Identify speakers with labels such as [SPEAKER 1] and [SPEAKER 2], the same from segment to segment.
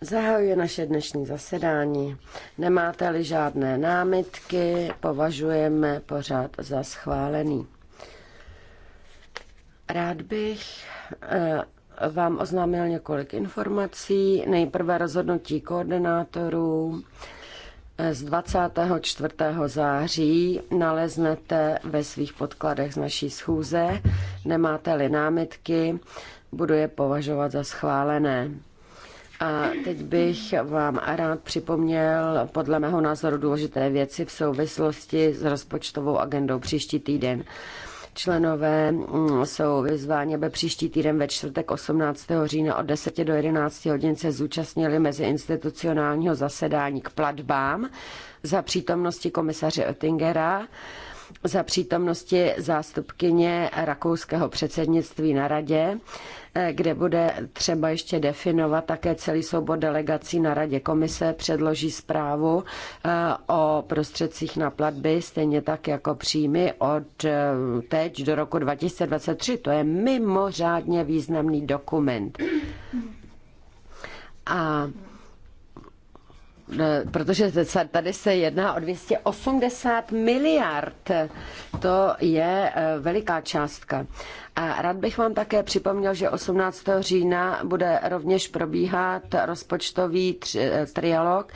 [SPEAKER 1] Zahajuje naše dnešní zasedání. Nemáte-li žádné námitky, považujeme pořád za schválený. Rád bych eh, vám oznámil několik informací. Nejprve rozhodnutí koordinátorů eh, z 24. září naleznete ve svých podkladech z naší schůze. Nemáte-li námitky, budu je považovat za schválené. A teď bych vám rád připomněl podle mého názoru důležité věci v souvislosti s rozpočtovou agendou příští týden členové mm, jsou vyzváni, aby příští týden ve čtvrtek 18. října od 10 do 11 hodin se zúčastnili meziinstitucionálního zasedání k platbám za přítomnosti komisaře Oettingera za přítomnosti zástupkyně rakouského předsednictví na radě, eh, kde bude třeba ještě definovat také celý soubor delegací na radě komise, předloží zprávu eh, o prostředcích na platby, stejně tak jako příjmy od eh, teď do roku 2023. To je mimořádně významný dokument. A protože tady se jedná o 280 miliard. To je e, veliká částka. A rád bych vám také připomněl, že 18. října bude rovněž probíhat rozpočtový e, trialog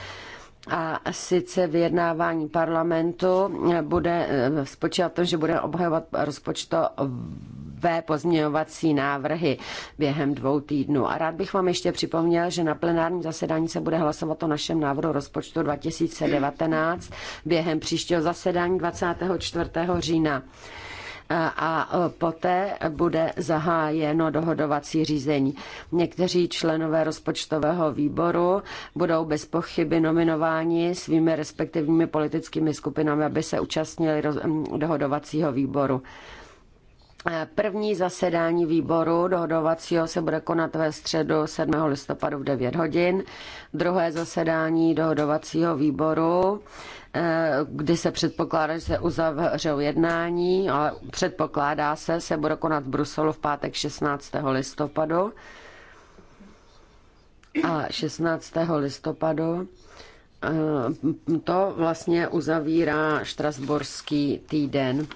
[SPEAKER 1] a sice vyjednávání parlamentu e, bude spočívat v tom, že bude obhajovat rozpočto své pozměňovací návrhy během dvou týdnů. A rád bych vám ještě připomněl, že na plenárním zasedání se bude hlasovat o našem návrhu rozpočtu 2019 během příštího zasedání 24. října a poté bude zahájeno dohodovací řízení. Někteří členové rozpočtového výboru budou bez pochyby nominováni svými respektivními politickými skupinami, aby se účastnili mm, dohodovacího výboru. Eh, první zasedání výboru dohodovacího se bude konat ve středu 7. listopadu v 9 hodin. Druhé zasedání dohodovacího výboru, eh, kdy se předpokládá, že se uzavřou jednání, ale předpokládá se, se bude konat v Bruselu v pátek 16. listopadu. A 16. listopadu eh, to vlastně uzavírá Štrasborský týden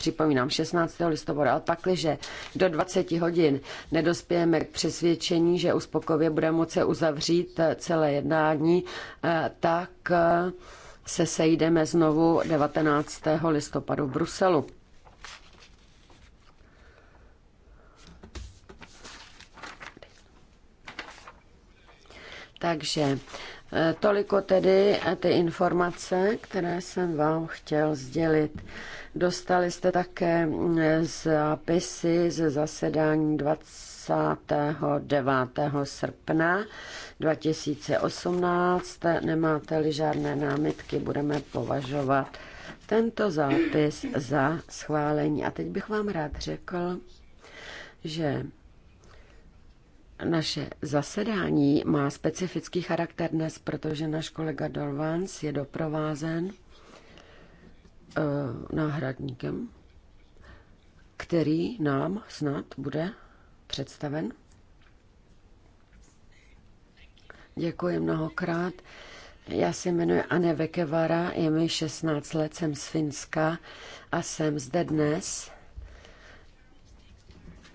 [SPEAKER 1] připomínám 16. listopadu, a pakliže do 20 hodin nedospějeme k přesvědčení, že uspokově bude moci uzavřít eh, celé jednání, eh, tak eh, se sejdeme znovu 19. listopadu v Bruselu. Takže toliko tedy ty informace, které jsem vám chtěl sdělit. Dostali jste také mm, zápisy ze zasedání 29. srpna 2018. Nemáte-li žádné námitky, budeme považovat tento zápis za schválení. A teď bych vám rád řekl, že naše zasedání má specifický charakter dnes, protože náš kolega Dolvans je doprovázen Eh, náhradníkem, který nám snad bude představen. Děkuji mnohokrát. Já se jmenuji Anne Vekevara, je mi 16 let, jsem z Finska a jsem zde dnes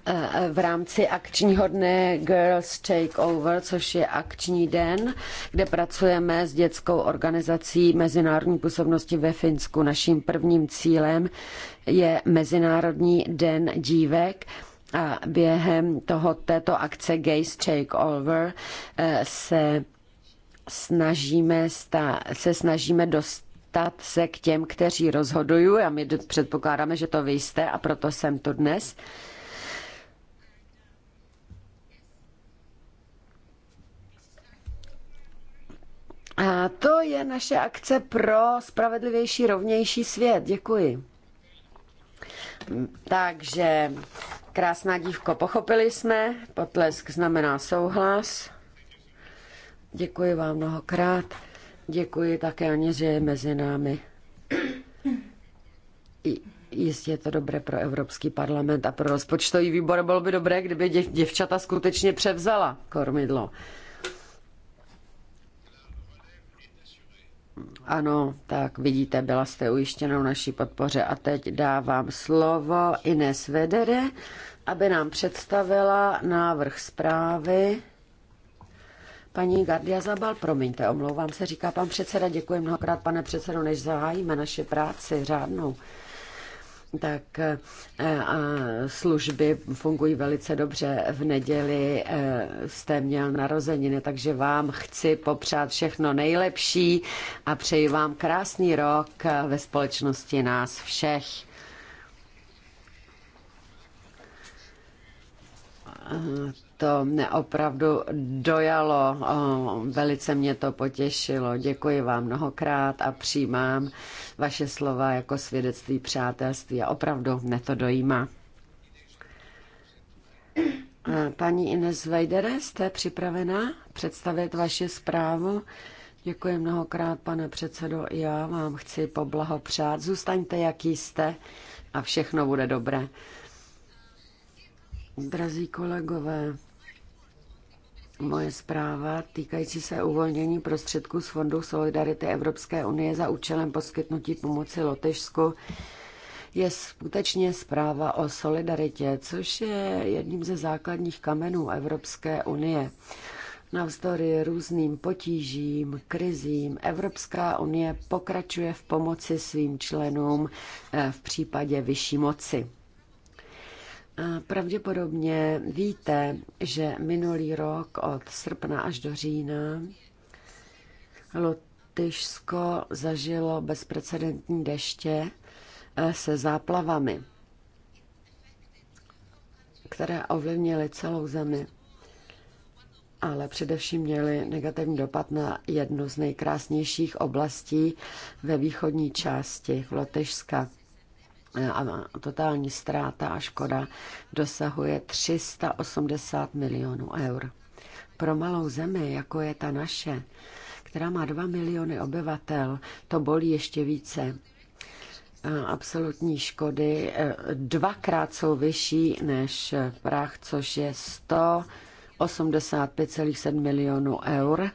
[SPEAKER 1] Eh, v rámci akčního dne Girls Take Over, což je akční den, kde pracujeme s dětskou organizací mezinárodní působnosti ve Finsku. Naším prvním cílem je Mezinárodní den dívek, a během toho, této akce Gays Take Over eh, se snažíme, sta, se snažíme dostat se k těm, kteří rozhodují a my předpokládáme, že to vy jste a proto jsem tu dnes. Uh, A to je naše akce pro spravedlivější, rovnější svět. Děkuji. Takže krásná dívko, pochopili jsme. Potlesk znamená souhlas. Děkuji vám mnohokrát. Děkuji také Aně, že je mezi námi. Jistě je to dobré pro Evropský parlament a pro rozpočtový výbor. Bylo by dobré, kdyby děv, děvčata skutečně převzala kormidlo. Ano, tak vidíte, byla jste ujištěnou naší podpoře. A teď dávám slovo Ines Vedere, aby nám představila návrh zprávy. Paní Gardia Zabal, promiňte, omlouvám se, říká pan předseda, děkuji mnohokrát, pane předsedo, než zahájíme naše práci řádnou tak eh, a služby fungují velice dobře. V neděli eh, jste měl narozeniny, takže vám chci popřát všechno nejlepší a přeji vám krásný rok ve společnosti nás všech to mě opravdu dojalo, velice mě to potěšilo. Děkuji vám mnohokrát a přijímám vaše slova jako svědectví přátelství a opravdu mě to dojímá. Paní Ines Vejdere, jste připravena představit vaši zprávu? Děkuji mnohokrát, pane předsedo. Já vám chci poblahopřát. Zůstaňte, jaký jste a všechno bude dobré. Drazí kolegové, Moje zpráva týkající se uvolnění prostředků z Fondu Solidarity Evropské unie za účelem poskytnutí pomoci Lotyšsku je skutečně zpráva o solidaritě, což je jedním ze základních kamenů Evropské unie. Navzdory různým potížím, krizím, Evropská unie pokračuje v pomoci svým členům eh, v případě vyšší moci. Pravděpodobně víte, že minulý rok od srpna až do října Lotyšsko zažilo bezprecedentní deště eh, se záplavami, které ovlivnily celou zemi, ale především měly negativní dopad na jednu z nejkrásnějších oblastí ve východní části Lotyšska. Eh, a totální ztráta a škoda dosahuje 380 milionů eur. Pro malou zemi, jako je ta naše, která má 2 miliony obyvatel, to bolí ještě více. Absolutní škody eh, dvakrát jsou vyšší než eh, prach, což je 185,7 milionů eur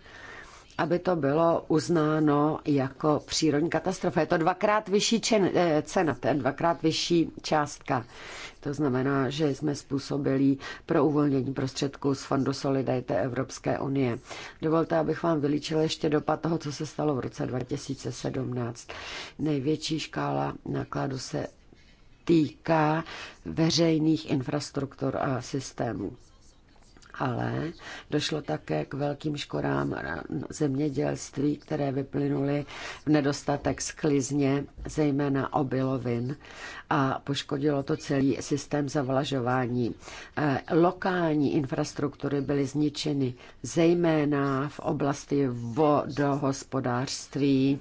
[SPEAKER 1] aby to bylo uznáno jako přírodní katastrofa. Je to dvakrát vyšší čen, eh, cena, to je dvakrát vyšší částka. To znamená, že jsme způsobili pro uvolnění prostředků z Fondu Solidarity Evropské unie. Dovolte, abych vám vylíčila ještě dopad toho, co se stalo v roce 2017. Největší škála nákladu se týká veřejných infrastruktur a systémů ale došlo také k velkým škodám zemědělství, které vyplynuly v nedostatek sklizně, zejména obilovin a poškodilo to celý systém zavlažování. E, lokální infrastruktury byly zničeny, zejména v oblasti vodohospodářství,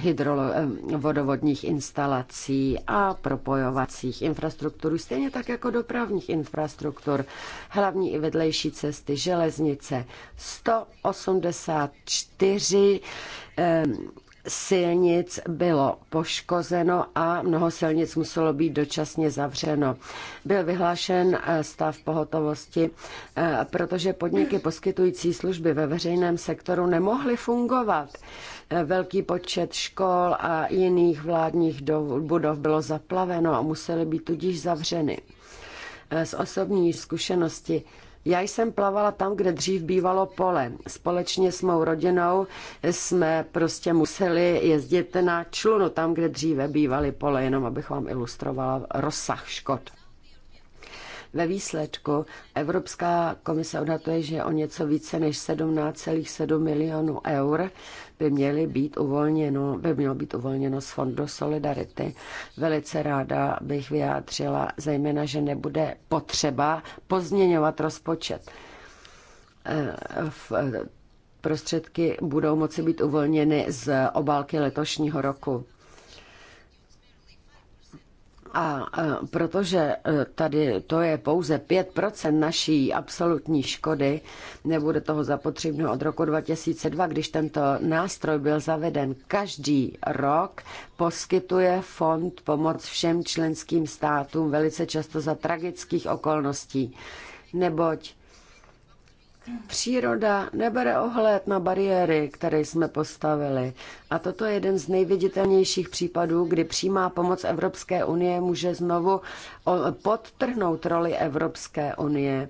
[SPEAKER 1] hydrolo- e, vodovodních instalací a propojovacích infrastruktur, stejně tak jako dopravních infrastruktur. Hlavní i vedlejší cesty, železnice, 184 silnic bylo poškozeno a mnoho silnic muselo být dočasně zavřeno. Byl vyhlášen eh, stav pohotovosti, eh, protože podniky poskytující služby ve veřejném sektoru nemohly fungovat. Eh, velký počet škol a jiných vládních budov bylo zaplaveno a musely být tudíž zavřeny. Z osobní zkušenosti já jsem plavala tam, kde dřív bývalo pole. Společně s mou rodinou jsme prostě museli jezdit na člunu, tam, kde dříve bývaly pole, jenom abych vám ilustrovala rozsah škod. Ve výsledku Evropská komise odhaduje, že o něco více než 17,7 milionů eur by, měly být uvolněno, by mělo být uvolněno z Fondu Solidarity. Velice ráda bych vyjádřila, zejména, že nebude potřeba pozměňovat rozpočet. Eh, v eh, prostředky budou moci být uvolněny z obálky letošního roku. A protože e, tady to je pouze 5% naší absolutní škody, nebude toho zapotřebno od roku 2002, když tento nástroj byl zaveden každý rok, poskytuje fond pomoc všem členským státům velice často za tragických okolností, neboť Příroda nebere ohled na bariéry, které jsme postavili. A toto je jeden z nejviditelnějších případů, kdy přímá pomoc Evropské unie může znovu podtrhnout roli Evropské unie.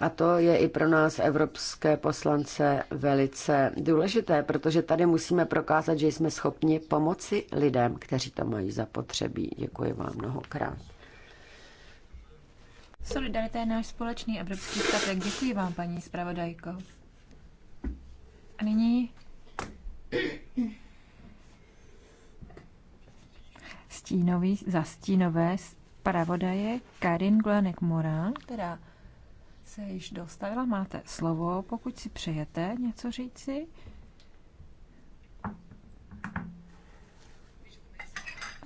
[SPEAKER 1] A to je i pro nás, evropské poslance, velice důležité, protože tady musíme prokázat, že jsme schopni pomoci lidem, kteří to mají zapotřebí. Děkuji vám mnohokrát.
[SPEAKER 2] Solidarita je náš společný evropský statek. Děkuji vám, paní zpravodajko. A nyní stínový, za stínové zpravodaje Karin Glenek Morán, která se již dostavila. Máte slovo, pokud si přejete něco říci.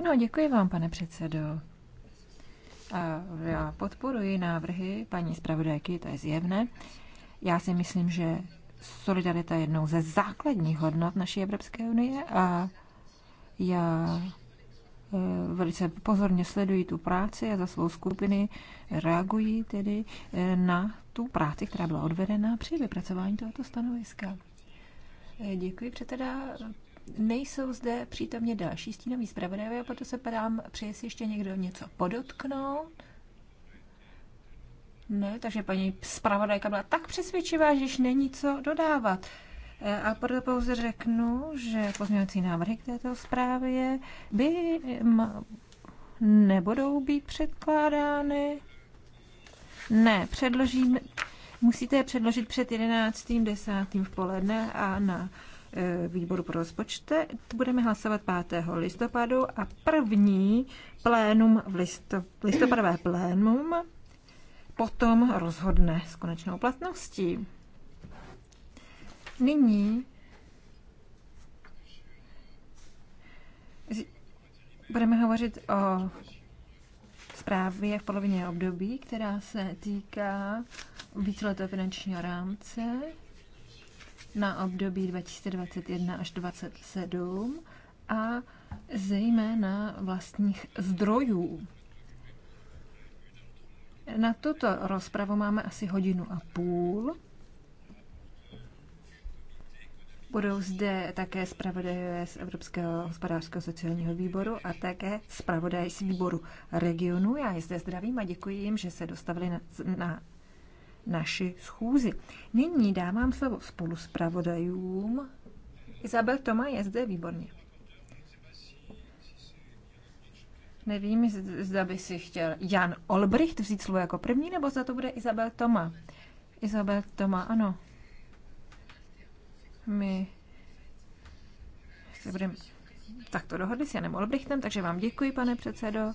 [SPEAKER 2] No, děkuji vám, pane předsedo. A já podporuji návrhy paní zpravodajky, to je zjevné. Já si myslím, že solidarita je jednou ze základních hodnot naší Evropské unie a já eh, velice pozorně sledují tu práci a za svou skupiny reagují tedy eh, na tu práci, která byla odvedena při vypracování tohoto stanoviska. Eh, děkuji předseda. Nejsou zde přítomně další stínoví zpravodajové, proto se ptám, přeje si ještě někdo něco podotknout? Ne, takže paní zpravodajka byla tak přesvědčivá, že již není co dodávat. E, a proto pouze řeknu, že pozměňovací návrhy k této zprávě by nebudou být předkládány. Ne, předložím, musíte je předložit před 11.10. v poledne a na Eh, výboru pro rozpočte. Budeme hlasovat 5. listopadu a první plénum v listo, listopadové plénum potom rozhodne s konečnou platností. Nyní budeme hovořit o zprávě v polovině období, která se týká víceletého finančního rámce na období 2021 až 2027 a zejména vlastních zdrojů. Na tuto rozpravu máme asi hodinu a půl. Budou zde také zpravodajové z Evropského hospodářského sociálního výboru a také zpravodaj z výboru regionu. Já je zde zdravím a děkuji jim, že se dostavili na, na naši schůzi. Nyní dávám slovo spolu s pravodajům. Izabel Toma je zde výborně. Nevím, zda by si chtěl Jan Olbricht vzít slovo jako první, nebo zda to bude Izabel Toma. Izabel Toma, ano. My se budeme takto dohodli s Janem Olbrichtem, takže vám děkuji, pane předsedo.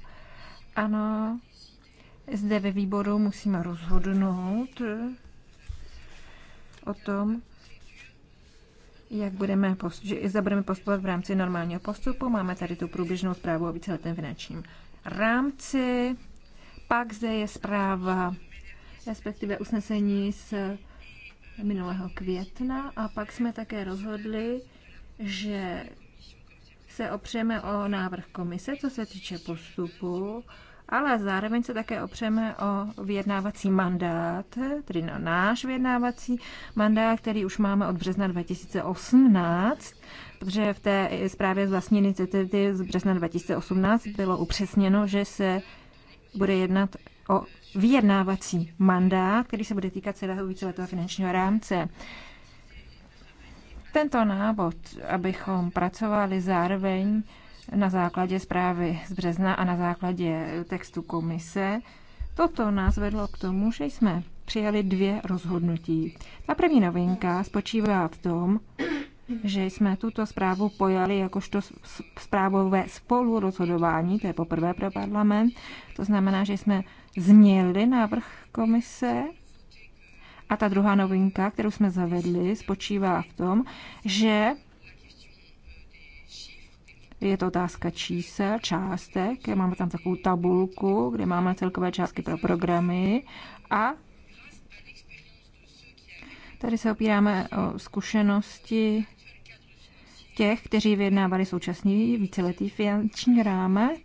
[SPEAKER 2] Ano, zde ve výboru musíme rozhodnout o tom, jak budeme, že zda budeme postupovat v rámci normálního postupu. Máme tady tu průběžnou zprávu o víceletém finančním rámci. Pak zde je zpráva, respektive usnesení z minulého května. A pak jsme také rozhodli, že se opřeme o návrh komise, co se týče postupu ale zároveň se také opřeme o vyjednávací mandát, tedy na náš vyjednávací mandát, který už máme od března 2018, protože v té zprávě z vlastní iniciativy z března 2018 bylo upřesněno, že se bude jednat o vyjednávací mandát, který se bude týkat celého víceletého finančního rámce. Tento návod, abychom pracovali zároveň na základě zprávy z března a na základě textu komise. Toto nás vedlo k tomu, že jsme přijali dvě rozhodnutí. Ta první novinka spočívá v tom, že jsme tuto zprávu pojali jakožto zprávové spolurozhodování, to je poprvé pro parlament. To znamená, že jsme změnili návrh komise a ta druhá novinka, kterou jsme zavedli, spočívá v tom, že je to otázka čísel, částek. Máme tam takovou tabulku, kde máme celkové částky pro programy a tady se opíráme o zkušenosti těch, kteří vyjednávali současný víceletý finanční rámec,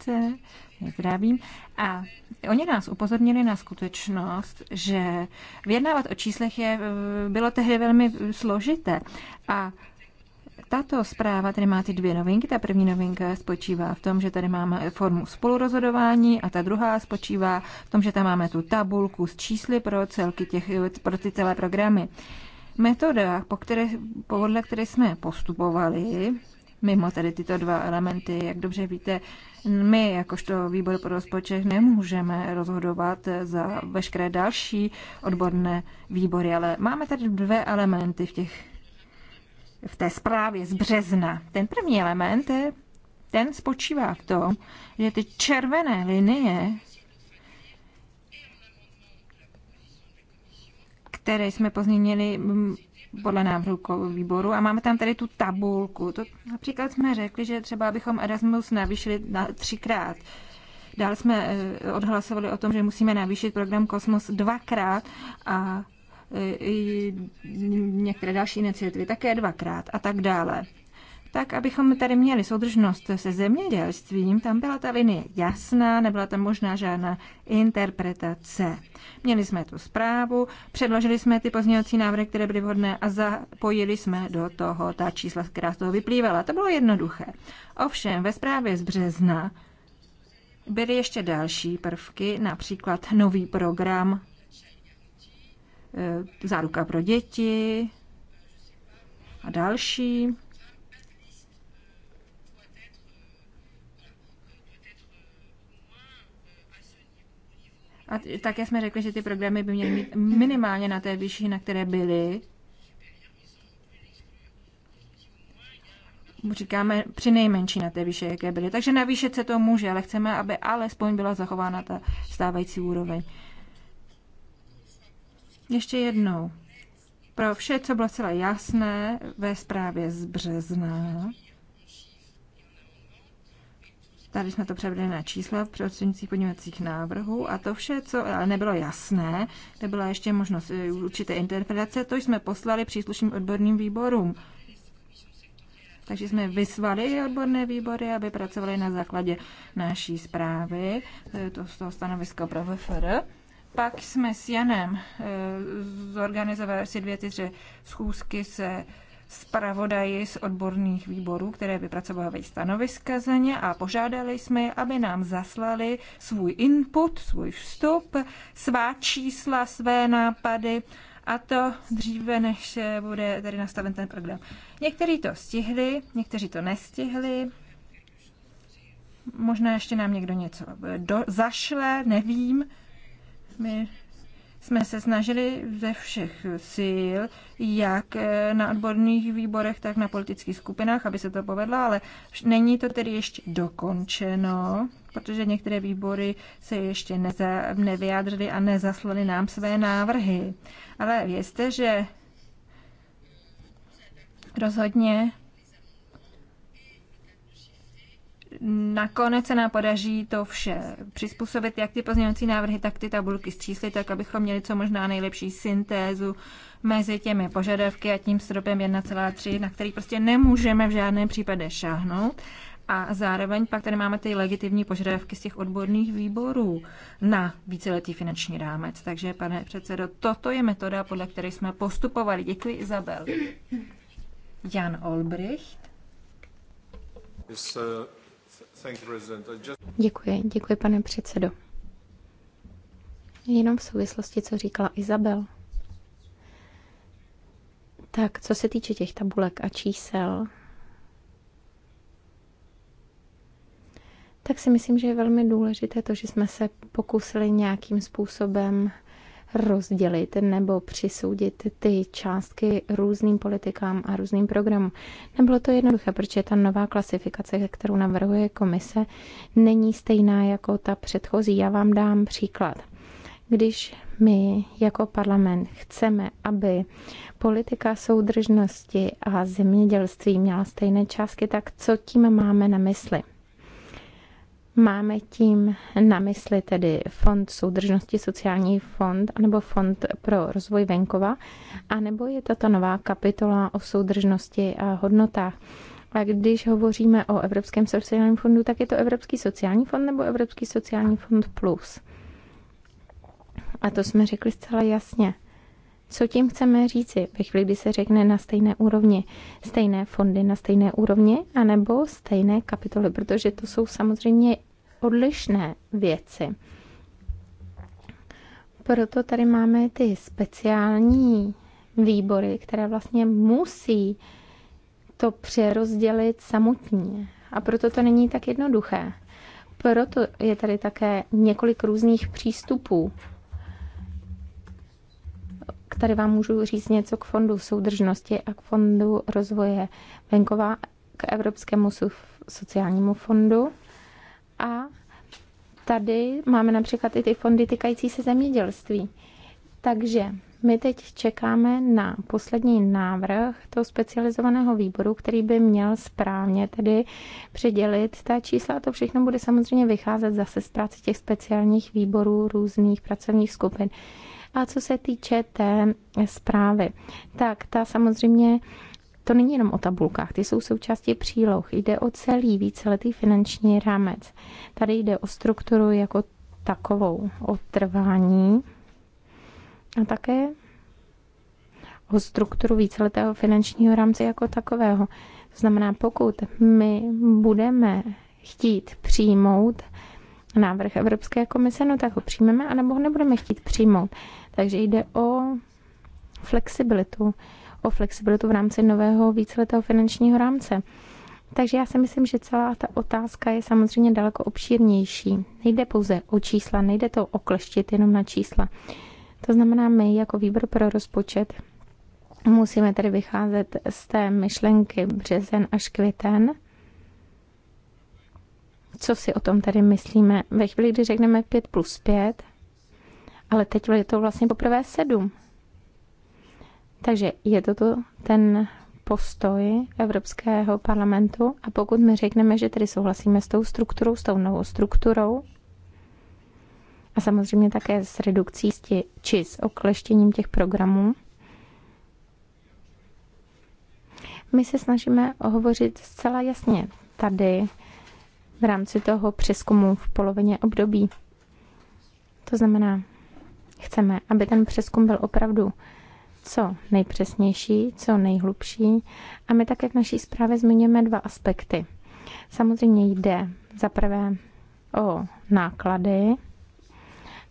[SPEAKER 2] zdravím, a oni nás upozornili na skutečnost, že vyjednávat o číslech je, bylo tehdy velmi složité a tato zpráva tady má ty dvě novinky. Ta první novinka spočívá v tom, že tady máme formu spolurozhodování a ta druhá spočívá v tom, že tam máme tu tabulku s čísly pro celky těch, pro ty celé programy. Metoda, po které, podle které jsme postupovali, mimo tady tyto dva elementy, jak dobře víte, my, jakožto výbor pro rozpočet, nemůžeme rozhodovat za veškeré další odborné výbory, ale máme tady dvě elementy v těch v té zprávě z března. Ten první element, ten spočívá v tom, že ty červené linie, které jsme pozměnili mm, podle návrhu výboru a máme tam tady tu tabulku. To, například jsme řekli, že třeba abychom Erasmus navýšili na třikrát. Dále jsme eh, odhlasovali o tom, že musíme navýšit program Kosmos dvakrát a některé další iniciativy také dvakrát a tak dále. Tak, abychom tady měli soudržnost se zemědělstvím, tam byla ta linie jasná, nebyla tam možná žádná interpretace. Měli jsme tu zprávu, předložili jsme ty pozměňovací návrhy, které byly vhodné a zapojili jsme do toho ta čísla, která z toho vyplývala. To bylo jednoduché. Ovšem, ve zprávě z března byly ještě další prvky, například nový program Eh, záruka pro děti a další. A také jsme řekli, že ty programy by měly mít minimálně na té výši, na které byly. Říkáme při nejmenší na té výše, jaké byly. Takže navýšet se to může, ale chceme, aby alespoň byla zachována ta stávající úroveň. Ještě jednou. Pro vše, co bylo celé jasné ve zprávě z března, Tady jsme to převedli na čísla v prostřednicích podněvacích návrhů a to vše, co ale nebylo jasné, kde byla ještě možnost eh, určité interpretace, to jsme poslali příslušným odborným výborům. Takže jsme vyzvali odborné výbory, aby pracovali na základě naší zprávy, eh, to z toho stanovisko pro VFR. Pak jsme s Janem eh, zorganizovali asi dvě, tři schůzky se zpravodaji z odborných výborů, které vypracovávají stanoviska za ně a požádali jsme je, aby nám zaslali svůj input, svůj vstup, svá čísla, své nápady a to dříve, než bude tady nastaven ten program. Někteří to stihli, někteří to nestihli, možná ještě nám někdo něco eh, do, zašle, nevím. My jsme se snažili ze všech sil, jak eh, na odborných výborech, tak na politických skupinách, aby se to povedlo, ale není to tedy ještě dokončeno, protože některé výbory se ještě neza, nevyjádřily a nezaslali nám své návrhy. Ale vězte, že rozhodně nakonec se nám podaří to vše přizpůsobit, jak ty pozměňovací návrhy, tak ty tabulky zčíslit, tak abychom měli co možná nejlepší syntézu mezi těmi požadavky a tím stropem 1,3, na který prostě nemůžeme v žádném případě šáhnout. A zároveň pak tady máme ty legitimní požadavky z těch odborných výborů na víceletý finanční rámec. Takže, pane předsedo, toto je metoda, podle které jsme postupovali. Děkuji, Izabel. Jan Olbricht. Uh, Děkuji, děkuji,
[SPEAKER 3] pane předsedo. Jenom v souvislosti, co říkala Izabel. Tak, co se týče těch tabulek a čísel, tak si myslím, že je velmi důležité to, že jsme se pokusili nějakým způsobem rozdělit nebo přisoudit ty částky různým politikám a různým programům. Nebylo to jednoduché, protože ta nová klasifikace, kterou navrhuje komise, není stejná jako ta předchozí. Já vám dám příklad. Když my jako parlament chceme, aby politika soudržnosti a zemědělství měla stejné částky, tak co tím máme na mysli? Máme tím na mysli tedy fond soudržnosti, sociální fond, anebo fond pro rozvoj venkova, anebo je tato nová kapitola o soudržnosti a hodnotách. A když hovoříme o Evropském sociálním fondu, tak je to Evropský sociální fond nebo Evropský sociální fond plus. A to jsme řekli zcela jasně. Co tím chceme říci? Ve chvíli, kdy se řekne na stejné úrovni, stejné fondy na stejné úrovni, anebo stejné kapitoly, protože to jsou samozřejmě odlišné věci. Proto tady máme ty speciální výbory, které vlastně musí to přerozdělit samotně. A proto to není tak jednoduché. Proto je tady také několik různých přístupů tady vám můžu říct něco k fondu soudržnosti a k fondu rozvoje venkova, k Evropskému sociálnímu fondu. A tady máme například i ty fondy týkající se zemědělství. Takže my teď čekáme na poslední návrh toho specializovaného výboru, který by měl správně tedy předělit ta čísla. A to všechno bude samozřejmě vycházet zase z práce těch speciálních výborů různých pracovních skupin. A co se týče té zprávy, tak ta samozřejmě to není jenom o tabulkách, ty jsou součástí příloh. Jde o celý víceletý finanční rámec. Tady jde o strukturu jako takovou, o trvání a také o strukturu víceletého finančního rámce jako takového. To znamená, pokud my budeme chtít přijmout návrh Evropské komise, no tak ho přijmeme, anebo ho nebudeme chtít přijmout. Takže jde o flexibilitu, o flexibilitu v rámci nového víceletého finančního rámce. Takže já si myslím, že celá ta otázka je samozřejmě daleko obšírnější. Nejde pouze o čísla, nejde to okleštit jenom na čísla. To znamená, my jako výbor pro rozpočet musíme tedy vycházet z té myšlenky březen až květen. Co si o tom tedy myslíme? Ve chvíli, kdy řekneme 5 plus 5, ale teď je to vlastně poprvé sedm. Takže je to, tu ten postoj Evropského parlamentu a pokud my řekneme, že tedy souhlasíme s tou strukturou, s tou novou strukturou a samozřejmě také s redukcí či s okleštěním těch programů, my se snažíme hovořit zcela jasně tady v rámci toho přeskumu v polovině období. To znamená, Chceme, aby ten přeskum byl opravdu co nejpřesnější, co nejhlubší. A my také v naší zprávě zmiňujeme dva aspekty. Samozřejmě jde za prvé o náklady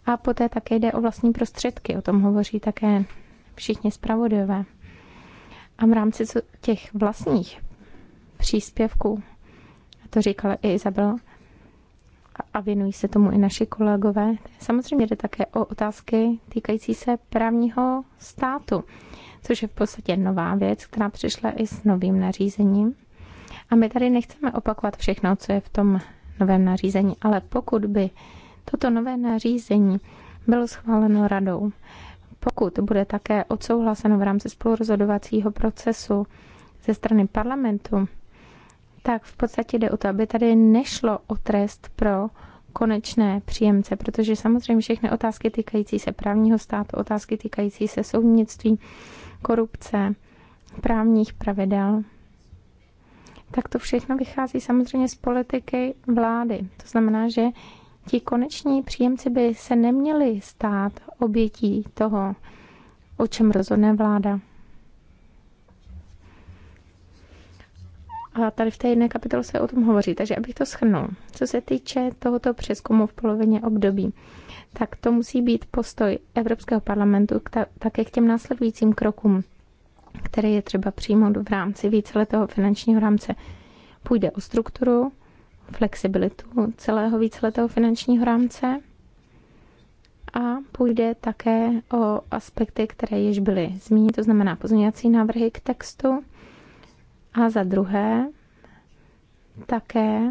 [SPEAKER 3] a poté také jde o vlastní prostředky. O tom hovoří také všichni zpravodajové. A v rámci těch vlastních příspěvků, to říkala i Izabel, a věnují se tomu i naši kolegové. Samozřejmě jde také o otázky týkající se právního státu, což je v podstatě nová věc, která přišla i s novým nařízením. A my tady nechceme opakovat všechno, co je v tom novém nařízení, ale pokud by toto nové nařízení bylo schváleno radou, pokud bude také odsouhlaseno v rámci spolurozhodovacího procesu ze strany parlamentu, tak v podstatě jde o to, aby tady nešlo o trest pro konečné příjemce, protože samozřejmě všechny otázky týkající se právního státu, otázky týkající se soudnictví, korupce, právních pravidel, tak to všechno vychází samozřejmě z politiky vlády. To znamená, že ti koneční příjemci by se neměli stát obětí toho, o čem rozhodne vláda. A tady v té jedné kapitole se o tom hovoří. Takže abych to schrnul. Co se týče tohoto přeskumu v polovině období, tak to musí být postoj Evropského parlamentu k ta, také k těm následujícím krokům, které je třeba přijmout v rámci víceletého finančního rámce. Půjde o strukturu, flexibilitu celého víceletého finančního rámce a půjde také o aspekty, které již byly zmíněny, to znamená pozměňovací návrhy k textu, a za druhé také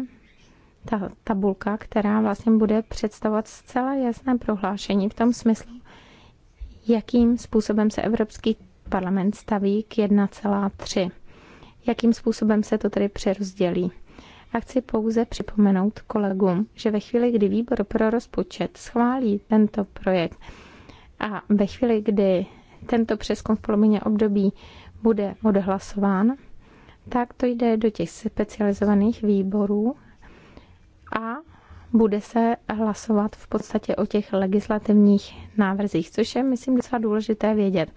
[SPEAKER 3] ta tabulka, která vlastně bude představovat zcela jasné prohlášení v tom smyslu, jakým způsobem se Evropský parlament staví k 1,3. Jakým způsobem se to tedy přerozdělí. A chci pouze připomenout kolegům, že ve chvíli, kdy výbor pro rozpočet schválí tento projekt a ve chvíli, kdy tento přeskum v polovině období bude odhlasován, tak to jde do těch specializovaných výborů a bude se hlasovat v podstatě o těch legislativních návrzích, což je, myslím, docela důležité vědět.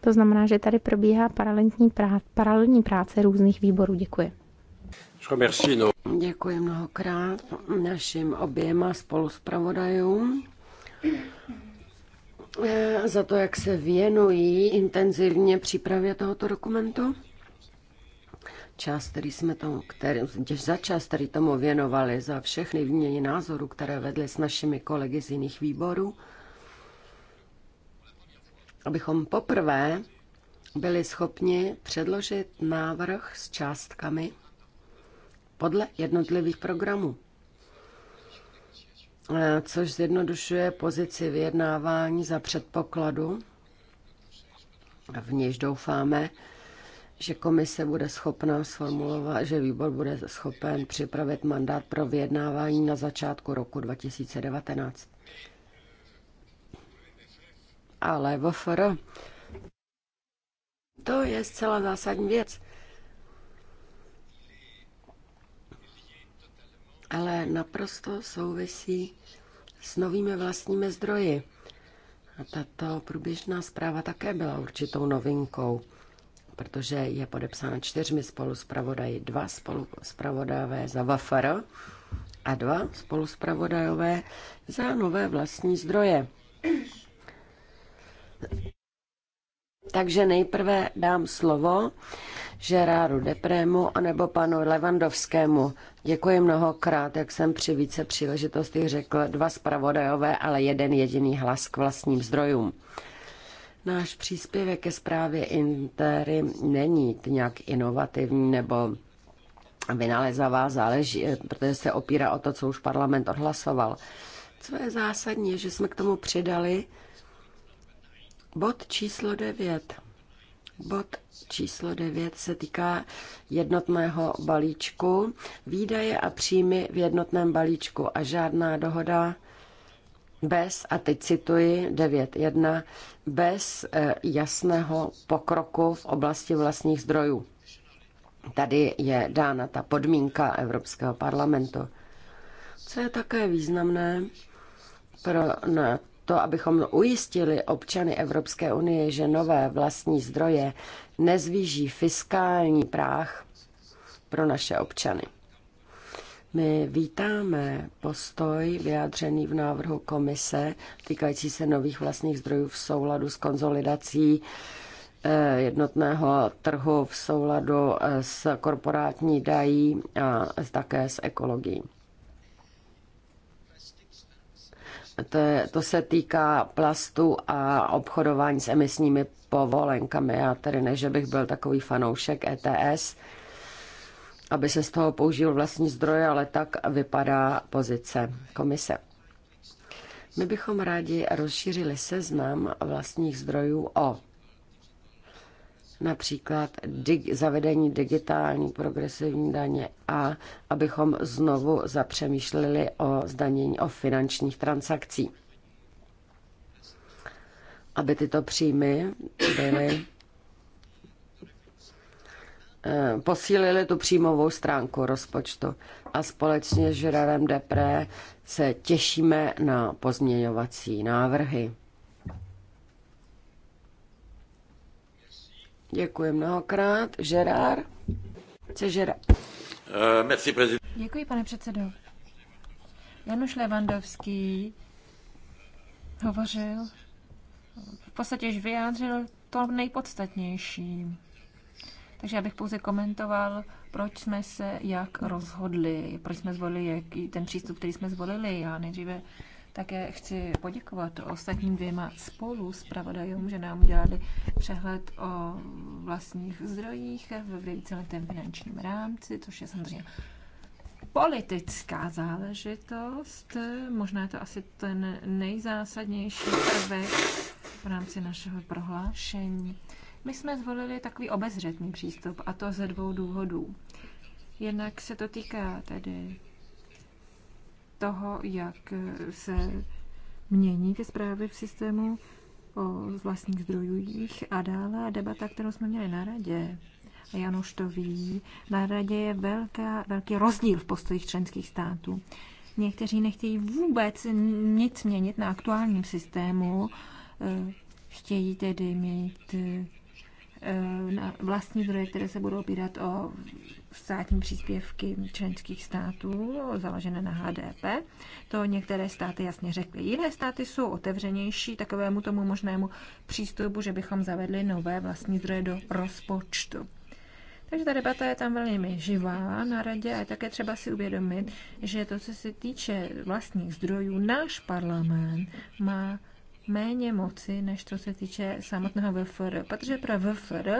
[SPEAKER 3] To znamená, že tady probíhá paralelní, prá- paralelní práce různých výborů. Děkuji.
[SPEAKER 1] Děkuji mnohokrát našim oběma spoluspravodajům eh, za to, jak se věnují intenzivně přípravě tohoto dokumentu čas, který jsme tomu, který, za čas, který tomu věnovali, za všechny výměny názorů, které vedly s našimi kolegy z jiných výborů, abychom poprvé byli schopni předložit návrh s částkami podle jednotlivých programů, eh, což zjednodušuje pozici vyjednávání za předpokladu, v něž doufáme, že komise bude schopná sformulovat, že výbor bude schopen připravit mandát pro vyjednávání na začátku roku 2019. Ale VFR, to je zcela zásadní věc. Ale naprosto souvisí s novými vlastními zdroji. A tato průběžná zpráva také byla určitou novinkou protože je podepsána čtyřmi spolu spoluspravodaji, dva spolu zpravodajové za Wafer a dva spolu zpravodajové za nové vlastní zdroje. Takže nejprve dám slovo Žeráru Deprému anebo panu Levandovskému. Děkuji mnohokrát, jak jsem při více příležitostech řekl, dva zpravodajové, ale jeden jediný hlas k vlastním zdrojům. Náš příspěvek ke zprávě Intery není nějak inovativní nebo vynalezavá, záleží, protože se opírá o to, co už parlament odhlasoval. Co je zásadní, že jsme k tomu přidali bod číslo 9. Bod číslo 9 se týká jednotného balíčku, výdaje a příjmy v jednotném balíčku a žádná dohoda bez, a teď cituji 9.1, bez eh, jasného pokroku v oblasti vlastních zdrojů. Tady je dána ta podmínka Evropského parlamentu. Co je také významné pro na to, abychom ujistili občany Evropské unie, že nové vlastní zdroje nezvíží fiskální práh pro naše občany. My vítáme postoj vyjádřený v návrhu komise týkající se nových vlastních zdrojů v souladu s konzolidací eh, jednotného trhu v souladu eh, s korporátní dají a také s ekologií. To, je, to se týká plastu a obchodování s emisními povolenkami. Já tedy ne, že bych byl takový fanoušek ETS, aby se z toho použil vlastní zdroje, ale tak vypadá pozice komise. My bychom rádi rozšířili seznam vlastních zdrojů o například dig, zavedení digitální progresivní daně a abychom znovu zapřemýšleli o zdanění o finančních transakcí. Aby tyto příjmy byly Eh, posílili tu příjmovou stránku rozpočtu a společně s Žerarem Depré se těšíme na pozměňovací návrhy. Děkuji mnohokrát. Žerár? Co Žerár? Děkuji, pane předsedo. Januš Levandovský
[SPEAKER 2] hovořil, v podstatě již vyjádřil to nejpodstatnější. Takže já bych pouze komentoval, proč jsme se jak rozhodli, proč jsme zvolili jaký ten přístup, který jsme zvolili. Já nejdříve také chci poděkovat ostatním dvěma spolu s pravodajům, že nám udělali přehled o vlastních zdrojích v víceletém finančním rámci, což je samozřejmě politická záležitost. Možná je to asi ten nejzásadnější prvek v rámci našeho prohlášení. My jsme zvolili takový obezřetný přístup a to ze dvou důvodů. Jednak se to týká tedy toho, jak se mění ty zprávy v systému o vlastních zdrojích a dále debata, kterou jsme měli na radě. A už to ví, na radě je velká, velký rozdíl v postojích členských států. Někteří nechtějí vůbec nic měnit na aktuálním systému, eh, chtějí tedy mít eh, Eh, na vlastní zdroje, které se budou opírat o státní příspěvky členských států založené na HDP. To některé státy jasně řekly. Jiné státy jsou otevřenější takovému tomu možnému přístupu, že bychom zavedli nové vlastní zdroje do rozpočtu. Takže ta debata je tam velmi živá na radě a je také třeba si uvědomit, že to, co se týče vlastních zdrojů, náš parlament má méně moci, než to se týče samotného VFR. Protože pro VFR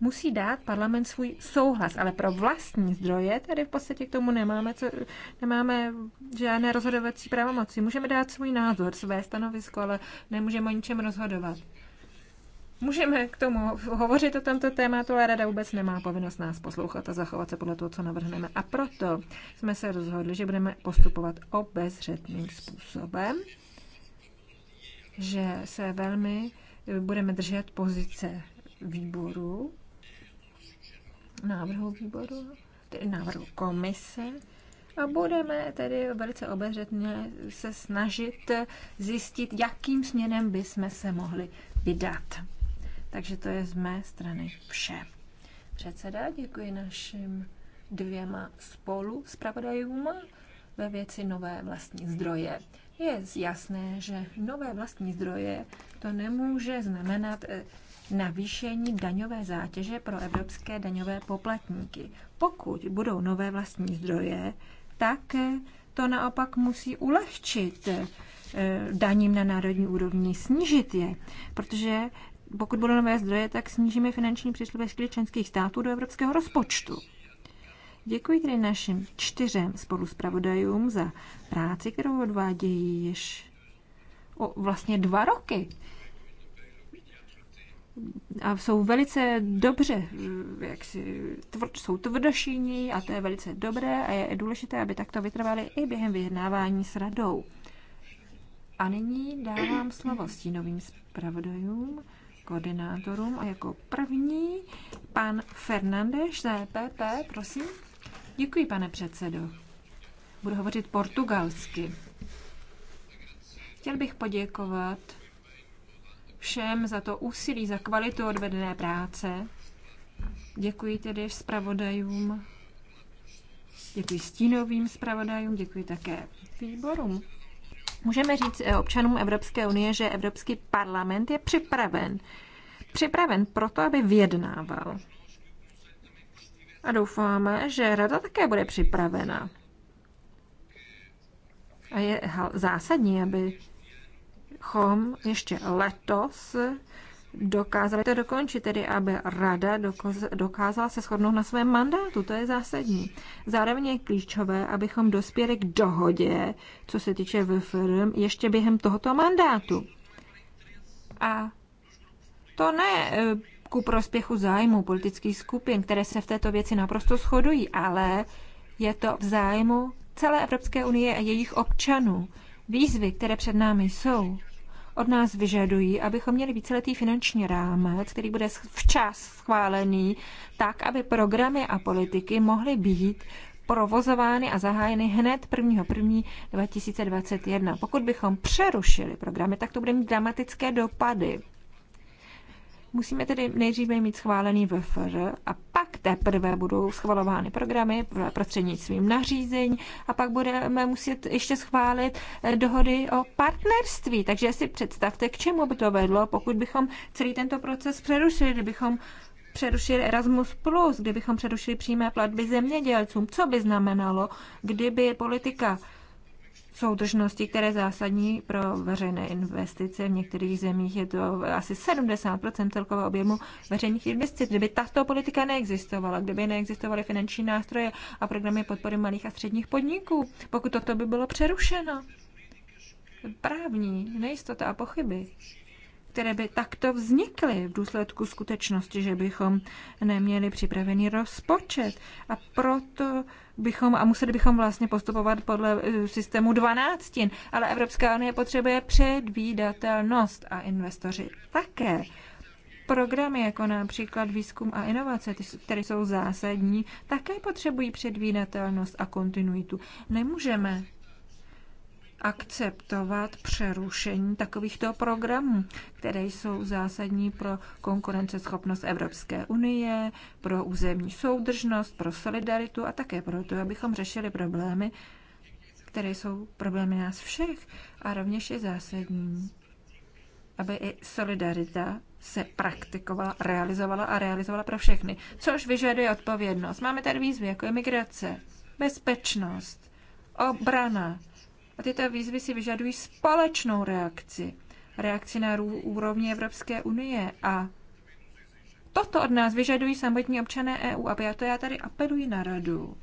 [SPEAKER 2] musí dát parlament svůj souhlas, ale pro vlastní zdroje tady v podstatě k tomu nemáme, co, nemáme žádné rozhodovací pravomoci. Můžeme dát svůj názor, své stanovisko, ale nemůžeme o ničem rozhodovat. Můžeme k tomu hovořit o tomto tématu, ale rada vůbec nemá povinnost nás poslouchat a zachovat se podle toho, co navrhneme. A proto jsme se rozhodli, že budeme postupovat obezřetným způsobem že se velmi eh, budeme držet pozice výboru, návrhu výboru, tedy návrhu komise a budeme tedy velice obezřetně se snažit zjistit, jakým směrem by jsme se mohli vydat. Takže to je z mé strany vše. Předseda, děkuji našim dvěma spolu zpravodajům ve věci nové vlastní zdroje. Je jasné, že nové vlastní zdroje to nemůže znamenat eh, navýšení daňové zátěže pro evropské daňové poplatníky. Pokud budou nové vlastní zdroje, tak eh, to naopak musí ulehčit eh, daním na národní úrovni, snížit je, protože pokud budou nové zdroje, tak snížíme finanční příspěvky členských států do evropského rozpočtu. Děkuji tedy našim čtyřem spoluspravodajům za práci, kterou odvádějí již o vlastně dva roky. A jsou velice dobře, eh, jak si, tvr, jsou tvrdošíní a to je velice dobré a je důležité, aby takto vytrvali i během vyjednávání s radou. A nyní dávám slovo stínovým zpravodajům, koordinátorům a jako první pan Fernandeš z EPP, prosím. Děkuji, pane předsedo. Budu hovořit portugalsky. Chtěl bych poděkovat všem za to úsilí, za kvalitu odvedené práce. Děkuji tedy zpravodajům, děkuji stínovým zpravodajům, děkuji také výborům. Můžeme říct eh, občanům Evropské unie, že Evropský parlament je připraven. Připraven proto, aby vyjednával a doufáme, že rada také bude připravena. A je zásadní, abychom ještě letos dokázali to dokončit, tedy aby rada dokázala se shodnout na svém mandátu, to je zásadní. Zároveň je klíčové, abychom dospěli k dohodě, co se týče VFR, ještě během tohoto mandátu. A to ne eh, ku prospěchu zájmu politických skupin, které se v této věci naprosto shodují, ale je to v zájmu celé Evropské unie a jejich občanů. Výzvy, které před námi jsou, od nás vyžadují, abychom měli víceletý finanční rámec, který bude včas schválený, tak, aby programy a politiky mohly být provozovány a zahájeny hned 1.1.2021. Pokud bychom přerušili programy, tak to bude mít dramatické dopady. Musíme tedy nejdříve mít schválený VFR a pak teprve budou schvalovány programy prostřednictvím nařízení a pak budeme muset ještě schválit eh, dohody o partnerství. Takže si představte, k čemu by to vedlo, pokud bychom celý tento proces přerušili, kdybychom přerušili Erasmus+, kdybychom přerušili přímé platby zemědělcům. Co by znamenalo, kdyby politika soudržnosti, které je zásadní pro veřejné investice. V některých zemích je to asi 70% celkového objemu veřejných investic. Kdyby tato politika neexistovala, kdyby neexistovaly finanční nástroje a programy podpory malých a středních podniků, pokud toto by bylo přerušeno. Právní nejistota a pochyby které by takto vznikly v důsledku skutečnosti, že bychom neměli připravený rozpočet. A proto bychom, a museli bychom vlastně postupovat podle eh, systému dvanáctin, ale Evropská unie potřebuje předvídatelnost a investoři také programy, jako například výzkum a inovace, které jsou zásadní, také potřebují předvídatelnost a kontinuitu. Nemůžeme akceptovat přerušení takovýchto programů, které jsou zásadní pro konkurenceschopnost Evropské unie, pro územní soudržnost, pro solidaritu a také pro to, abychom řešili problémy, které jsou problémy nás všech a rovněž je zásadní, aby i solidarita se praktikovala, realizovala a realizovala pro všechny, což vyžaduje odpovědnost. Máme tady výzvy, jako je migrace, bezpečnost, obrana, a tyto výzvy si vyžadují společnou reakci. Reakci na úrovni Evropské unie. A toto od nás vyžadují samotní občané EU. A já to já tady apeluji na radu,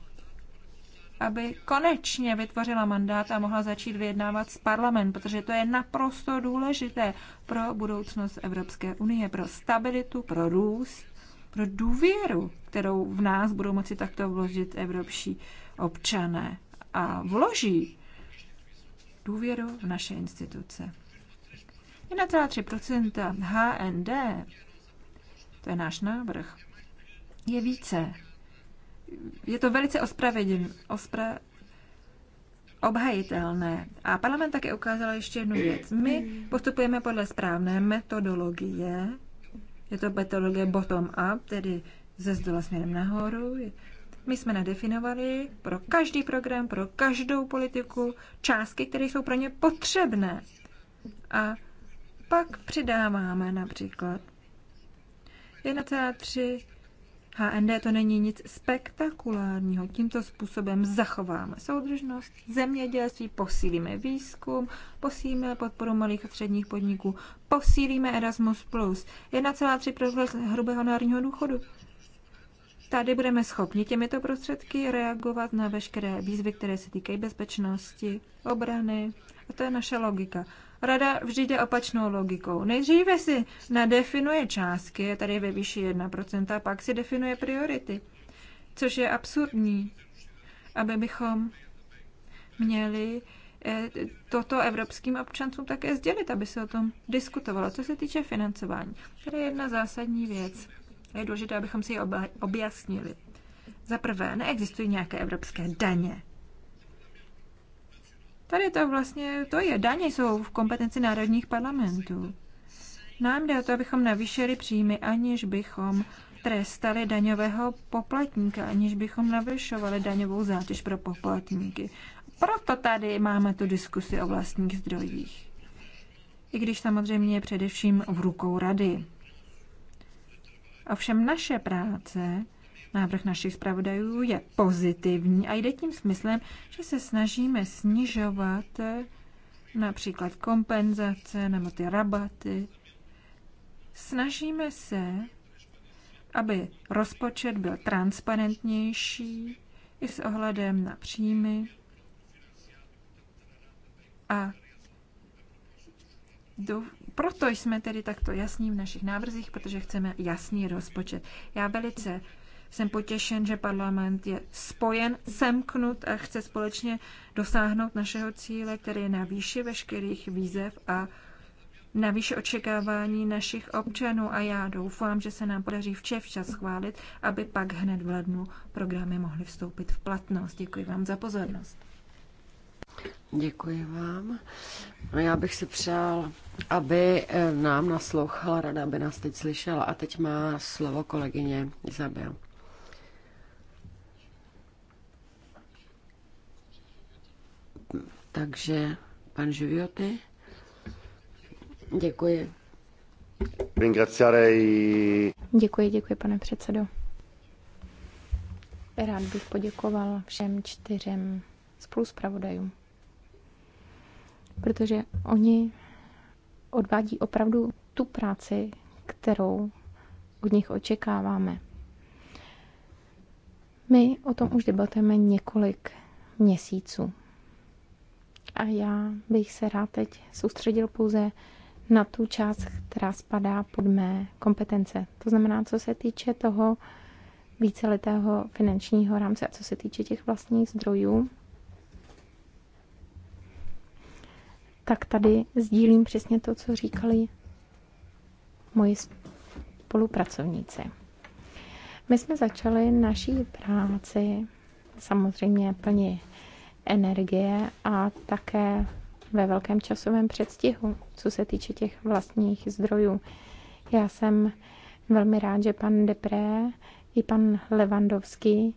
[SPEAKER 2] aby konečně vytvořila mandát a mohla začít vyjednávat s parlament, protože to je naprosto důležité pro budoucnost Evropské unie, pro stabilitu, pro růst, pro důvěru, kterou v nás budou moci takto vložit evropští občané. A vloží důvěru v naše instituce. 1,3 HND, to je náš návrh, je více. Je to velice ospravedln, ospra, obhajitelné. A parlament také ukázal ještě jednu věc. My postupujeme podle správné metodologie, je to metodologie bottom-up, tedy ze zdola směrem nahoru. My jsme nadefinovali pro každý program, pro každou politiku částky, které jsou pro ně potřebné. A pak přidáváme například 1,3 HND to není nic spektakulárního. Tímto způsobem zachováme soudržnost, zemědělství, posílíme výzkum, posílíme podporu malých a středních podniků, posílíme Erasmus+, 1,3 pro hrubého národního důchodu. Tady budeme schopni těmito prostředky reagovat na veškeré výzvy, které se týkají bezpečnosti, obrany. A to je naše logika. Rada vždy jde opačnou logikou. Nejdříve si nadefinuje částky, tady ve výši 1%, a pak si definuje priority. Což je absurdní, aby bychom měli eh, toto evropským občancům také sdělit, aby se o tom diskutovalo. Co se týče financování, tady je jedna zásadní věc je důležité, abychom si ji objasnili. Za prvé, neexistují nějaké evropské daně. Tady to vlastně, to je, daně jsou v kompetenci národních parlamentů. Nám jde o to, abychom navýšili příjmy, aniž bychom trestali daňového poplatníka, aniž bychom navyšovali daňovou zátěž pro poplatníky. Proto tady máme tu diskusi o vlastních zdrojích. I když samozřejmě je především v rukou rady. Ovšem naše práce, návrh našich zpravodajů je pozitivní a jde tím smyslem, že se snažíme snižovat eh, například kompenzace nebo ty rabaty. Snažíme se, aby rozpočet byl transparentnější i s ohledem na příjmy a do, proto jsme tedy takto jasní v našich návrzích, protože chceme jasný rozpočet. Já velice jsem potěšen, že parlament je spojen, semknut a chce společně dosáhnout našeho cíle, který je na výši veškerých výzev a na výše očekávání našich občanů a já doufám, že se nám podaří vše včas schválit, aby pak hned v lednu programy mohly vstoupit v platnost. Děkuji vám za pozornost.
[SPEAKER 1] Děkuji vám. No já bych si přál, aby eh, nám naslouchala rada, aby nás teď slyšela. A teď má slovo kolegyně Izabel. Takže pan Živioty. Děkuji.
[SPEAKER 3] Děkuji, děkuji, pane předsedo. Rád bych poděkoval všem čtyřem spoluspravodajům protože oni odvádí opravdu tu práci, kterou od nich očekáváme. My o tom už debatujeme několik měsíců. A já bych se rád teď soustředil pouze na tu část, která spadá pod mé kompetence. To znamená, co se týče toho víceletého finančního rámce a co se týče těch vlastních zdrojů, tak tady sdílím přesně to, co říkali moji spolupracovníci. My jsme začali naší práci samozřejmě plně energie a také ve velkém časovém předstihu, co se týče těch vlastních zdrojů. Já jsem velmi rád, že pan Depré i pan Levandovský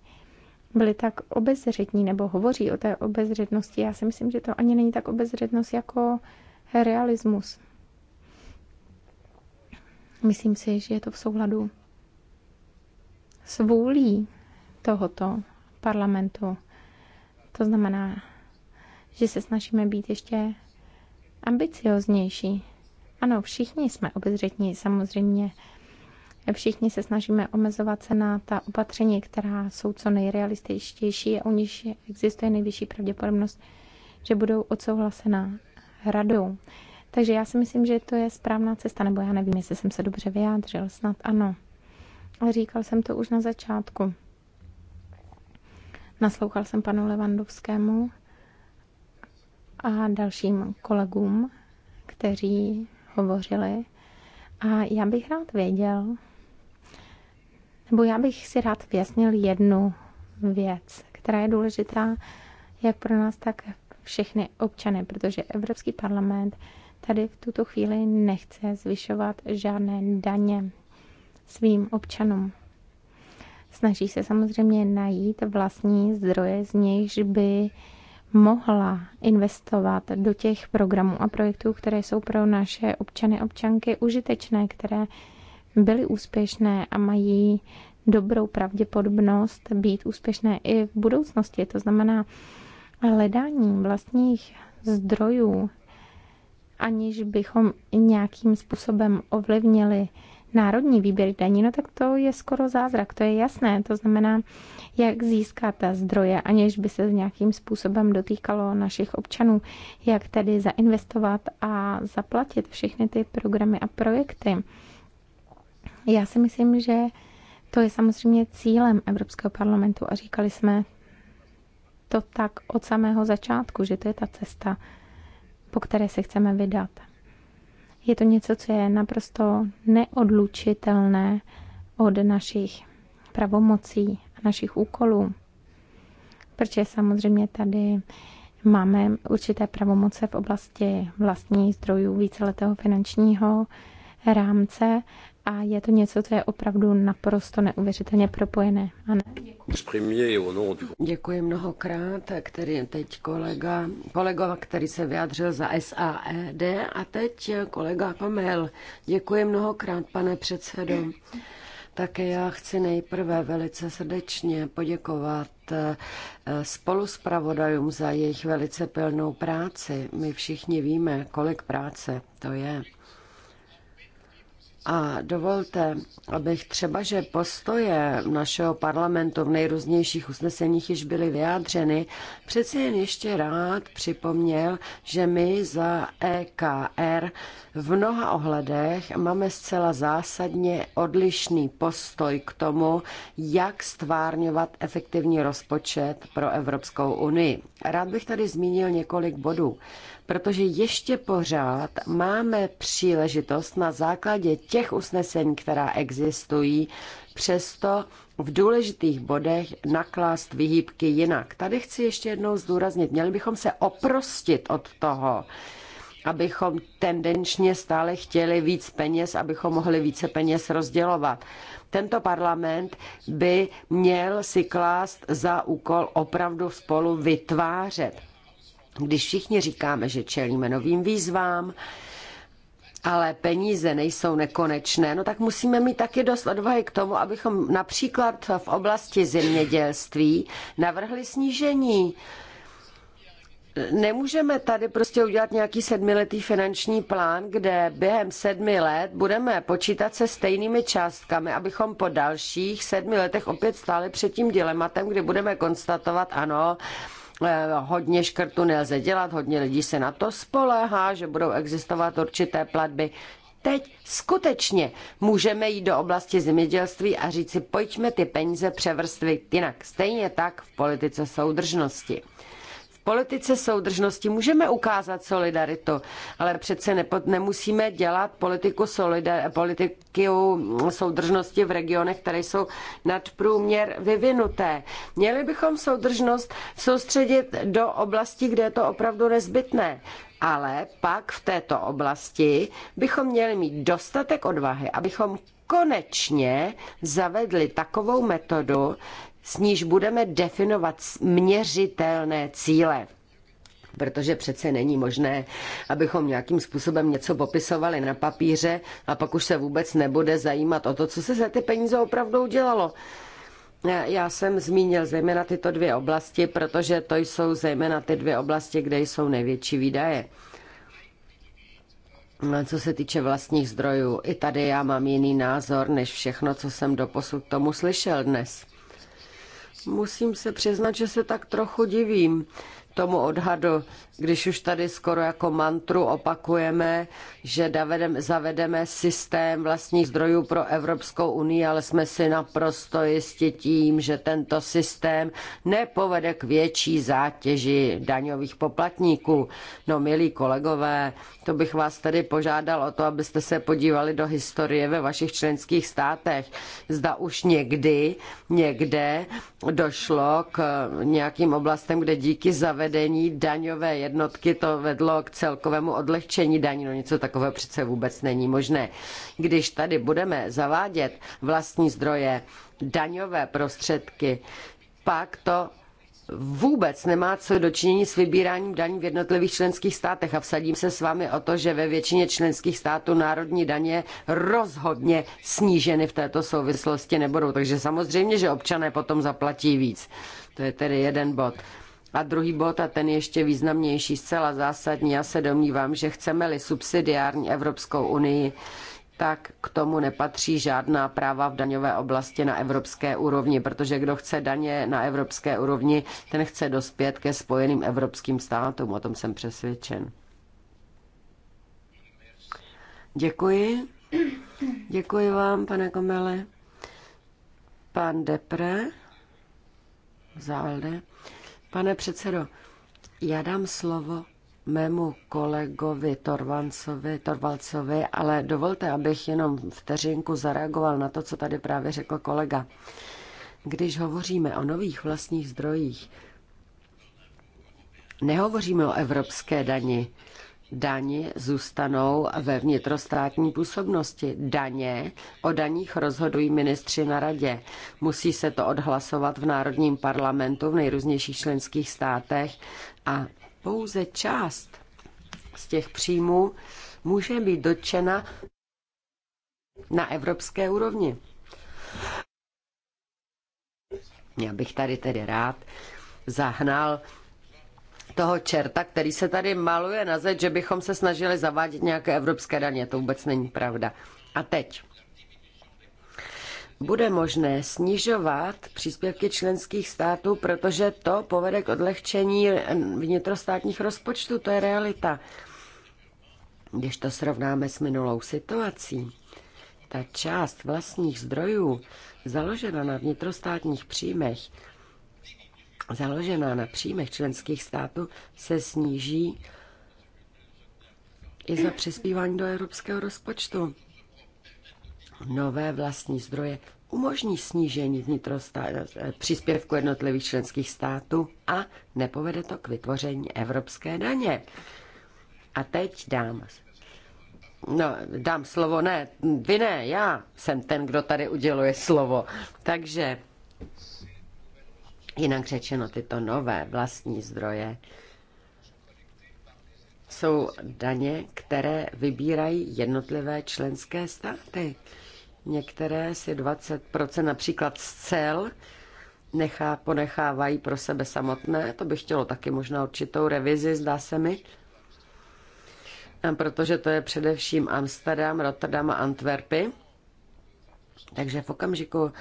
[SPEAKER 3] byli tak obezřetní nebo hovoří o té obezřetnosti. Já si myslím, že to ani není tak obezřetnost jako realismus. Myslím si, že je to v souladu s vůlí tohoto parlamentu. To znamená, že se snažíme být ještě ambicioznější. Ano, všichni jsme obezřetní, samozřejmě Všichni se snažíme omezovat se na ta opatření, která jsou co nejrealističtější a u nich existuje nejvyšší pravděpodobnost, že budou odsouhlasená radou. Takže já si myslím, že to je správná cesta, nebo já nevím, jestli jsem se dobře vyjádřil, snad ano. Ale říkal jsem to už na začátku. Naslouchal jsem panu Levandovskému a dalším kolegům, kteří hovořili. A já bych rád věděl, nebo já bych si rád vyjasnil jednu věc, která je důležitá jak pro nás, tak všechny občany, protože Evropský parlament tady v tuto chvíli nechce zvyšovat žádné daně svým občanům. Snaží se samozřejmě najít vlastní zdroje, z nichž by mohla investovat do těch programů a projektů, které jsou pro naše občany občanky užitečné, které byly úspěšné a mají dobrou pravděpodobnost být úspěšné i v budoucnosti. To znamená, hledání vlastních zdrojů, aniž bychom nějakým způsobem ovlivnili národní výběr daní, no tak to je skoro zázrak, to je jasné. To znamená, jak získat zdroje, aniž by se nějakým způsobem dotýkalo našich občanů, jak tedy zainvestovat a zaplatit všechny ty programy a projekty. Já si myslím, že to je samozřejmě cílem Evropského parlamentu a říkali jsme to tak od samého začátku, že to je ta cesta, po které se chceme vydat. Je to něco, co je naprosto neodlučitelné od našich pravomocí a našich úkolů. Protože samozřejmě tady máme určité pravomoce v oblasti vlastních zdrojů víceletého finančního rámce a je to něco, co je opravdu naprosto neuvěřitelně propojené. Ano.
[SPEAKER 1] Děkuji mnohokrát, který je teď kolega, kolegova, který se vyjádřil za SAED a teď kolega Kamel. Děkuji mnohokrát, pane předsedo. Také já chci nejprve velice srdečně poděkovat eh, spolu pravodajům za jejich velice pilnou práci. My všichni víme, kolik práce to je. A dovolte, abych třeba, že postoje našeho parlamentu v nejrůznějších usneseních již byly vyjádřeny, přeci jen ještě rád připomněl, že my za EKR v mnoha ohledech máme zcela zásadně odlišný postoj k tomu, jak stvárňovat efektivní rozpočet pro Evropskou unii. Rád bych tady zmínil několik bodů protože ještě pořád máme příležitost na základě těch usnesení, která existují, přesto v důležitých bodech naklást vyhýbky jinak. Tady chci ještě jednou zdůraznit, měli bychom se oprostit od toho, abychom tendenčně stále chtěli víc peněz, abychom mohli více peněz rozdělovat. Tento parlament by měl si klást za úkol opravdu spolu vytvářet když všichni říkáme, že čelíme novým výzvám, ale peníze nejsou nekonečné, no tak musíme mít taky dost odvahy k tomu, abychom například v oblasti zemědělství navrhli snížení. Nemůžeme tady prostě udělat nějaký sedmiletý finanční plán, kde během sedmi let budeme počítat se stejnými částkami, abychom po dalších sedmi letech opět stáli před tím dilematem, kdy budeme konstatovat, ano, Eh, hodně škrtu nelze dělat, hodně lidí se na to spoléhá, že budou existovat určité platby. Teď skutečně můžeme jít do oblasti zemědělství a říci, pojďme ty peníze převrstvit jinak. Stejně tak v politice soudržnosti politice soudržnosti můžeme ukázat solidaritu, ale přece nepo, nemusíme dělat politiku, solidar, soudržnosti v regionech, které jsou průměr vyvinuté. Měli bychom soudržnost soustředit do oblasti, kde je to opravdu nezbytné. Ale pak v této oblasti bychom měli mít dostatek odvahy, abychom konečně zavedli takovou metodu, s níž budeme definovat měřitelné cíle protože přece není možné, abychom nějakým způsobem něco popisovali na papíře a pak už se vůbec nebude zajímat o to, co se za ty peníze opravdu udělalo. Já jsem zmínil zejména tyto dvě oblasti, protože to jsou zejména ty dvě oblasti, kde jsou největší výdaje. Co se týče vlastních zdrojů, i tady já mám jiný názor než všechno, co jsem doposud tomu slyšel dnes. Musím se přiznat, že se tak trochu divím tomu odhadu, když už tady skoro jako mantru opakujeme, že davedem, zavedeme systém vlastních zdrojů pro Evropskou unii, ale jsme si naprosto jisti tím, že tento systém nepovede k větší zátěži daňových poplatníků. No milí kolegové, to bych vás tedy požádal o to, abyste se podívali do historie ve vašich členských státech. Zda už někdy, někde došlo k nějakým oblastem, kde díky zavedení zavedení daňové jednotky to vedlo k celkovému odlehčení daní. No něco takového přece vůbec není možné. Když tady budeme zavádět vlastní zdroje, daňové prostředky, pak to vůbec nemá co dočinění s vybíráním daní v jednotlivých členských státech a vsadím se s vámi o to, že ve většině členských států národní daně rozhodně sníženy v této souvislosti nebudou. Takže samozřejmě, že občané potom zaplatí víc. To je tedy jeden bod. A druhý bod, a ten ještě významnější, zcela zásadní, já se domnívám, že chceme-li subsidiární Evropskou unii, tak k tomu nepatří žádná práva v daňové oblasti na evropské úrovni, protože kdo chce daně na evropské úrovni, ten chce dospět ke spojeným evropským státům, o tom jsem přesvědčen. Děkuji. Děkuji vám, pane Komele. Pan Depre, Zálde. Pane předsedo, já dám slovo mému kolegovi Torvancovi, Torvalcovi, ale dovolte, abych jenom vteřinku zareagoval na to, co tady právě řekl kolega. Když hovoříme o nových vlastních zdrojích, nehovoříme o evropské dani, Daně zůstanou ve vnitrostátní působnosti. Daně o daních rozhodují ministři na radě. Musí se to odhlasovat v Národním parlamentu v nejrůznějších členských státech a pouze část z těch příjmů může být dotčena na evropské úrovni. Já bych tady tedy rád zahnal toho čerta, který se tady maluje na zeď, že bychom se snažili zavádět nějaké evropské daně. To vůbec není pravda. A teď. Bude možné snižovat příspěvky členských států, protože to povede k odlehčení vnitrostátních rozpočtů. To je realita. Když to srovnáme s minulou situací, ta část vlastních zdrojů založena na vnitrostátních příjmech založená na příjmech členských států, se sníží i za přispívání do evropského rozpočtu. Nové vlastní zdroje umožní snížení vnitrostá- eh, příspěvku jednotlivých členských států a nepovede to k vytvoření evropské daně. A teď dám. No, dám slovo, ne, vy ne, já jsem ten, kdo tady uděluje slovo. Takže Jinak řečeno, tyto nové vlastní zdroje jsou daně, které vybírají jednotlivé členské státy. Některé si 20% například z cel nechá, ponechávají pro sebe samotné. To by chtělo taky možná určitou revizi, zdá se mi. Protože to je především Amsterdam, Rotterdam a Antwerpy. Takže v okamžiku,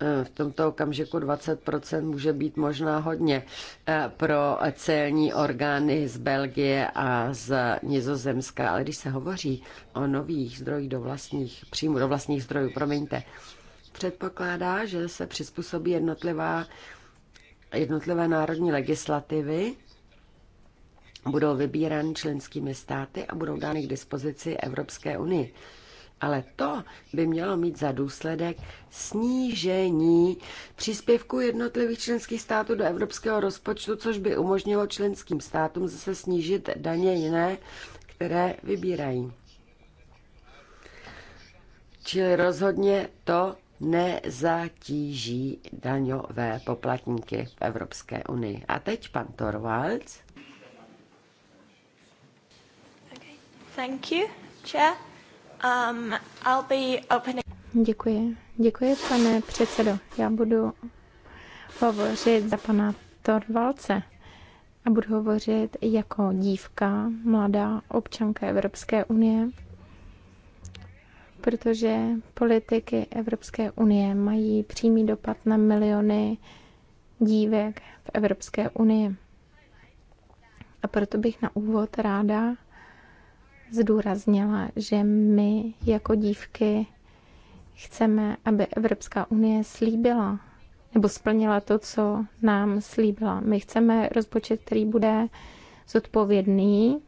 [SPEAKER 1] Eh, v tomto okamžiku 20% může být možná hodně eh, pro celní orgány z Belgie a z Nizozemska, ale když se hovoří o nových zdrojích do vlastních příjmů, do vlastních zdrojů, promiňte, předpokládá, že se přizpůsobí jednotlivá, jednotlivé národní legislativy, budou vybírány členskými státy a budou dány k dispozici Evropské unii. Ale to by mělo mít za důsledek snížení příspěvku jednotlivých členských států do evropského rozpočtu, což by umožnilo členským státům zase snížit daně jiné, které vybírají. Čili rozhodně to nezatíží daňové poplatníky v Evropské unii. A teď pan Torvalds.
[SPEAKER 2] Okay. Thank you, Chair. Um, I'll be opening...
[SPEAKER 1] Děkuji.
[SPEAKER 3] Děkuji, pane předsedo. Já budu hovořit za pana Torvalce a budu hovořit jako dívka, mladá občanka Evropské unie, protože politiky Evropské unie mají přímý dopad na miliony dívek v Evropské unii. A proto bych na úvod ráda zdůraznila, že my jako dívky chceme, aby Evropská unie slíbila nebo splnila to, co nám slíbila. My chceme rozpočet, který bude zodpovědný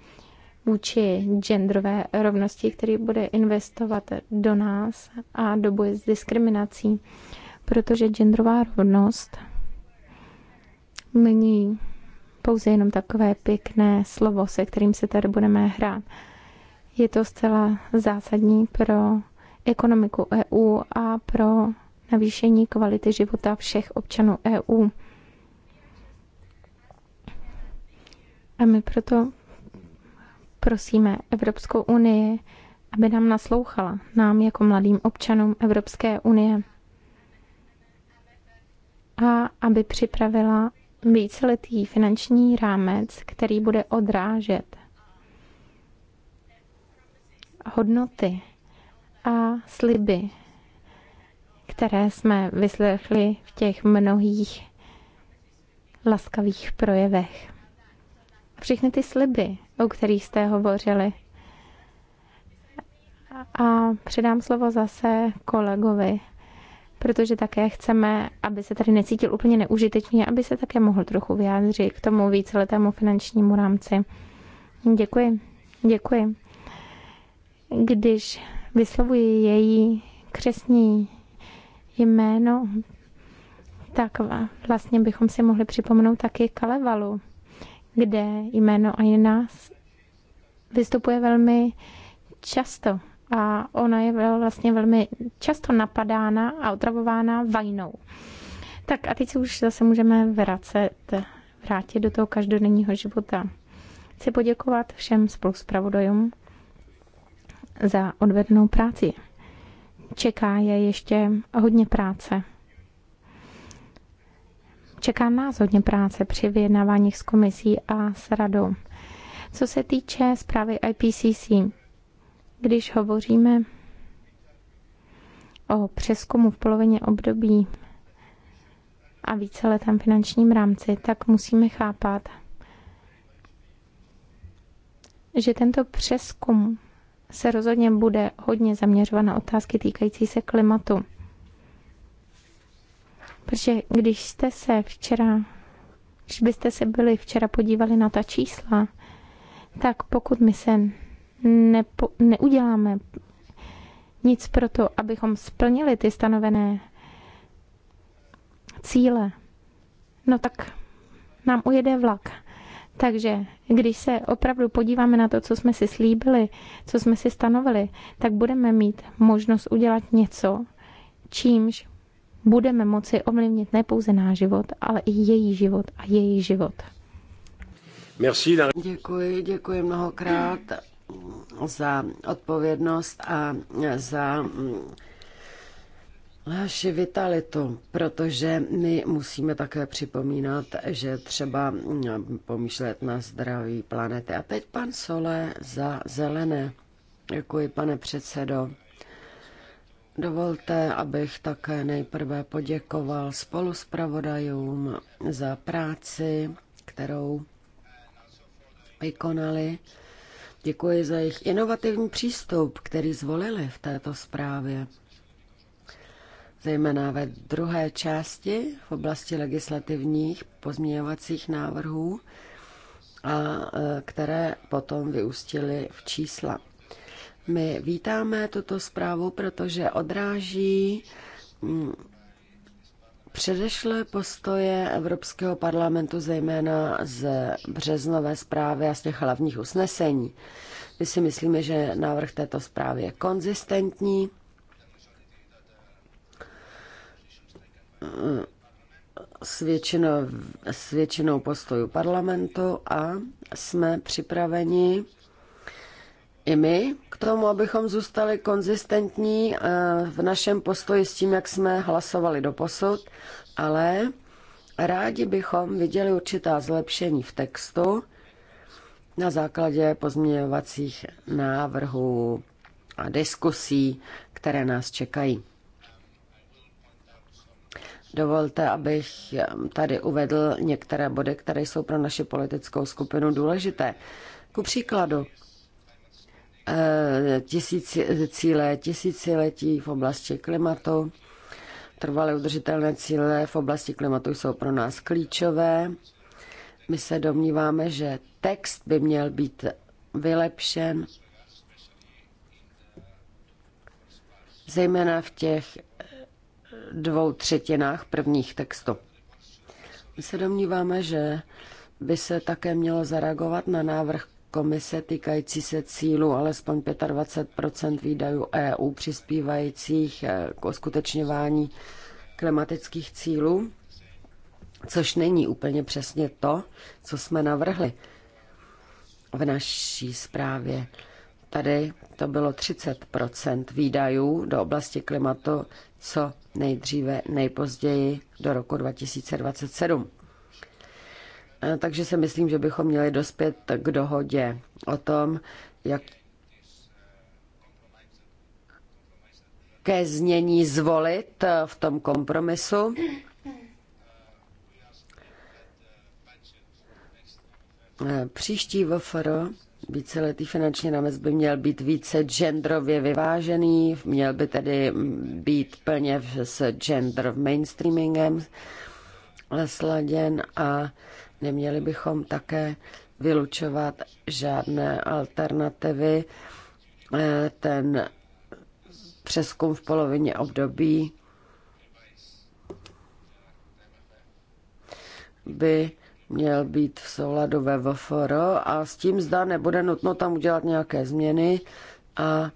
[SPEAKER 3] vůči genderové rovnosti, který bude investovat do nás a do boje s diskriminací, protože genderová rovnost není pouze jenom takové pěkné slovo, se kterým se tady budeme hrát. Je to zcela zásadní pro ekonomiku EU a pro navýšení kvality života všech občanů EU. A my proto prosíme Evropskou unii, aby nám naslouchala, nám jako mladým občanům Evropské unie. A aby připravila víceletý finanční rámec, který bude odrážet hodnoty a sliby, které jsme vyslechli v těch mnohých laskavých projevech. Všechny ty sliby, o kterých jste hovořili. A předám slovo zase kolegovi, protože také chceme, aby se tady necítil úplně neužitečně, aby se také mohl trochu vyjádřit k tomu víceletému finančnímu rámci. Děkuji, děkuji když vyslovuji její křesní jméno, tak vlastně bychom si mohli připomenout taky Kalevalu, kde jméno nás vystupuje velmi často a ona je vlastně velmi často napadána a otravována vajnou. Tak a teď se už zase můžeme vracet, vrátit do toho každodenního života. Chci poděkovat všem spoluspravodajům, za odvednou práci. Čeká je ještě hodně práce. Čeká nás hodně práce při vyjednáváních s komisí a s radou. Co se týče zprávy IPCC, když hovoříme o přeskumu v polovině období a víceletém finančním rámci, tak musíme chápat, že tento přeskum se rozhodně bude hodně zaměřovat na otázky týkající se klimatu. Protože když jste se včera, když byste se byli včera podívali na ta čísla, tak pokud my se nepo, neuděláme nic pro to, abychom splnili ty stanovené cíle, no tak nám ujede vlak. Takže když se opravdu podíváme na to, co jsme si slíbili, co jsme si stanovili, tak budeme mít možnost udělat něco, čímž budeme moci ovlivnit ne pouze náš život, ale i její život a její
[SPEAKER 1] život. Děkuji, děkuji mnohokrát za odpovědnost a za naši vitalitu, protože my musíme také připomínat, že třeba eh, pomýšlet na zdraví planety. A teď pan Sole za zelené. Děkuji, pane předsedo. Dovolte, abych také nejprve poděkoval spolu s pravodajům za práci, kterou vykonali. Děkuji za jejich inovativní přístup, který zvolili v této zprávě zejména ve druhé části v oblasti legislativních pozměňovacích návrhů, a e, které potom vyústily v čísla. My vítáme tuto zprávu, protože odráží mm, předešlé postoje Evropského parlamentu, zejména z březnové zprávy a z těch hlavních usnesení. My si myslíme, že návrh této zprávy je konzistentní s většinou, s většinou postojů parlamentu a jsme připraveni i my k tomu, abychom zůstali konzistentní eh, v našem postoji s tím, jak jsme hlasovali do posud, ale rádi bychom viděli určitá zlepšení v textu na základě pozměňovacích návrhů a diskusí, které nás čekají. Dovolte, abych ehm, tady uvedl některé body, které jsou pro naši politickou skupinu důležité. Ku příkladu, eh, tisíc, cíle tisíciletí v oblasti klimatu, Trvalé udržitelné cíle v oblasti klimatu jsou pro nás klíčové. My se domníváme, že text by měl být vylepšen, zejména v těch dvou třetinách prvních textů. My se domníváme, že by se také mělo zareagovat na návrh komise týkající se cílu alespoň 25 výdajů EU přispívajících eh, k uskutečňování klimatických cílů, což není úplně přesně to, co jsme navrhli v naší zprávě. Tady to bylo 30 výdajů do oblasti klimatu co nejdříve, nejpozději do roku 2027. Takže si myslím, že bychom měli dospět k dohodě o tom, jak ke znění zvolit v tom kompromisu. Příští VFR Víceletý finanční rámec by měl být více genderově vyvážený, měl by tedy být plně s gender mainstreamingem sladěn a neměli bychom také vylučovat žádné alternativy. Eh, ten přeskum v polovině období by měl být v souladu ve VFR a s tím zda nebude nutno tam udělat nějaké změny a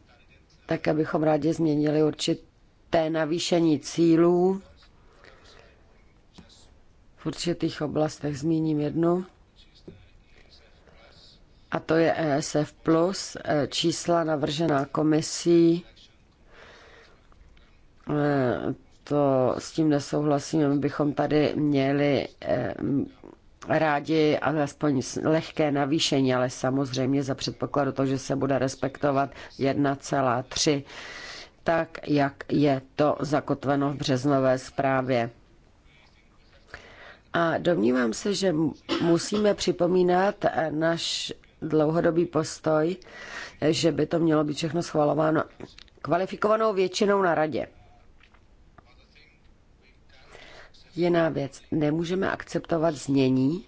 [SPEAKER 1] tak, abychom rádi změnili určité navýšení cílů. V určitých oblastech zmíním jednu. A to je ESF+, plus, eh, čísla navržená komisí. Eh, to s tím nesouhlasím, bychom tady měli eh, rádi alespoň lehké navýšení, ale samozřejmě za předpokladu toho, že se bude respektovat 1,3, tak jak je to zakotveno v březnové zprávě. A domnívám se, že musíme připomínat eh, náš dlouhodobý postoj, eh, že by to mělo být všechno schvalováno kvalifikovanou většinou na radě. Jiná věc, nemůžeme akceptovat znění,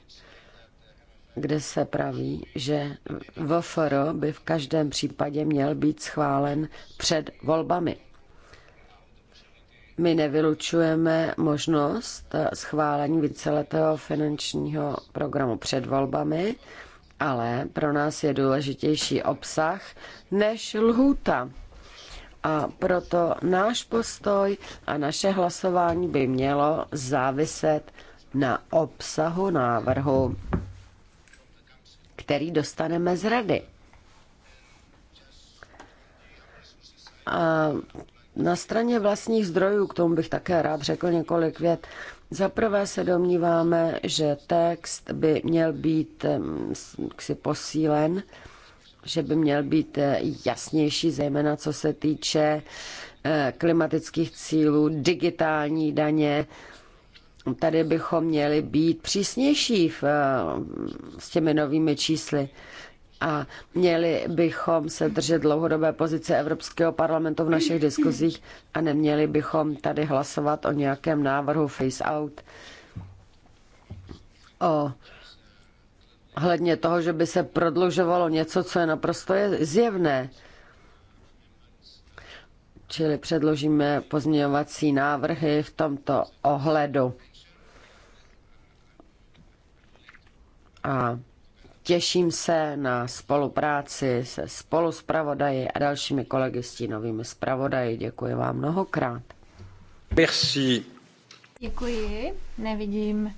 [SPEAKER 1] kde se praví, že VFR by v každém případě měl být schválen před volbami. My nevylučujeme možnost schválení víceletého finančního programu před volbami, ale pro nás je důležitější obsah než lhůta. A proto náš postoj a naše hlasování by mělo záviset na obsahu návrhu, který dostaneme z rady. A na straně vlastních zdrojů, k tomu bych také rád řekl několik vět. Za prvé se domníváme, že text by měl být si posílen že by měl být eh, jasnější, zejména co se týče eh, klimatických cílů, digitální daně. Tady bychom měli být přísnější v, eh, s těmi novými čísly a měli bychom se držet dlouhodobé pozice Evropského parlamentu v našich diskuzích a neměli bychom tady hlasovat o nějakém návrhu face out, o hledně toho, že by se prodlužovalo něco, co je naprosto zjevné. Čili předložíme pozměňovací návrhy v tomto ohledu. A těším se na spolupráci se spoluspravodaji a dalšími kolegy s novými zpravodaji. Děkuji vám mnohokrát.
[SPEAKER 4] Merci.
[SPEAKER 2] Děkuji. Nevidím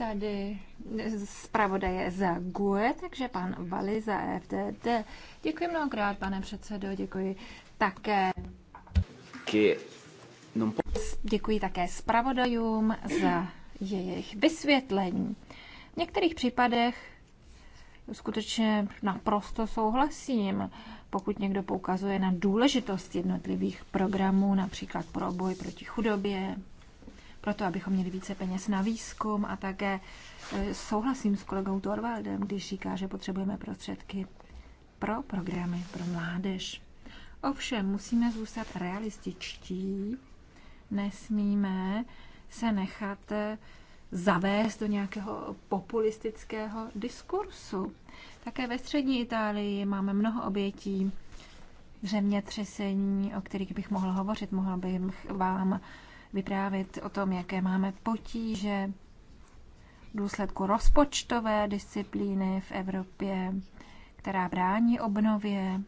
[SPEAKER 2] tady zpravodaje za GUE, takže pan Vali za FDD. Děkuji mnohokrát, pane předsedo, děkuji také. Děkuji také zpravodajům za jejich vysvětlení. V některých případech skutečně naprosto souhlasím, pokud někdo poukazuje na důležitost jednotlivých programů, například pro boj proti chudobě, proto abychom měli více peněz na výzkum a také e, souhlasím s kolegou Torvaldem, když říká, že potřebujeme prostředky pro programy pro mládež. Ovšem, musíme zůstat realističtí, nesmíme se nechat e, zavést do nějakého populistického diskursu. Také ve střední Itálii máme mnoho obětí zemětřesení, o kterých bych mohl hovořit. Mohl bych vám vyprávět o tom, jaké máme potíže v důsledku rozpočtové disciplíny v Evropě, která brání obnově.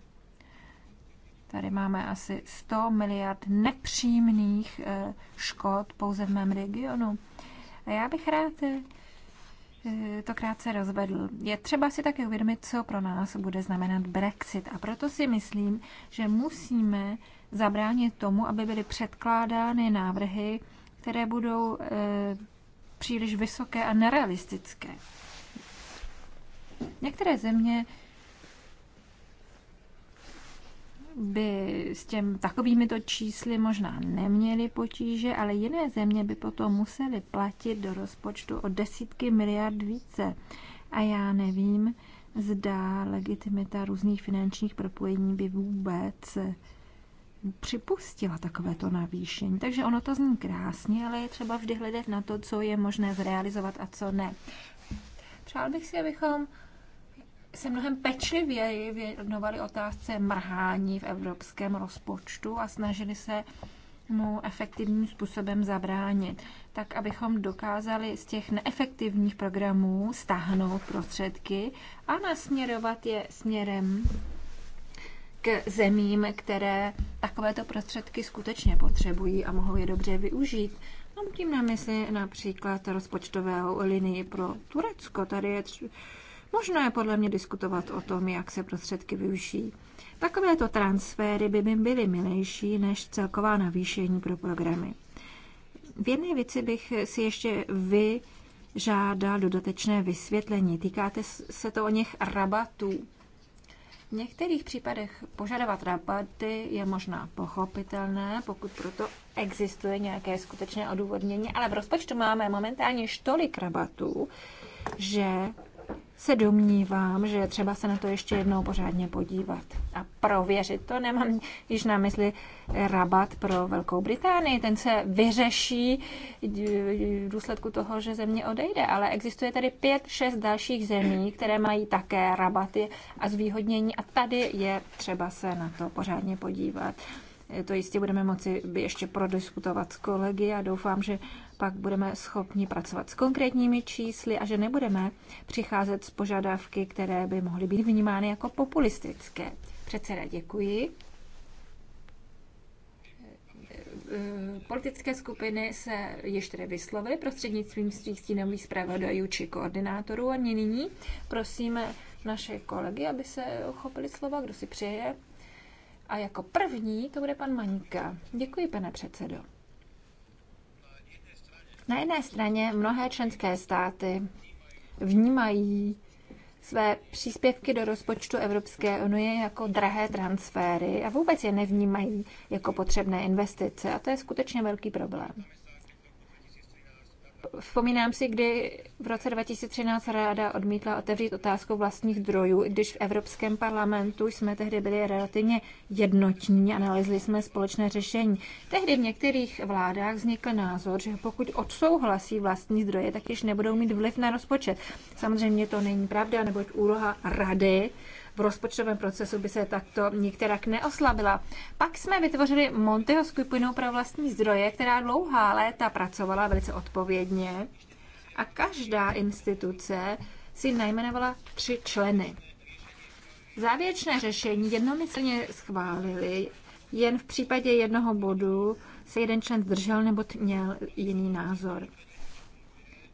[SPEAKER 2] Tady máme asi 100 miliard nepřímných eh, škod pouze v mém regionu. A já bych rád eh, to krátce rozvedl. Je třeba si také uvědomit, co pro nás bude znamenat Brexit. A proto si myslím, že musíme zabránit tomu, aby byly předkládány návrhy, které budou e, příliš vysoké a nerealistické. Některé země by s těm takovými to čísly možná neměly potíže, ale jiné země by potom musely platit do rozpočtu o desítky miliard více. A já nevím, zda legitimita různých finančních propojení by vůbec připustila takovéto navýšení. Takže ono to zní krásně, ale je třeba vždy hledat na to, co je možné zrealizovat a co ne. Přál bych si, abychom se mnohem pečlivěji věnovali otázce mrhání v evropském rozpočtu a snažili se mu efektivním způsobem zabránit, tak abychom dokázali z těch neefektivních programů stáhnout prostředky a nasměrovat je směrem k zemím, které takovéto prostředky skutečně potřebují a mohou je dobře využít. Mám tím na mysli například rozpočtového linii pro Turecko. Tady je tři... možné podle mě diskutovat o tom, jak se prostředky využijí. Takovéto transfery by mi byly milejší než celková navýšení pro programy. V jedné věci bych si ještě vyžádal dodatečné vysvětlení. Týkáte se to o něch rabatů. V některých případech požadovat rabaty je možná pochopitelné, pokud proto existuje nějaké skutečné odůvodnění, ale v rozpočtu máme momentálně tolik rabatů, že se domnívám, že třeba se na to ještě jednou pořádně podívat a prověřit. To nemám již na mysli rabat pro Velkou Británii. Ten se vyřeší v důsledku toho, že země odejde, ale existuje tady pět, šest dalších zemí, které mají také rabaty a zvýhodnění a tady je třeba se na to pořádně podívat. To jistě budeme moci ještě prodiskutovat s kolegy a doufám, že pak budeme schopni pracovat s konkrétními čísly a že nebudeme přicházet s požadavky, které by mohly být vnímány jako populistické. Předseda, děkuji. Politické skupiny se ještě tedy vyslovily prostřednictvím svých stínových zpravodajů či koordinátorů a nyní prosíme naše kolegy, aby se uchopili slova, kdo si přeje. A jako první to bude pan Maníka. Děkuji, pane předsedo. Na jedné straně mnohé členské státy vnímají své příspěvky do rozpočtu Evropské unie jako drahé transfery a vůbec je nevnímají jako potřebné investice. A to je skutečně velký problém. Vzpomínám si, kdy v roce 2013 ráda odmítla otevřít otázku vlastních zdrojů, i když v Evropském parlamentu jsme tehdy byli relativně jednotní a nalezli jsme společné řešení. Tehdy v některých vládách vznikl názor, že pokud odsouhlasí vlastní zdroje, tak již nebudou mít vliv na rozpočet. Samozřejmě to není pravda, neboť úloha rady v rozpočtovém procesu by se takto nikterak neoslabila. Pak jsme vytvořili Monteho skupinu pro vlastní zdroje, která dlouhá léta pracovala velice odpovědně a každá instituce si najmenovala tři členy. Závěrečné řešení jednomyslně schválili, jen v případě jednoho bodu se jeden člen zdržel nebo měl jiný názor.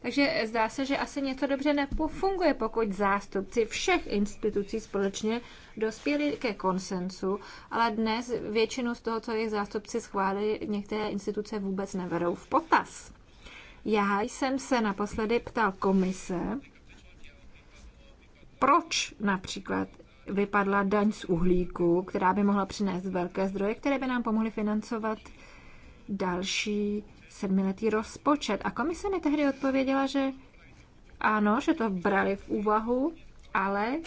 [SPEAKER 2] Takže zdá se, že asi něco dobře nepofunguje, pokud zástupci všech institucí společně dospěli ke konsensu, ale dnes většinu z toho, co jejich zástupci schválili, některé instituce vůbec neverou v potaz. Já jsem se naposledy ptal komise, proč například vypadla daň z uhlíku, která by mohla přinést velké zdroje, které by nám pomohly financovat další sedmiletý rozpočet. A komise mi tehdy odpověděla, že ano, že to brali v úvahu, ale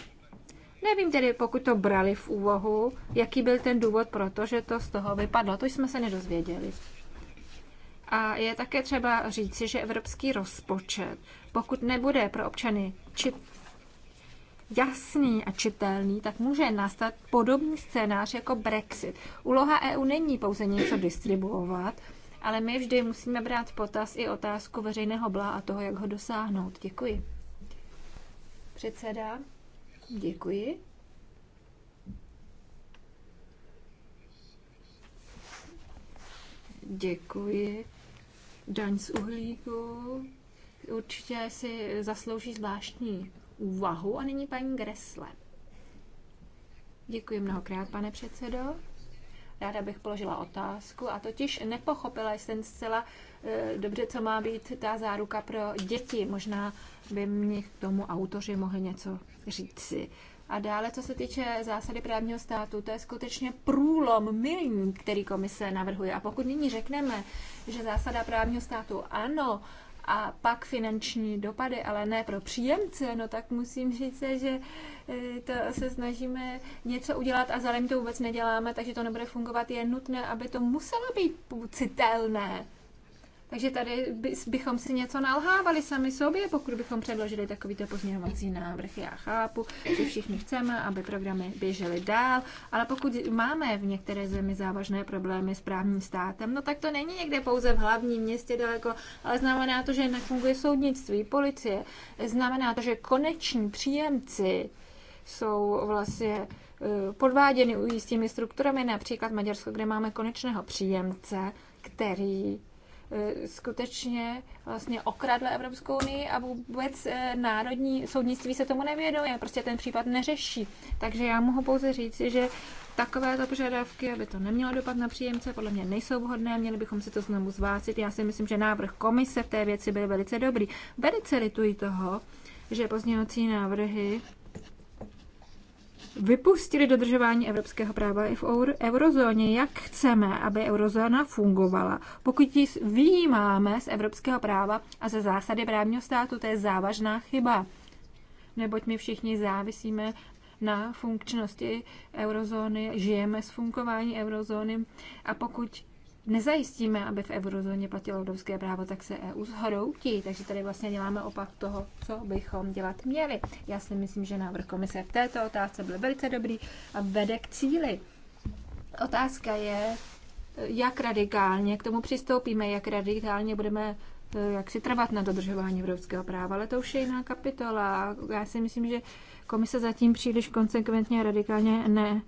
[SPEAKER 2] nevím tedy, pokud to brali v úvahu, jaký byl ten důvod pro to, že to z toho vypadlo. To jsme se nedozvěděli. A je také třeba říci, že evropský rozpočet, pokud nebude pro občany čit, jasný a čitelný, tak může nastat podobný scénář jako Brexit. Úloha EU není pouze něco distribuovat, ale my vždy musíme brát potaz i otázku veřejného blá a toho, jak ho dosáhnout. Děkuji. Předseda, děkuji. Děkuji. Daň z uhlíku určitě si zaslouží zvláštní úvahu. A nyní paní Gresle. Děkuji mnohokrát, pane předsedo ráda bych položila otázku a totiž nepochopila jsem zcela e, dobře, co má být ta záruka pro děti. Možná by mě k tomu autoři mohli něco říci. A dále, co se týče zásady právního státu, to je skutečně průlom, milník, který komise navrhuje. A pokud nyní řekneme, že zásada právního státu ano, a pak finanční dopady, ale ne pro příjemce, no tak musím říct, že eh, to se snažíme něco udělat a zároveň to vůbec neděláme, takže to nebude fungovat. Je nutné, aby to muselo být citelné. Takže tady bychom si něco nalhávali sami sobě, pokud bychom předložili takovýto pozměňovací návrh. Já chápu, že všichni chceme, aby programy běžely dál, ale pokud máme v některé zemi závažné problémy s právním státem, no tak to není někde pouze v hlavním městě daleko, ale znamená to, že nefunguje soudnictví, policie. Znamená to, že koneční příjemci jsou vlastně eh, podváděny jistými strukturami, například Maďarsko, kde máme konečného příjemce, který Eh, skutečně vlastně okradl Evropskou unii a vůbec eh, národní soudnictví se tomu nevěnuje, prostě ten případ neřeší. Takže já mohu pouze říct, že takovéto požadavky, aby to nemělo dopad na příjemce, podle mě nejsou vhodné, měli bychom si to znovu zvácit. Já si myslím, že návrh komise v té věci byl velice dobrý. Velice lituji toho, že pozměňovací návrhy vypustili dodržování evropského práva i v eurozóně. Jak chceme, aby eurozóna fungovala? Pokud ji výjímáme z evropského práva a ze zásady právního státu, to je závažná chyba. Neboť my všichni závisíme na funkčnosti eurozóny, žijeme z fungování eurozóny a pokud nezajistíme, aby v eurozóně platilo evropské právo, tak se EU zhroutí. Takže tady vlastně děláme opak toho, co bychom dělat měli. Já si myslím, že návrh komise v této otázce byl velice dobrý a vede k cíli. Otázka je, jak radikálně k tomu přistoupíme, jak radikálně budeme eh, jak si trvat na dodržování evropského práva, ale to už je jiná kapitola. Já si myslím, že komise zatím příliš konsekventně a radikálně ne,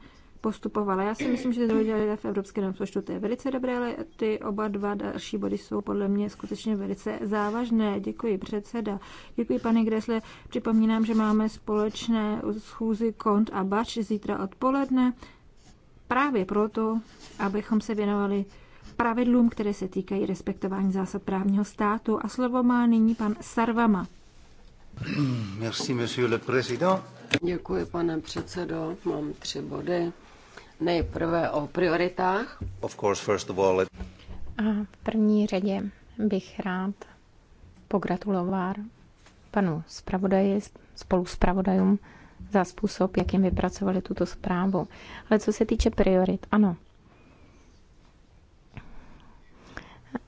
[SPEAKER 2] postupovala. Já si myslím, že to lidé v Evropském rozpočtu, to je velice dobré, ale ty oba dva další body jsou podle mě skutečně velice závažné. Děkuji předseda, děkuji pane Gresle. Připomínám, že máme společné schůzy kont a bač zítra odpoledne právě proto, abychom se věnovali pravidlům, které se týkají respektování zásad právního státu. A slovo má nyní pan Sarvama.
[SPEAKER 4] Merci, monsieur le président.
[SPEAKER 1] Děkuji, pane předsedo. Mám tři body. Nejprve o prioritách.
[SPEAKER 4] Of course, first of all, it...
[SPEAKER 1] A v první řadě
[SPEAKER 3] bych rád pogratuloval panu zpravodaji, spolu zpravodajům za způsob, jakým vypracovali tuto zprávu. Ale co se týče priorit, ano.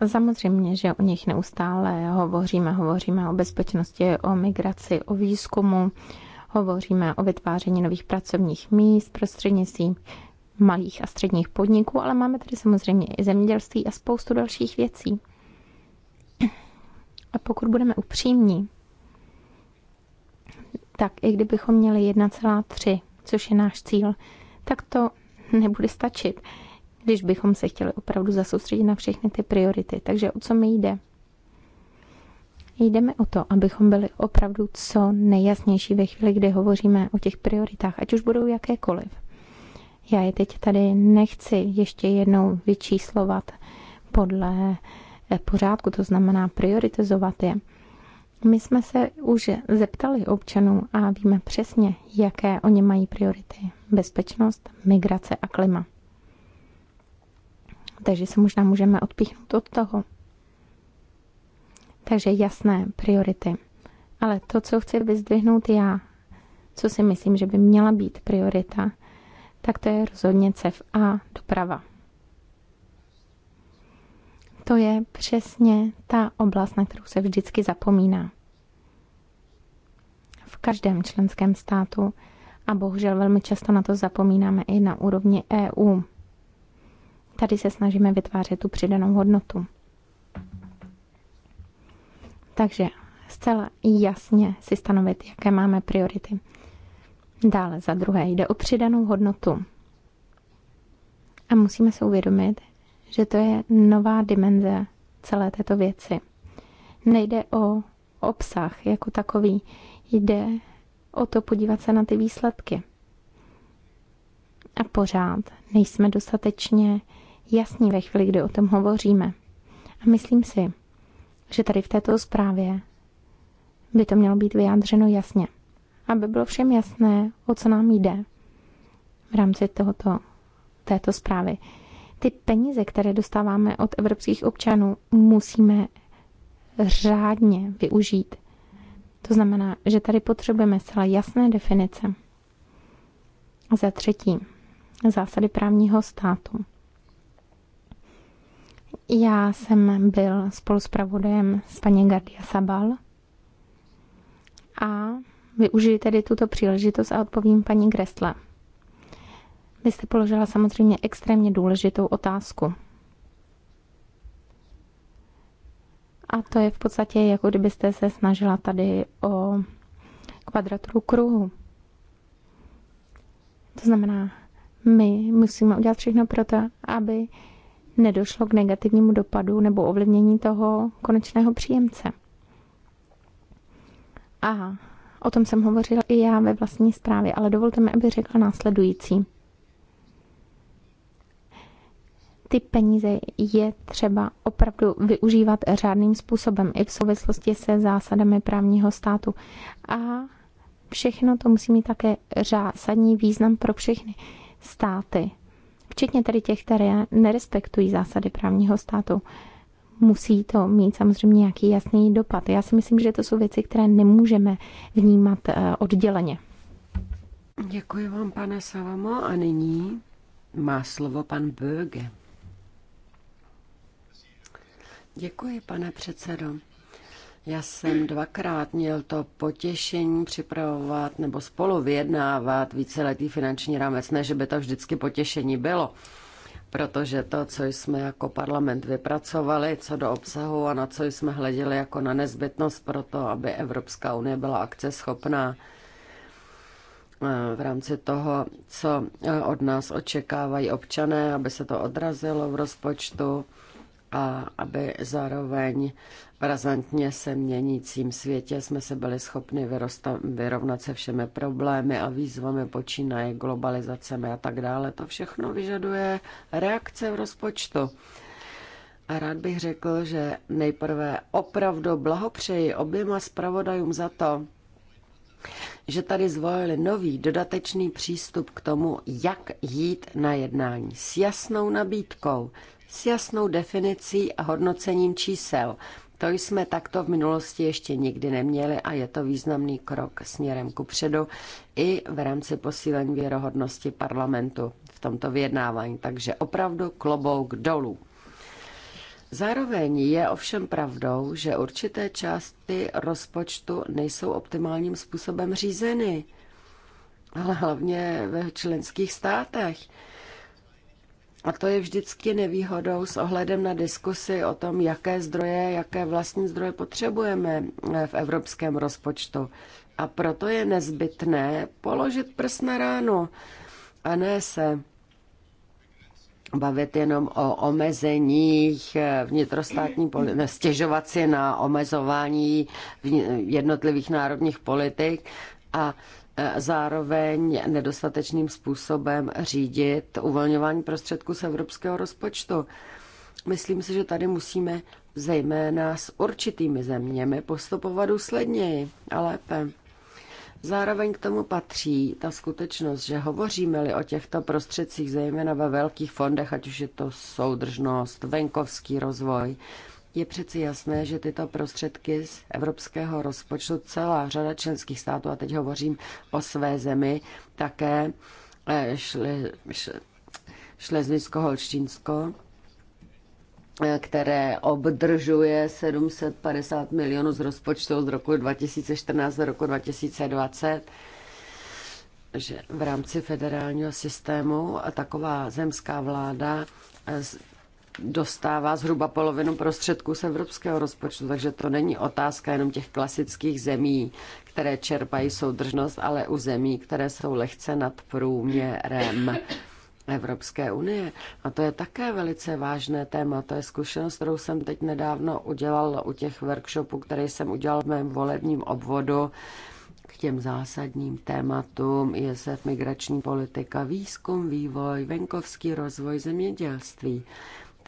[SPEAKER 3] Samozřejmě, že o nich neustále hovoříme. Hovoříme o bezpečnosti, o migraci, o výzkumu, hovoříme o vytváření nových pracovních míst prostřednictvím malých a středních podniků, ale máme tady samozřejmě i zemědělství a spoustu dalších věcí. A pokud budeme upřímní, tak i kdybychom měli 1,3, což je náš cíl, tak to nebude stačit, když bychom se chtěli opravdu zasoustředit na všechny ty priority. Takže o co mi jde? Jdeme o to, abychom byli opravdu co nejjasnější ve chvíli, kdy hovoříme o těch prioritách, ať už budou jakékoliv. Já je teď tady nechci ještě jednou vyčíslovat podle eh, pořádku, to znamená prioritizovat je. My jsme se už zeptali občanů a víme přesně, jaké oni mají priority. Bezpečnost, migrace a klima. Takže se možná můžeme odpíchnout od toho. Takže jasné priority. Ale to, co chci vyzdvihnout já, co si myslím, že by měla být priorita, tak to je rozhodně CEF a doprava. To je přesně ta oblast, na kterou se vždycky zapomíná. V každém členském státu a bohužel velmi často na to zapomínáme i na úrovni EU. Tady se snažíme vytvářet tu přidanou hodnotu. Takže zcela jasně si stanovit, jaké máme priority. Dále za druhé jde o přidanou hodnotu. A musíme se uvědomit, že to je nová dimenze celé této věci. Nejde o obsah jako takový, jde o to podívat se na ty výsledky. A pořád nejsme dostatečně jasní ve chvíli, kdy o tom hovoříme. A myslím si, že tady v této zprávě by to mělo být vyjádřeno jasně aby bylo všem jasné, o co nám jde v rámci tohoto, této zprávy. Ty peníze, které dostáváme od evropských občanů, musíme řádně využít. To znamená, že tady potřebujeme zcela jasné definice. A za třetí, zásady právního státu. Já jsem byl spoluspravodajem s paní Gardia Sabal a využiji tedy tuto příležitost a odpovím paní Gresle. Vy jste položila samozřejmě extrémně důležitou otázku. A to je v podstatě, jako kdybyste se snažila tady o kvadraturu kruhu. To znamená, my musíme udělat všechno pro to, aby nedošlo k negativnímu dopadu nebo ovlivnění toho konečného příjemce. A O tom jsem hovořila i já ve vlastní zprávě, ale dovolte mi, aby řekla následující. Ty peníze je třeba opravdu využívat řádným způsobem i v souvislosti se zásadami právního státu. A všechno to musí mít také zásadní význam pro všechny státy, včetně tedy těch, které nerespektují zásady právního státu musí to mít samozřejmě nějaký jasný dopad. Já si myslím, že to jsou věci, které nemůžeme vnímat eh, odděleně.
[SPEAKER 1] Děkuji vám, pane Savamo, a nyní má slovo pan Böge. Děkuji, pane předsedo. Já jsem dvakrát měl to potěšení připravovat nebo spolu vyjednávat víceletý finanční rámec, ne, že by to vždycky potěšení bylo protože to, co jsme jako parlament vypracovali, co do obsahu a na co jsme hleděli jako na nezbytnost pro to, aby Evropská unie byla akceschopná eh, v rámci toho, co eh, od nás očekávají občané, aby se to odrazilo v rozpočtu, a aby zároveň v razantně se měnícím světě jsme se byli schopni vyrovnat se všemi problémy a výzvami počínaje globalizacemi a tak dále. To všechno vyžaduje reakce v rozpočtu. A rád bych řekl, že nejprve opravdu blahopřeji oběma zpravodajům za to, že tady zvolili nový dodatečný přístup k tomu, jak jít na jednání s jasnou nabídkou, s jasnou definicí a hodnocením čísel. To jsme takto v minulosti ještě nikdy neměli a je to významný krok směrem ku předu i v rámci posílení věrohodnosti parlamentu v tomto vyjednávání. Takže opravdu klobouk dolů. Zároveň je ovšem pravdou, že určité části rozpočtu nejsou optimálním způsobem řízeny, ale hlavně ve členských státech. A to je vždycky nevýhodou s ohledem na diskusy o tom, jaké zdroje, jaké vlastní zdroje potřebujeme eh, v evropském rozpočtu. A proto je nezbytné položit prst na ránu a ne se bavit jenom o omezeních eh, vnitrostátní politiky, stěžovat si na omezování jednotlivých národních politik a zároveň nedostatečným způsobem řídit uvolňování prostředků z evropského rozpočtu. Myslím si, že tady musíme zejména s určitými zeměmi postupovat důsledněji a lépe. Zároveň k tomu patří ta skutečnost, že hovoříme-li o těchto prostředcích, zejména ve velkých fondech, ať už je to soudržnost, venkovský rozvoj, je přeci jasné, že tyto prostředky z evropského rozpočtu celá řada členských států, a teď hovořím o své zemi, také eh, šle, holštínsko eh, které obdržuje 750 milionů z rozpočtu z roku 2014 do roku 2020, že v rámci federálního systému taková zemská vláda eh, dostává zhruba polovinu prostředků z evropského rozpočtu, takže to není otázka jenom těch klasických zemí, které čerpají soudržnost, ale u zemí, které jsou lehce nad průměrem. Evropské unie. A to je také velice vážné téma. To je zkušenost, kterou jsem teď nedávno udělal u těch workshopů, které jsem udělal v mém volebním obvodu k těm zásadním tématům ISF, migrační politika, výzkum, vývoj, venkovský rozvoj, zemědělství.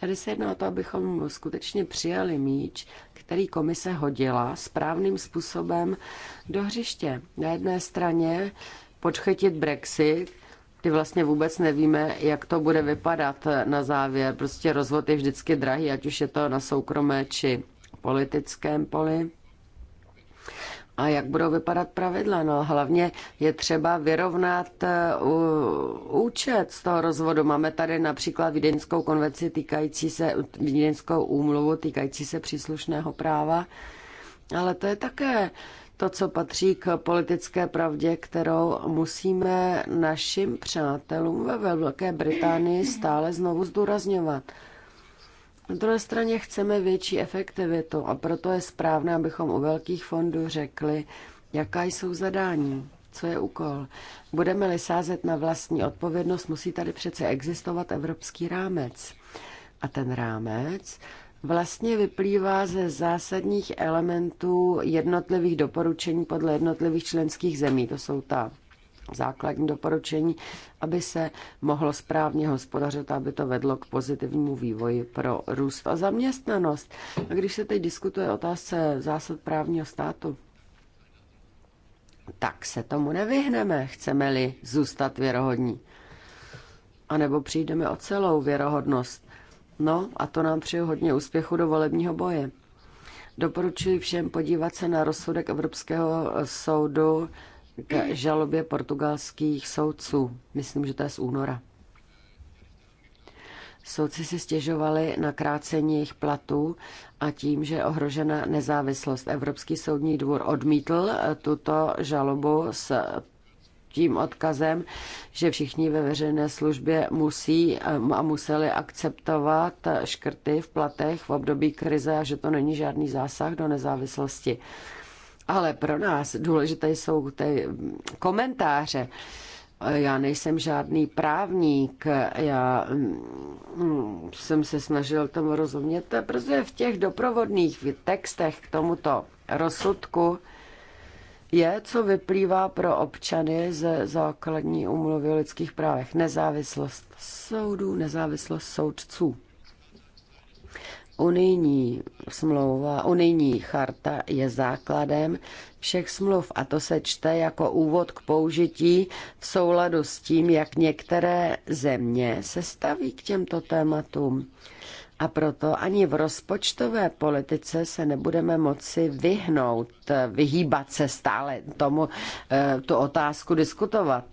[SPEAKER 1] Tady se jedná o to, abychom skutečně přijali míč, který komise hodila správným způsobem do hřiště. Na jedné straně podchytit Brexit, kdy vlastně vůbec nevíme, jak to bude vypadat na závěr. Prostě rozvod je vždycky drahý, ať už je to na soukromé či politickém poli a jak budou vypadat pravidla. No hlavně je třeba vyrovnat eh, účet z toho rozvodu. Máme tady například Vídeňskou konvenci týkající se, Vídeňskou úmluvu týkající se příslušného práva, ale to je také to, co patří k politické pravdě, kterou musíme našim přátelům ve Velké Británii stále znovu zdůrazňovat. Na druhé straně chceme větší efektivitu a proto je správné, abychom u velkých fondů řekli, jaká jsou zadání, co je úkol. Budeme-li sázet na vlastní odpovědnost, musí tady přece existovat evropský rámec. A ten rámec vlastně vyplývá ze zásadních elementů jednotlivých doporučení podle jednotlivých členských zemí. To jsou ta základní doporučení, aby se mohlo správně hospodařit, aby to vedlo k pozitivnímu vývoji pro růst a zaměstnanost. A když se teď diskutuje otázce zásad právního státu, tak se tomu nevyhneme, chceme-li zůstat věrohodní. A nebo přijdeme o celou věrohodnost. No a to nám přeju hodně úspěchu do volebního boje. Doporučuji všem podívat se na rozsudek Evropského soudu k žalobě portugalských soudců. Myslím, že to je z února. Soudci si stěžovali na krácení jejich platů a tím, že je ohrožena nezávislost. Evropský soudní dvůr odmítl eh, tuto žalobu s tím odkazem, že všichni ve veřejné službě musí eh, a museli akceptovat eh, škrty v platech v období krize a že to není žádný zásah do nezávislosti. Ale pro nás důležité jsou ty komentáře. Já nejsem žádný právník, já mm, jsem se snažil tomu rozumět, protože v těch doprovodných textech k tomuto rozsudku je, co vyplývá pro občany ze základní umluvy o lidských právech. Nezávislost soudů, nezávislost soudců unijní smlouva, unijní charta je základem všech smluv a to se čte jako úvod k použití v souladu s tím, jak některé země se staví k těmto tématům. A proto ani v rozpočtové politice se nebudeme moci vyhnout, vyhýbat se stále tomu, eh, tu otázku diskutovat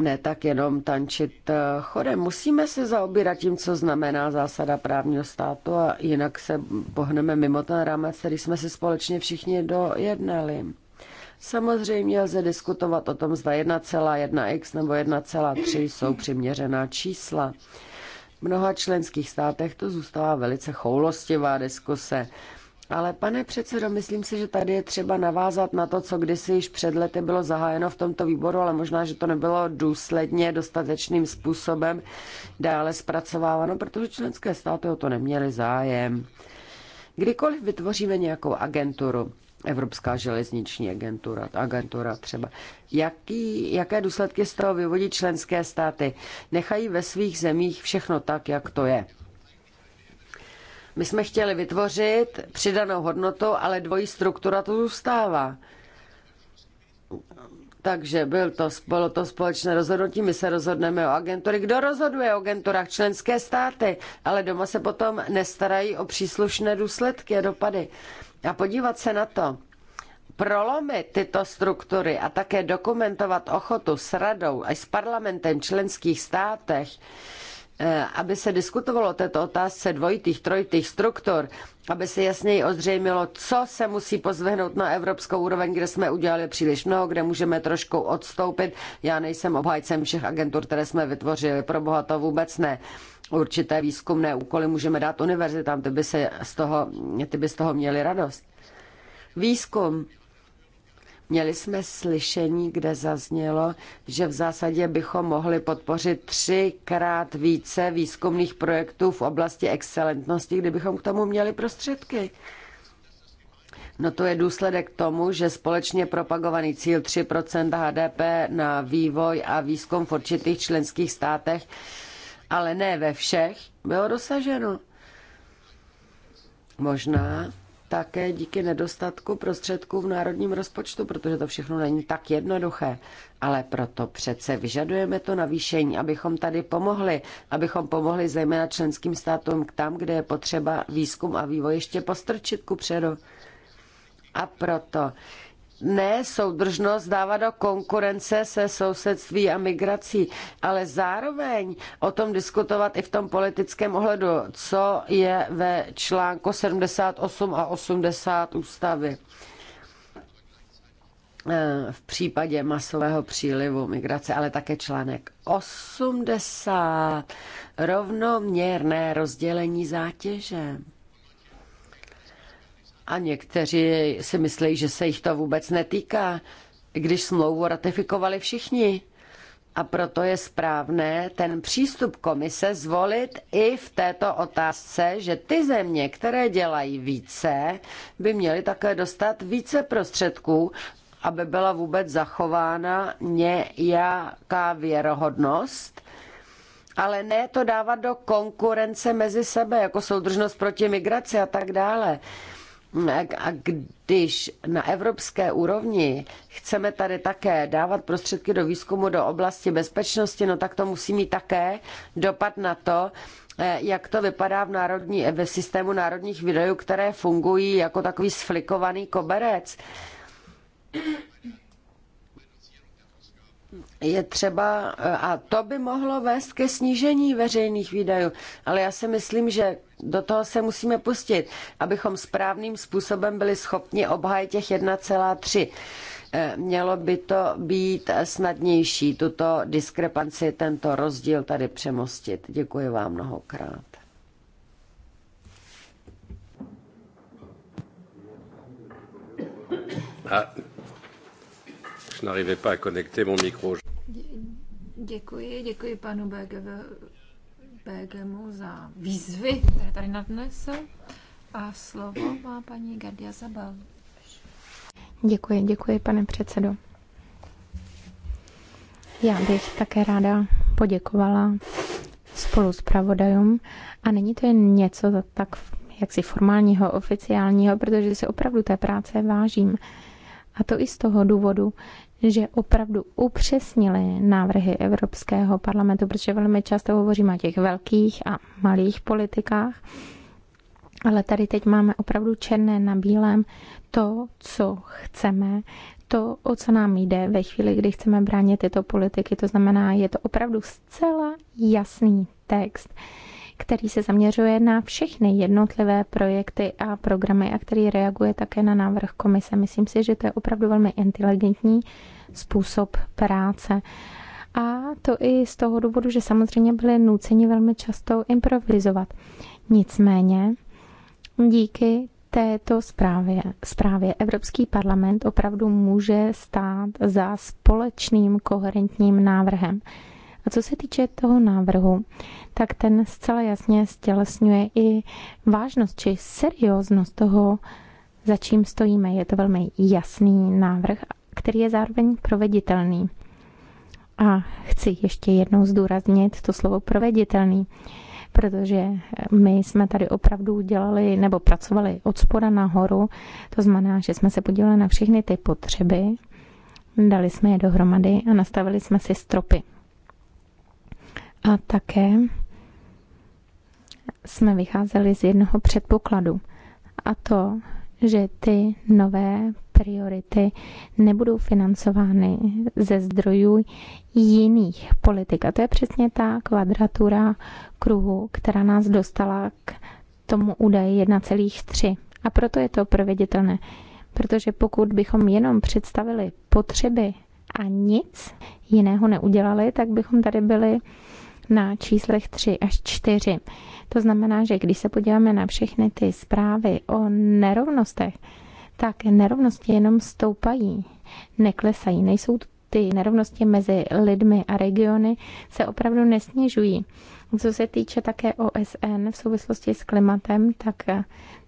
[SPEAKER 1] ne tak jenom tančit eh, chorem. Musíme se zaobírat tím, co znamená zásada právního státu a jinak se pohneme mimo ten rámec, který jsme si společně všichni dojednali. Samozřejmě lze diskutovat o tom, zda 1,1x nebo 1,3 jsou přiměřená čísla. V mnoha členských státech to zůstává velice choulostivá diskuse. Ale pane předsedo, myslím si, že tady je třeba navázat na to, co kdysi již před lety bylo zahájeno v tomto výboru, ale možná, že to nebylo důsledně dostatečným způsobem dále zpracováváno, protože členské státy o to neměly zájem. Kdykoliv vytvoříme nějakou agenturu, Evropská železniční agentura, agentura třeba. Jaký, jaké důsledky z toho vyvodí členské státy? Nechají ve svých zemích všechno tak, jak to je. My jsme chtěli vytvořit přidanou hodnotu, ale dvojí struktura tu zůstává. Takže byl to, bylo to společné rozhodnutí, my se rozhodneme o agentury. Kdo rozhoduje o agenturách? Členské státy, ale doma se potom nestarají o příslušné důsledky a dopady. A podívat se na to, prolomit tyto struktury a také dokumentovat ochotu s radou a s parlamentem členských státech, Eh, aby se diskutovalo o této otázce dvojitých, trojitých struktur, aby se jasněji ozřejmilo, co se musí pozvehnout na evropskou úroveň, kde jsme udělali příliš mnoho, kde můžeme trošku odstoupit. Já nejsem obhájcem všech agentur, které jsme vytvořili, pro boha to vůbec ne. Určité výzkumné úkoly můžeme dát univerzitám, ty by, se z toho, ty by z toho měli radost. Výzkum Měli jsme slyšení, kde zaznělo, že v zásadě bychom mohli podpořit třikrát více výzkumných projektů v oblasti excelentnosti, kdybychom k tomu měli prostředky. No to je důsledek tomu, že společně propagovaný cíl 3% HDP na vývoj a výzkum v určitých členských státech, ale ne ve všech, bylo dosaženo. Možná také díky nedostatku prostředků v národním rozpočtu, protože to všechno není tak jednoduché. Ale proto přece vyžadujeme to navýšení, abychom tady pomohli, abychom pomohli zejména členským státům tam, kde je potřeba výzkum a vývoj ještě postrčit ku předu. A proto ne soudržnost dává do konkurence se sousedství a migrací, ale zároveň o tom diskutovat i v tom politickém ohledu, co je ve článku 78 a 80 ústavy eh, v případě masového přílivu migrace, ale také článek 80, rovnoměrné rozdělení zátěže. A někteří si myslí, že se jich to vůbec netýká, když smlouvu ratifikovali všichni. A proto je správné ten přístup komise zvolit i v této otázce, že ty země, které dělají více, by měly také dostat více prostředků, aby byla vůbec zachována nějaká věrohodnost ale ne to dávat do konkurence mezi sebe, jako soudržnost proti migraci a tak dále. A když na evropské úrovni chceme tady také dávat prostředky do výzkumu do oblasti bezpečnosti, no tak to musí mít také dopad na to, eh, jak to vypadá v, národní, eh, ve systému národních videů, které fungují jako takový sflikovaný koberec. Je třeba, eh, a to by mohlo vést ke snížení veřejných výdajů, ale já si myslím, že do toho se musíme pustit, abychom správným způsobem byli schopni obhájit těch 1,3. Eh, mělo by to být snadnější, tuto diskrepanci, tento rozdíl tady přemostit. Děkuji vám mnohokrát.
[SPEAKER 4] Ah, je pas à connecter mon micro.
[SPEAKER 2] Děkuji, děkuji panu Bergerovi Begemu za výzvy, které tady nadnesl. A slovo má paní Gardia Zabal.
[SPEAKER 3] Děkuji, děkuji, pane předsedo. Já bych také ráda poděkovala spolu s pravodajům. A není to jen něco tak jaksi formálního, oficiálního, protože si opravdu té práce vážím. A to i z toho důvodu, že opravdu upřesnili návrhy Evropského parlamentu, protože velmi často hovoříme o těch velkých a malých politikách, ale tady teď máme opravdu černé na bílém to, co chceme, to, o co nám jde ve chvíli, kdy chceme bránit tyto politiky. To znamená, je to opravdu zcela jasný text který se zaměřuje na všechny jednotlivé projekty a programy a který reaguje také na návrh komise. Myslím si, že to je opravdu velmi inteligentní způsob práce. A to i z toho důvodu, že samozřejmě byli nuceni velmi často improvizovat. Nicméně, díky této zprávě, zprávě Evropský parlament opravdu může stát za společným koherentním návrhem. A co se týče toho návrhu, tak ten zcela jasně stělesňuje i vážnost či serióznost toho, za čím stojíme. Je to velmi jasný návrh, který je zároveň proveditelný. A chci ještě jednou zdůraznit to slovo proveditelný, protože my jsme tady opravdu dělali nebo pracovali od spoda nahoru. To znamená, že jsme se podívali na všechny ty potřeby, dali jsme je dohromady a nastavili jsme si stropy. A také jsme vycházeli z jednoho předpokladu, a to, že ty nové priority nebudou financovány ze zdrojů jiných politik. A to je přesně ta kvadratura kruhu, která nás dostala k tomu údaji 1,3. A proto je to proveditelné, protože pokud bychom jenom představili potřeby a nic jiného neudělali, tak bychom tady byli na číslech 3 až 4. To znamená, že když se podíváme na všechny ty zprávy o nerovnostech, tak nerovnosti jenom stoupají, neklesají, nejsou ty nerovnosti mezi lidmi a regiony se opravdu nesnižují. Co se týče také OSN v souvislosti s klimatem, tak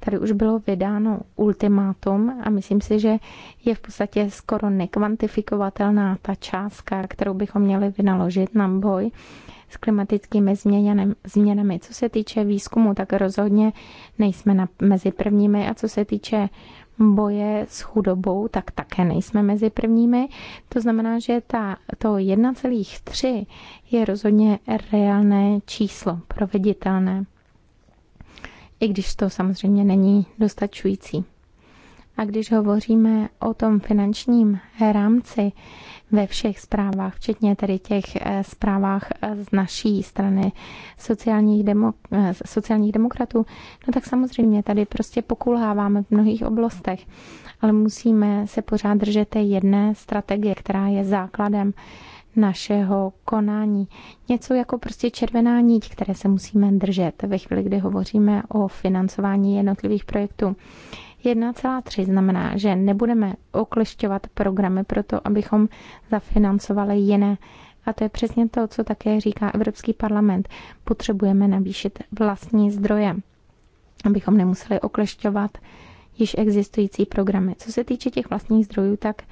[SPEAKER 3] tady už bylo vydáno ultimátum a myslím si, že je v podstatě skoro nekvantifikovatelná ta částka, kterou bychom měli vynaložit na boj s klimatickými změnami. Co se týče výzkumu, tak rozhodně nejsme na, mezi prvními a co se týče boje s chudobou, tak také nejsme mezi prvními. To znamená, že ta, to 1,3 je rozhodně reálné číslo, proveditelné. I když to samozřejmě není dostačující. A když hovoříme o tom finančním rámci, ve všech zprávách, včetně tedy těch eh, zprávách eh, z naší strany sociálních, demo, eh, sociálních demokratů, no tak samozřejmě tady prostě pokulháváme v mnohých oblastech, ale musíme se pořád držet té jedné strategie, která je základem našeho konání. Něco jako prostě červená níť, které se musíme držet ve chvíli, kdy hovoříme o financování jednotlivých projektů. 1,3 znamená, že nebudeme oklešťovat programy pro to, abychom zafinancovali jiné. A to je přesně to, co také říká Evropský parlament. Potřebujeme navýšit vlastní zdroje, abychom nemuseli oklešťovat již existující programy. Co se týče těch vlastních zdrojů, tak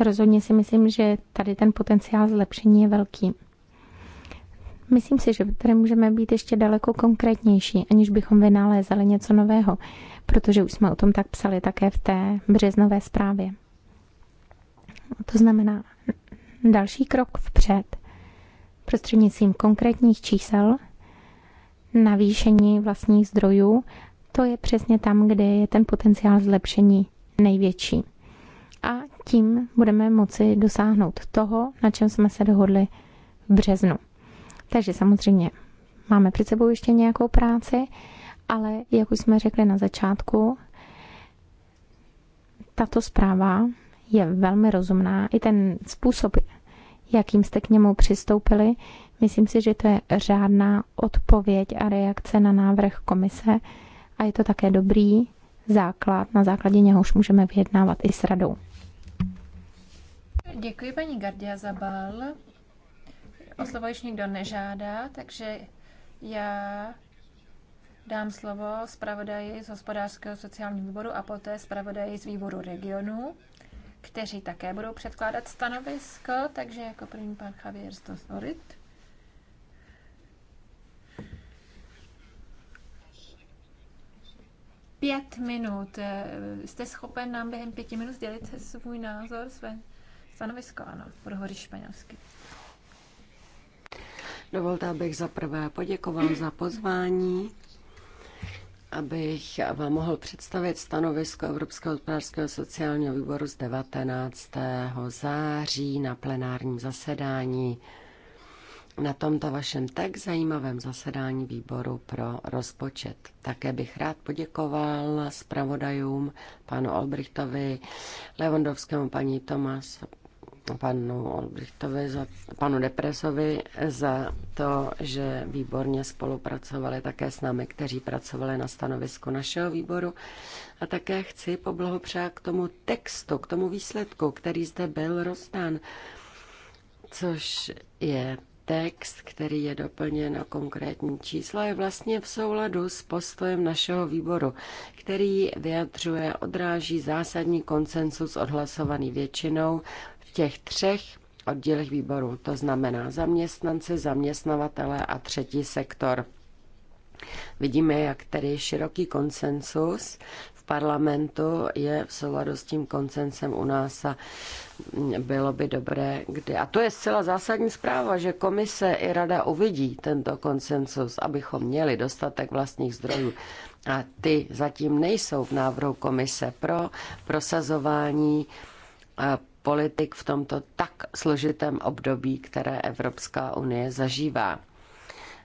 [SPEAKER 3] rozhodně si myslím, že tady ten potenciál zlepšení je velký. Myslím si, že tady můžeme být ještě daleko konkrétnější, aniž bychom vynalézali něco nového, protože už jsme o tom tak psali také v té březnové zprávě. To znamená další krok vpřed prostřednictvím konkrétních čísel, navýšení vlastních zdrojů, to je přesně tam, kde je ten potenciál zlepšení největší. A tím budeme moci dosáhnout toho, na čem jsme se dohodli v březnu. Takže samozřejmě máme před sebou ještě nějakou práci, ale jak už jsme řekli na začátku, tato zpráva je velmi rozumná. I ten způsob, jakým jste k němu přistoupili, myslím si, že to je řádná odpověď a reakce na návrh komise a je to také dobrý základ, na základě něhož můžeme vyjednávat i s radou.
[SPEAKER 2] Děkuji paní Gardia Zabal. O slovo již nikdo nežádá, takže já dám slovo zpravodaji z hospodářského sociálního výboru a poté zpravodaji z výboru regionu, kteří také budou předkládat stanovisko, takže jako první pan Javier Stosorit. Pět minut. Jste schopen nám během pěti minut sdělit svůj názor, své stanovisko? Ano, budu hovořit španělsky.
[SPEAKER 1] Dovolte, abych za prvé poděkoval za pozvání, abych vám mohl představit stanovisko Evropského hospodářského sociálního výboru z 19. září na plenárním zasedání na tomto vašem tak zajímavém zasedání výboru pro rozpočet. Také bych rád poděkoval zpravodajům panu Olbrichtovi, Levandovskému paní Tomas, panu Olbrichtovi, za, panu Depresovi za to, že výborně spolupracovali také s námi, kteří pracovali na stanovisku našeho výboru. A také chci poblahopřát k tomu textu, k tomu výsledku, který zde byl rozdán, což je text, který je doplněn na konkrétní čísla, je vlastně v souladu s postojem našeho výboru, který vyjadřuje, odráží zásadní konsensus odhlasovaný většinou těch třech oddělech výboru, to znamená zaměstnanci, zaměstnavatele a třetí sektor. Vidíme, jak tedy široký konsensus v parlamentu je v souladu s tím konsensem u nás a bylo by dobré, kdy. A to je zcela zásadní zpráva, že komise i rada uvidí tento konsensus, abychom měli dostatek vlastních zdrojů. A ty zatím nejsou v návrhu komise pro prosazování eh, politik v tomto tak složitém období, které Evropská unie zažívá. V,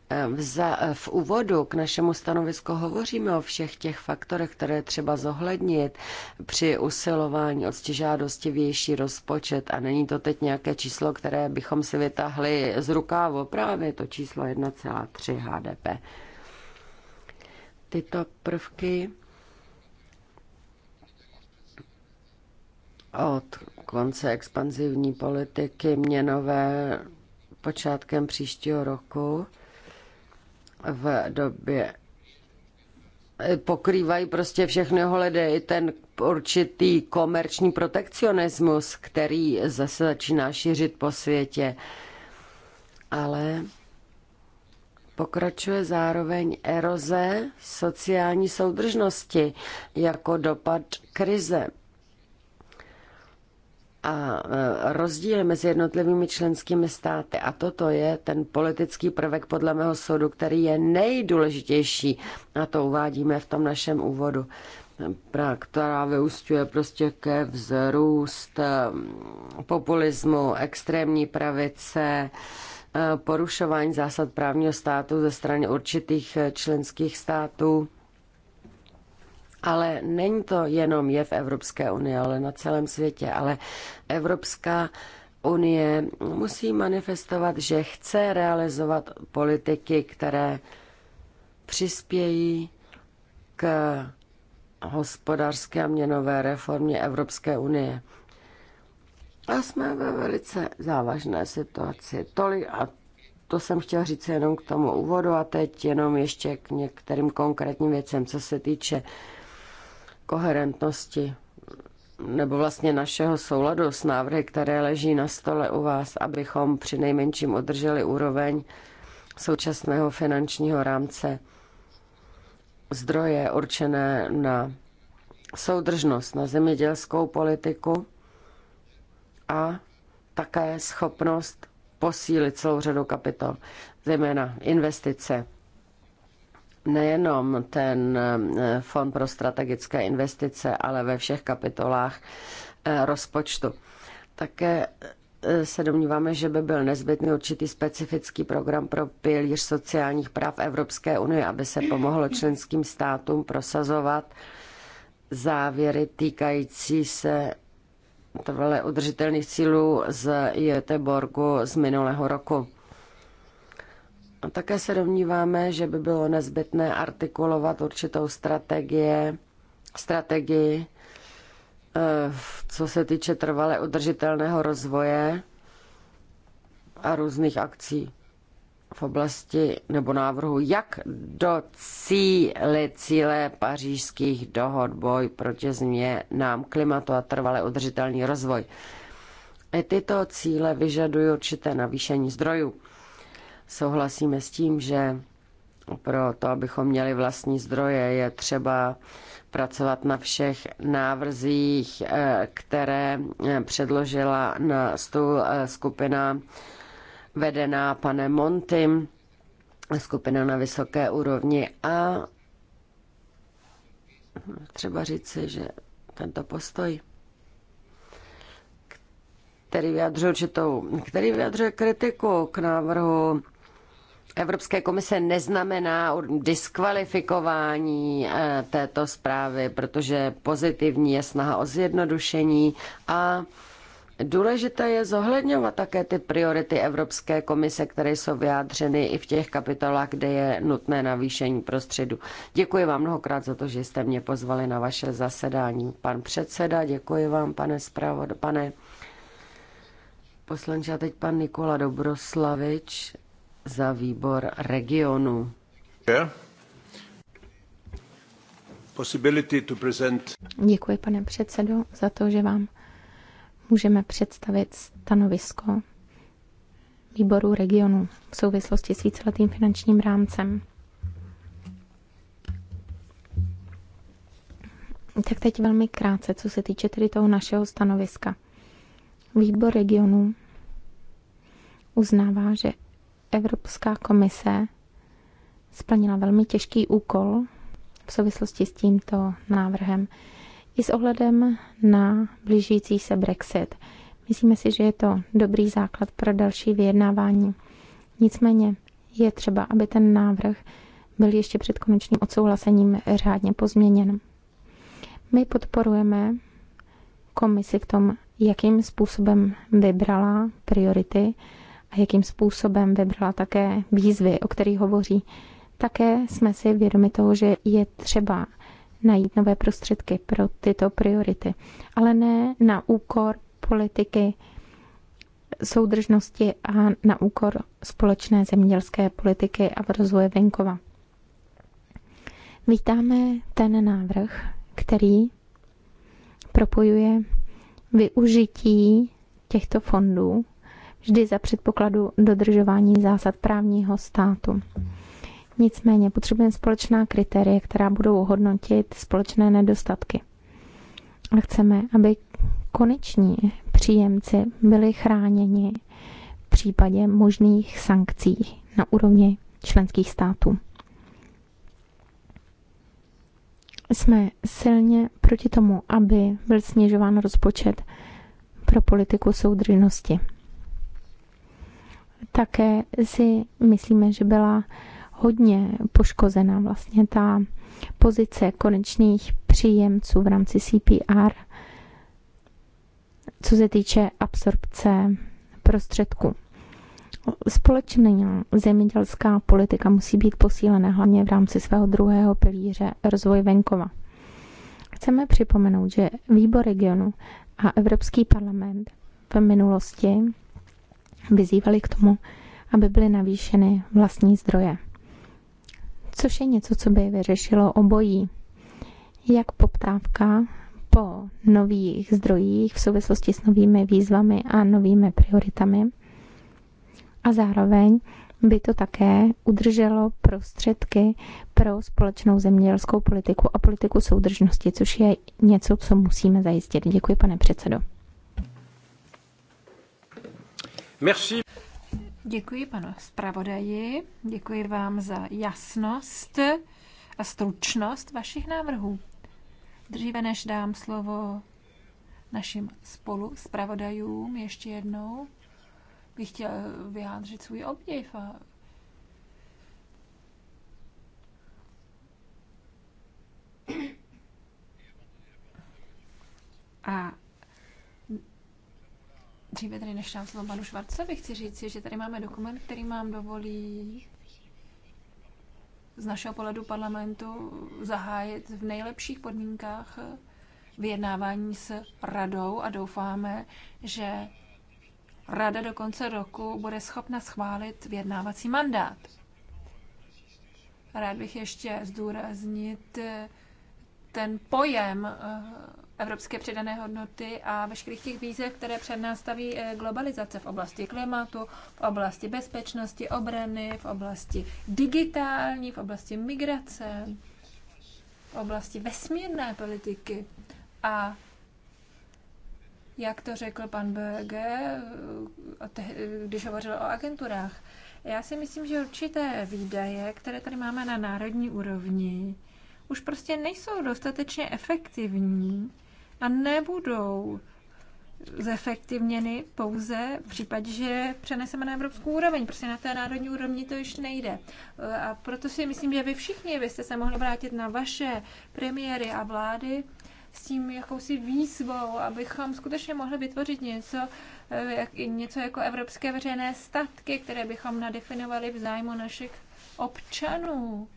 [SPEAKER 1] ehm, za, eh, v úvodu k našemu stanovisku hovoříme o všech těch faktorech, které třeba zohlednit při usilování o ctižádostivější rozpočet. A není to teď nějaké číslo, které bychom si vytáhli z rukávu. Právě to číslo 1,3 HDP. Tyto prvky od konce expanzivní politiky měnové počátkem příštího roku v době pokrývají prostě všechny ohledy, i ten určitý komerční protekcionismus, který zase začíná šířit po světě. Ale pokračuje zároveň eroze sociální soudržnosti jako dopad krize a e, rozdíly mezi jednotlivými členskými státy. A toto je ten politický prvek podle mého soudu, který je nejdůležitější. A to uvádíme v tom našem úvodu která vyústňuje prostě ke vzrůst e, populismu, extrémní pravice, e, porušování zásad právního státu ze strany určitých členských států ale není to jenom je v Evropské unii, ale na celém světě. Ale Evropská unie musí manifestovat, že chce realizovat politiky, které přispějí k hospodářské a měnové reformě Evropské unie. A jsme ve velice závažné situaci. Tolik a to jsem chtěla říct jenom k tomu úvodu a teď jenom ještě k některým konkrétním věcem, co se týče uh, koherentnosti nebo vlastně našeho souladu s návrhy, které leží na stole u vás, abychom při nejmenším udrželi úroveň současného finančního rámce zdroje určené na soudržnost, na zemědělskou politiku a také schopnost posílit celou řadu kapitol, zejména investice nejenom ten eh, fond pro strategické investice, ale ve všech kapitolách eh, rozpočtu. Také eh, se domníváme, že by byl nezbytný určitý specifický program pro pilíř sociálních práv Evropské unie, aby se pomohlo členským státům prosazovat závěry týkající se trvale udržitelných cílů z Göteborgu z minulého roku. A také se domníváme, že by bylo nezbytné artikulovat určitou strategie, strategii, eh, co se týče trvale udržitelného rozvoje a různých akcí v oblasti nebo návrhu, jak docílit cíle pařížských dohod, boj proti změnám klimatu a trvale udržitelný rozvoj. I tyto cíle vyžadují určité navýšení zdrojů. Souhlasíme s tím, že pro to, abychom měli vlastní zdroje, je třeba pracovat na všech návrzích, eh, které eh, předložila na stůl eh, skupina vedená panem Montym, skupina na vysoké úrovni a třeba říci, že tento postoj, který vyjadřuje, určitou, který vyjadřuje kritiku k návrhu Evropské komise neznamená diskvalifikování eh, této zprávy, protože pozitivní je snaha o zjednodušení a Důležité je zohledňovat také ty priority Evropské komise, které jsou vyjádřeny i v těch kapitolách, kde je nutné navýšení prostředů. Děkuji vám mnohokrát za to, že jste mě pozvali na vaše zasedání. Pan předseda, děkuji vám, pane zpravod, pane poslanče, a teď pan Nikola Dobroslavič za výbor regionu.
[SPEAKER 3] Děkuji, pane předsedo, za to, že vám můžeme představit stanovisko výboru regionu v souvislosti s víceletým finančním rámcem. Tak teď velmi krátce, co se týče tedy toho našeho stanoviska. Výbor regionu uznává, že Evropská komise splnila velmi těžký úkol v souvislosti s tímto návrhem i s ohledem na blížící se Brexit. Myslíme si, že je to dobrý základ pro další vyjednávání. Nicméně je třeba, aby ten návrh byl ještě před konečným odsouhlasením řádně pozměněn. My podporujeme komisi v tom, jakým způsobem vybrala priority a jakým způsobem vybrala také výzvy, o kterých hovoří. Také jsme si vědomi toho, že je třeba najít nové prostředky pro tyto priority, ale ne na úkor politiky soudržnosti a na úkor společné zemědělské politiky a v rozvoje venkova. Vítáme ten návrh, který propojuje využití těchto fondů vždy za předpokladu dodržování zásad právního státu. Nicméně potřebujeme společná kritéria, která budou hodnotit společné nedostatky. A chceme, aby koneční příjemci byli chráněni v případě možných sankcí na úrovni členských států. Jsme silně proti tomu, aby byl snižován rozpočet pro politiku soudržnosti také si myslíme, že byla hodně poškozená vlastně ta pozice konečných příjemců v rámci CPR, co se týče absorpce prostředků. Společná zemědělská politika musí být posílena hlavně v rámci svého druhého pilíře rozvoj venkova. Chceme připomenout, že výbor regionu a Evropský parlament v minulosti vyzývali k tomu, aby byly navýšeny vlastní zdroje. Což je něco, co by vyřešilo obojí. Jak poptávka po nových zdrojích v souvislosti s novými výzvami a novými prioritami. A zároveň by to také udrželo prostředky pro společnou zemědělskou politiku a politiku soudržnosti, což je něco, co musíme zajistit. Děkuji, pane předsedo.
[SPEAKER 4] Merci.
[SPEAKER 2] Děkuji panu zpravodaji, děkuji vám za jasnost a stručnost vašich návrhů. Dříve než dám slovo našim spolu zpravodajům ještě jednou, bych chtěl vyjádřit svůj obdiv a a Dříve tady než dám slovo panu Švarcovi, chci říct, že tady máme dokument, který mám dovolí z našeho pohledu parlamentu zahájit v nejlepších podmínkách vyjednávání s radou a doufáme, že rada do konce roku bude schopna schválit vyjednávací mandát. Rád bych ještě zdůraznit ten pojem eh, evropské přidané hodnoty a veškerých těch výzev, které před nás staví eh, globalizace v oblasti klimatu, v oblasti bezpečnosti, obrany, v oblasti digitální, v oblasti migrace, v oblasti vesmírné politiky. A jak to řekl pan BG, eh, když hovořil o agenturách, já si myslím, že určité výdaje, které tady máme na národní úrovni, už prostě nejsou dostatečně efektivní a nebudou zefektivněny pouze v případě, že přeneseme na evropskou úroveň. Prostě na té národní úrovni to již nejde. A proto si myslím, že vy všichni byste se mohli vrátit na vaše premiéry a vlády s tím jakousi výzvou, abychom skutečně mohli vytvořit něco, eh, jak, něco jako evropské veřejné statky, které bychom nadefinovali v zájmu našich občanů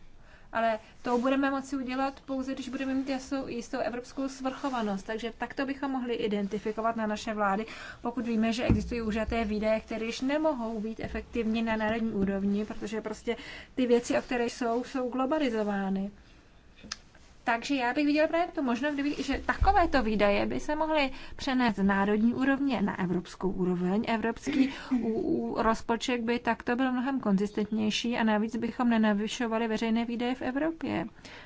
[SPEAKER 2] ale to budeme moci udělat pouze, když budeme mít jasnou, jistou evropskou svrchovanost. Takže takto bychom mohli identifikovat na naše vlády, pokud víme, že existují úřaté výdaje, které již nemohou být efektivně na národní úrovni, protože prostě ty věci, o které jsou, jsou globalizovány. Takže já bych viděla právě tu možnost, kdyby, že takovéto výdaje by se mohly přenést z národní úrovně na evropskou úroveň. Evropský u, u rozpočet by takto byl mnohem konzistentnější a navíc bychom nenavyšovali veřejné výdaje v Evropě.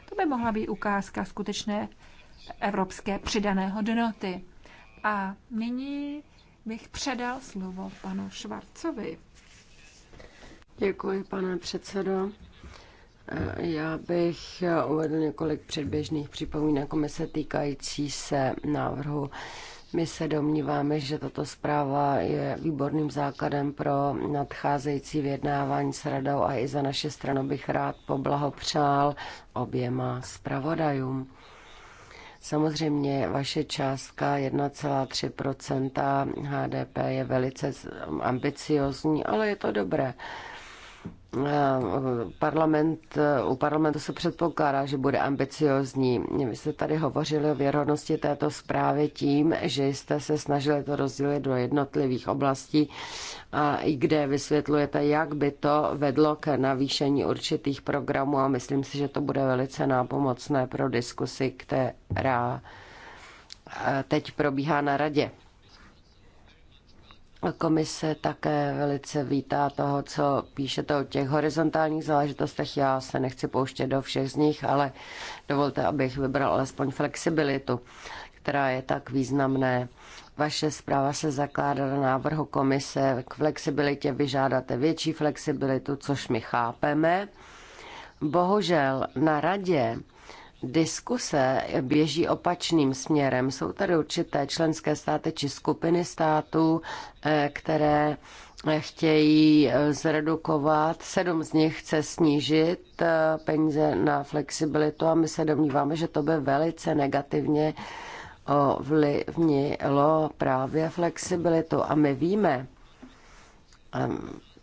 [SPEAKER 2] To by mohla být ukázka skutečné evropské přidané hodnoty. A nyní bych předal slovo panu Švarcovi.
[SPEAKER 1] Děkuji, pane předsedo. Já bych uvedl několik předběžných připomínek komise týkající se návrhu. My se domníváme, že tato zpráva je výborným základem pro nadcházející vyjednávání s radou a i za naše stranu bych rád poblahopřál oběma zpravodajům. Samozřejmě vaše částka 1,3 HDP je velice ambiciozní, ale je to dobré. Eh, parlament, eh, u parlamentu se předpokládá, že bude ambiciozní. Vy jste tady hovořili o věrohodnosti této zprávy tím, že jste se snažili to rozdělit do jednotlivých oblastí, a i kde vysvětlujete, jak by to vedlo k navýšení určitých programů a myslím si, že to bude velice nápomocné pro diskusi, která eh, teď probíhá na radě. Komise také velice vítá toho, co píšete o těch horizontálních záležitostech. Já se nechci pouštět do všech z nich, ale dovolte, abych vybral alespoň flexibilitu, která je tak významné. Vaše zpráva se zakládá na návrhu komise. K flexibilitě vyžádáte větší flexibilitu, což my chápeme. Bohužel na radě Diskuse běží opačným směrem. Jsou tady určité členské státy či skupiny států, eh, které eh, chtějí eh, zredukovat, sedm z nich chce snížit peníze na flexibilitu a my se domníváme, že to by velice negativně ovlivnilo právě flexibilitu. A my víme,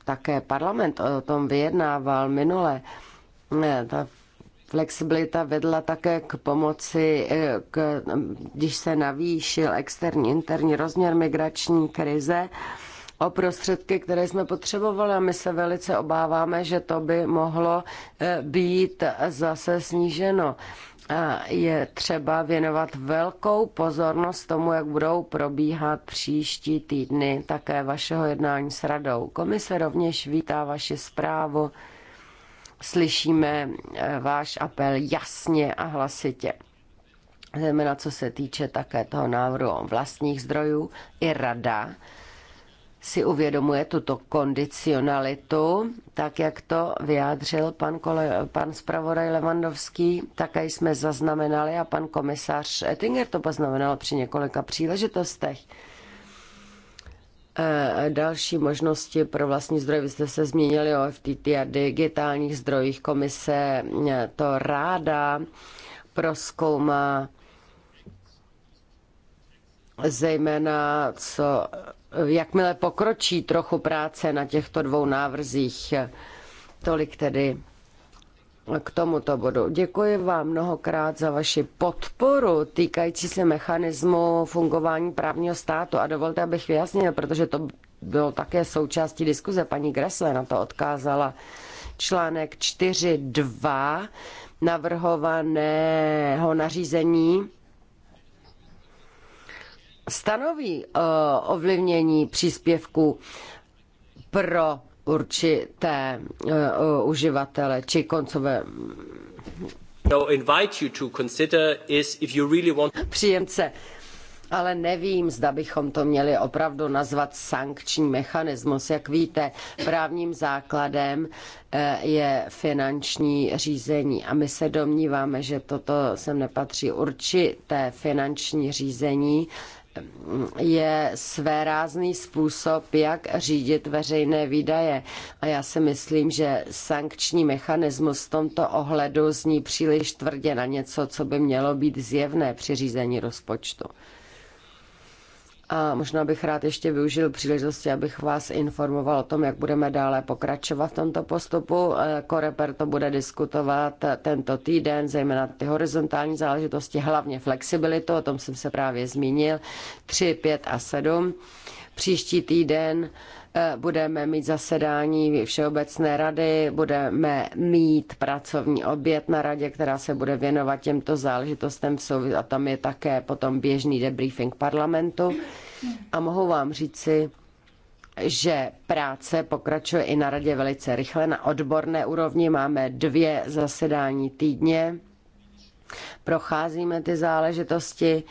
[SPEAKER 1] také parlament o tom vyjednával minule, ta Flexibilita vedla také k pomoci, eh, k, když se navýšil externí, interní rozměr migrační krize, o prostředky, které jsme potřebovali a my se velice obáváme, že to by mohlo eh, být zase sníženo. A je třeba věnovat velkou pozornost tomu, jak budou probíhat příští týdny také vašeho jednání s radou. Komise rovněž vítá vaši zprávu slyšíme eh, váš apel jasně a hlasitě. Zejména co se týče také toho návrhu o vlastních zdrojů, i rada si uvědomuje tuto kondicionalitu, tak jak to vyjádřil pan, kole, pan zpravodaj Levandovský, také jsme zaznamenali a pan komisař Ettinger to poznamenal při několika příležitostech Eh, další možnosti pro vlastní zdroje. Vy jste se zmínili o FTT a digitálních zdrojích. Komise eh, to ráda proskoumá zejména co, eh, jakmile pokročí trochu práce na těchto dvou návrzích. Tolik tedy k tomuto bodu. Děkuji vám mnohokrát za vaši podporu týkající se mechanismu fungování právního státu a dovolte, abych vyjasnil, protože to bylo také součástí diskuze, paní Gressle na to odkázala, článek 4.2 navrhovaného nařízení stanoví eh, ovlivnění příspěvku pro určité uh, uživatele či koncové příjemce. Ale nevím, zda bychom to měli opravdu nazvat sankční mechanismus. Jak víte, právním základem e, je finanční řízení a my se domníváme, že toto sem nepatří určité finanční řízení je svérázný způsob, jak řídit veřejné výdaje. A já si myslím, že sankční mechanismus v tomto ohledu zní příliš tvrdě na něco, co by mělo být zjevné při řízení rozpočtu. A možná bych rád ještě využil příležitosti, abych vás informoval o tom, jak budeme dále pokračovat v tomto postupu. E, Koreper to bude diskutovat tento týden, zejména ty horizontální záležitosti, hlavně flexibilitu, o tom jsem se právě zmínil, 3, 5 a 7. Příští týden Eh, budeme mít zasedání Všeobecné rady, budeme mít pracovní oběd na radě, která se bude věnovat těmto záležitostem a tam je také potom běžný debriefing parlamentu. A mohu vám říci, že práce pokračuje i na radě velice rychle. Na odborné úrovni máme dvě zasedání týdně. Procházíme ty záležitosti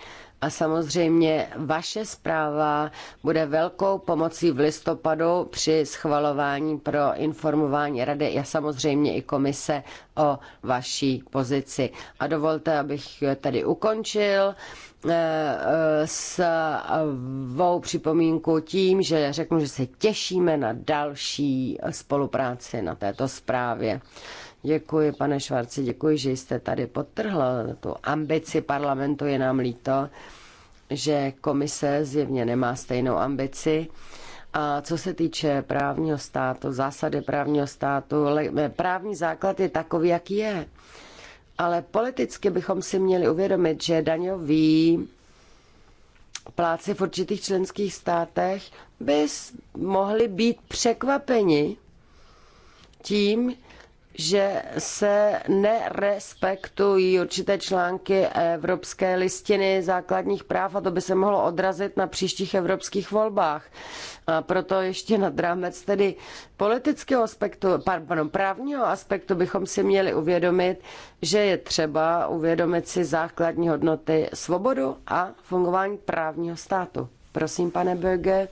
[SPEAKER 1] a samozřejmě vaše zpráva bude velkou pomocí v listopadu při schvalování pro informování rady a samozřejmě i komise o vaší pozici. A dovolte, abych tady ukončil eh, eh, s vou připomínku tím, že řeknu, že se těšíme na další spolupráci na této zprávě. Děkuji, pane Švarci, děkuji, že jste tady podtrhl tu ambici parlamentu. Je nám líto, že komise zjevně nemá stejnou ambici. A co se týče právního státu, zásady právního státu, eh, právní základ je takový, jaký je. Ale politicky bychom si měli uvědomit, že daňový pláci v určitých členských státech by mohli být překvapeni tím, že se nerespektují určité články Evropské listiny základních práv a to by se mohlo odrazit na příštích evropských volbách. A proto ještě nad rámec tedy politického aspektu, pardon, právního aspektu bychom si měli uvědomit, že je třeba uvědomit si základní hodnoty svobodu a fungování právního státu. Prosím, pane Böge.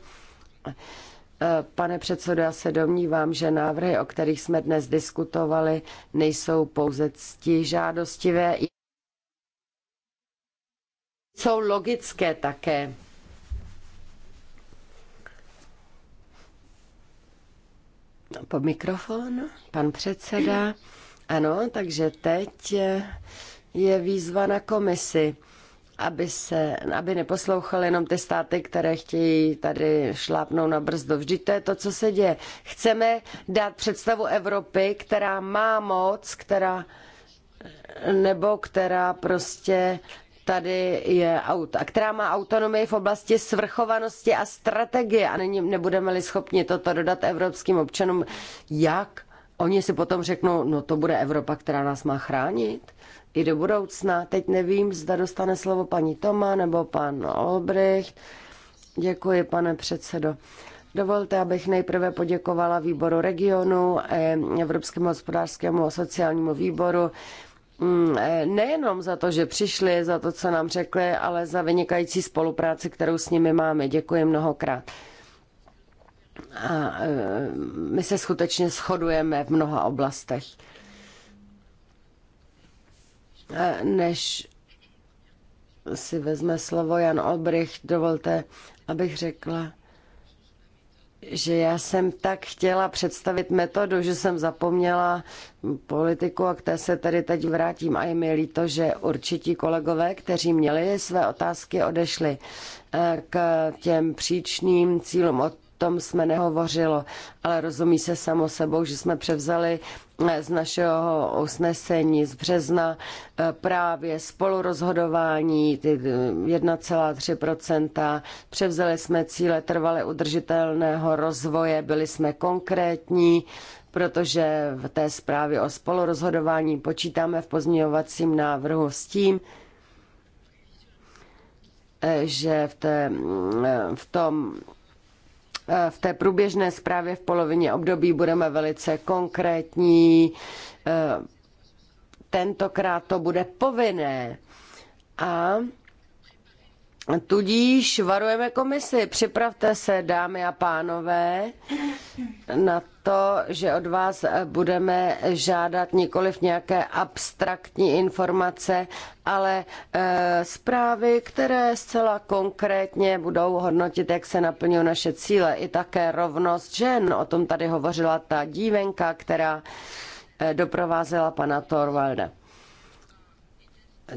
[SPEAKER 1] Pane předsedo, já se domnívám, že návrhy, o kterých jsme dnes diskutovali, nejsou pouze cti žádostivé, jsou logické také. Po mikrofon, pan předseda. Ano, takže teď je výzva na komisi aby, se, aby neposlouchali jenom ty státy, které chtějí tady šlápnout na brzdu. Vždyť to je to, co se děje. Chceme dát představu Evropy, která má moc, která nebo která prostě tady je auta, která má autonomii v oblasti svrchovanosti a strategie a není, nebudeme-li schopni toto dodat evropským občanům, jak oni si potom řeknou, no to bude Evropa, která nás má chránit? i do budoucna. Teď nevím, zda dostane slovo paní Toma nebo pan Olbricht. Děkuji, pane předsedo. Dovolte, abych nejprve poděkovala výboru regionu, eh, Evropskému hospodářskému a sociálnímu výboru, mm, eh, nejenom za to, že přišli, za to, co nám řekli, ale za vynikající spolupráci, kterou s nimi máme. Děkuji mnohokrát. A eh, my se skutečně shodujeme v mnoha oblastech. Eh, než si vezme slovo Jan Obrych, dovolte, abych řekla, že já jsem tak chtěla představit metodu, že jsem zapomněla politiku a k té se tedy teď vrátím. A je mi líto, že určití kolegové, kteří měli své otázky, odešli eh, k těm příčným cílům od tom jsme nehovořilo, ale rozumí se samo sebou, že jsme převzali eh, z našeho usnesení z března eh, právě spolurozhodování 1,3%. Eh, převzali jsme cíle trvale udržitelného rozvoje, byli jsme konkrétní, protože v té zprávě o spolurozhodování počítáme v pozměňovacím návrhu s tím, že v, té, mm, v tom v té průběžné zprávě v polovině období budeme velice konkrétní. Eh, tentokrát to bude povinné. A Tudíž varujeme komisi. Připravte se, dámy a pánové, na to, že od vás budeme žádat nikoliv nějaké abstraktní informace, ale e, zprávy, které zcela konkrétně budou hodnotit, jak se naplňují naše cíle. I také rovnost žen, o tom tady hovořila ta dívenka, která eh, doprovázela pana Torvalda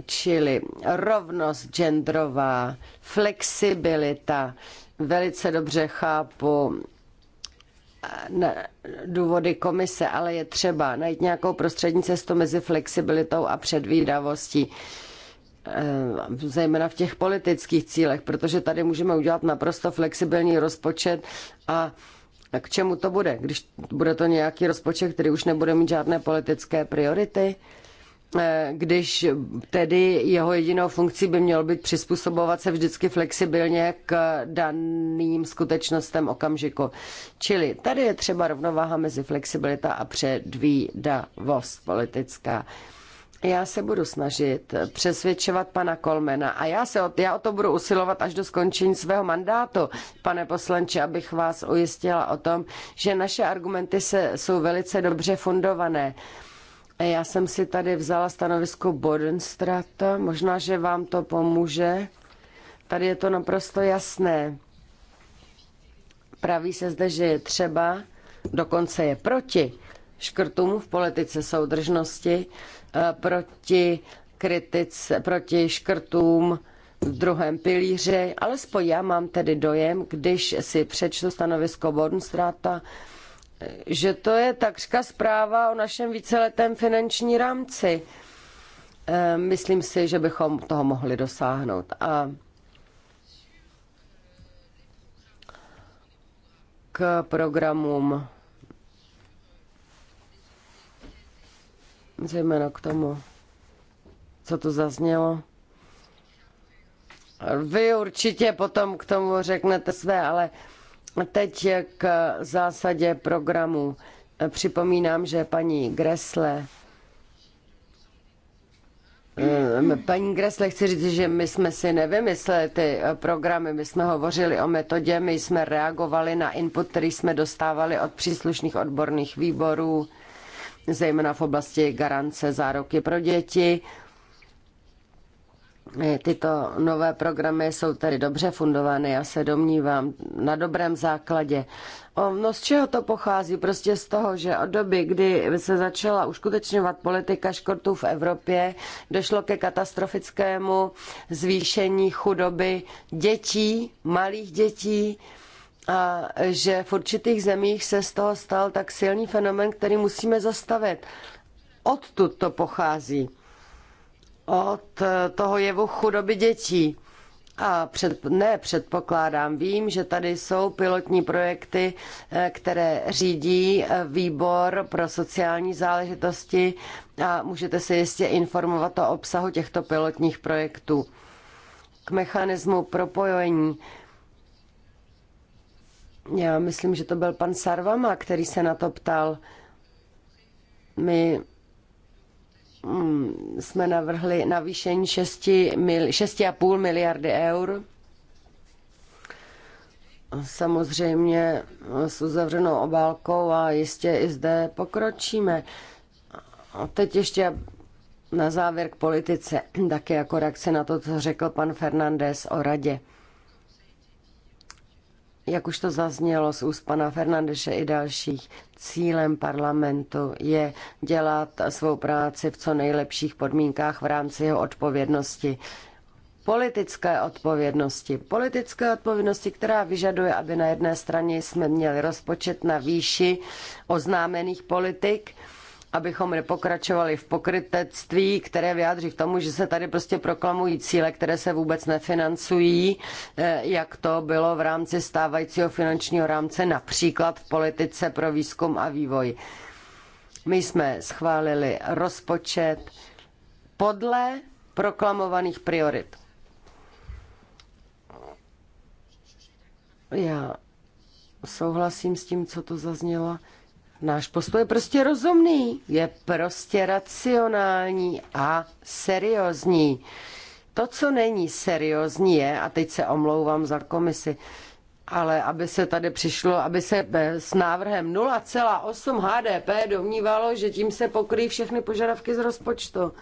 [SPEAKER 1] čili rovnost genderová, flexibilita. Velice dobře chápu eh, důvody komise, ale je třeba najít nějakou prostřední cestu mezi flexibilitou a předvídavostí eh, zejména v těch politických cílech, protože tady můžeme udělat naprosto flexibilní rozpočet a k čemu to bude, když bude to nějaký rozpočet, který už nebude mít žádné politické priority? Eh, když tedy jeho jedinou funkcí by mělo být přizpůsobovat se vždycky flexibilně k daným skutečnostem okamžiku. Čili tady je třeba rovnováha mezi flexibilita a předvídavost politická. Já se budu snažit přesvědčovat pana Kolmena a já, se o, já o to budu usilovat až do skončení svého mandátu, pane poslanče, abych vás ujistila o tom, že naše argumenty se, jsou velice dobře fundované. Já jsem si tady vzala stanovisko Bodenstrata, možná, že vám to pomůže. Tady je to naprosto jasné. Praví se zde, že je třeba, dokonce je proti škrtům v politice soudržnosti, eh, proti, kritice, proti škrtům v druhém pilíři. Alespoň já mám tedy dojem, když si přečtu stanovisko Bodenstrata, že to je takřka zpráva o našem víceletém finanční rámci. Eh, myslím si, že bychom toho mohli dosáhnout. A k programům, zejména k tomu, co tu zaznělo. Vy určitě potom k tomu řeknete své, ale uh, Teď k zásadě programu. Připomínám, že paní Gresle Paní Gresle, chci říct, že my jsme si nevymysleli ty programy, my jsme hovořili o metodě, my jsme reagovali na input, který jsme dostávali od příslušných odborných výborů, zejména v oblasti garance záruky pro děti Tyto nové programy jsou tady dobře fundovány, já se domnívám, na dobrém základě. O, no z čeho to pochází? Prostě z toho, že od doby, kdy se začala uskutečňovat politika škrtů v Evropě, došlo ke katastrofickému zvýšení chudoby dětí, malých dětí, a že v určitých zemích se z toho stal tak silný fenomen, který musíme zastavit. Odtud to pochází od eh, toho jevu chudoby dětí. A před, ne předpokládám, vím, že tady jsou pilotní projekty, eh, které řídí eh, výbor pro sociální záležitosti a můžete se jistě informovat o obsahu těchto pilotních projektů. K mechanismu propojení. Já myslím, že to byl pan Sarvama, který se na to ptal. My Mm, jsme navrhli navýšení 6,5 miliardy eur. Samozřejmě s uzavřenou obálkou a jistě i zde pokročíme. A teď ještě na závěr k politice, také jako reakce na to, co řekl pan Fernandez o radě jak už to zaznělo z úst pana Fernandeše i dalších, cílem parlamentu je dělat svou práci v co nejlepších podmínkách v rámci jeho odpovědnosti. Politické odpovědnosti. Politické odpovědnosti, která vyžaduje, aby na jedné straně jsme měli rozpočet na výši oznámených politik, abychom nepokračovali v pokrytectví, které vyjádří k tomu, že se tady prostě proklamují cíle, které se vůbec nefinancují, eh, jak to bylo v rámci stávajícího finančního rámce, například v politice pro výzkum a vývoj. My jsme schválili rozpočet podle proklamovaných priorit. Já souhlasím s tím, co tu zaznělo. Náš postoj je prostě rozumný, je prostě racionální a seriózní. To, co není seriózní, je, a teď se omlouvám za komisi, ale aby se tady přišlo, aby se eh, s návrhem 0,8 HDP domnívalo, že tím se pokryjí všechny požadavky z rozpočtu.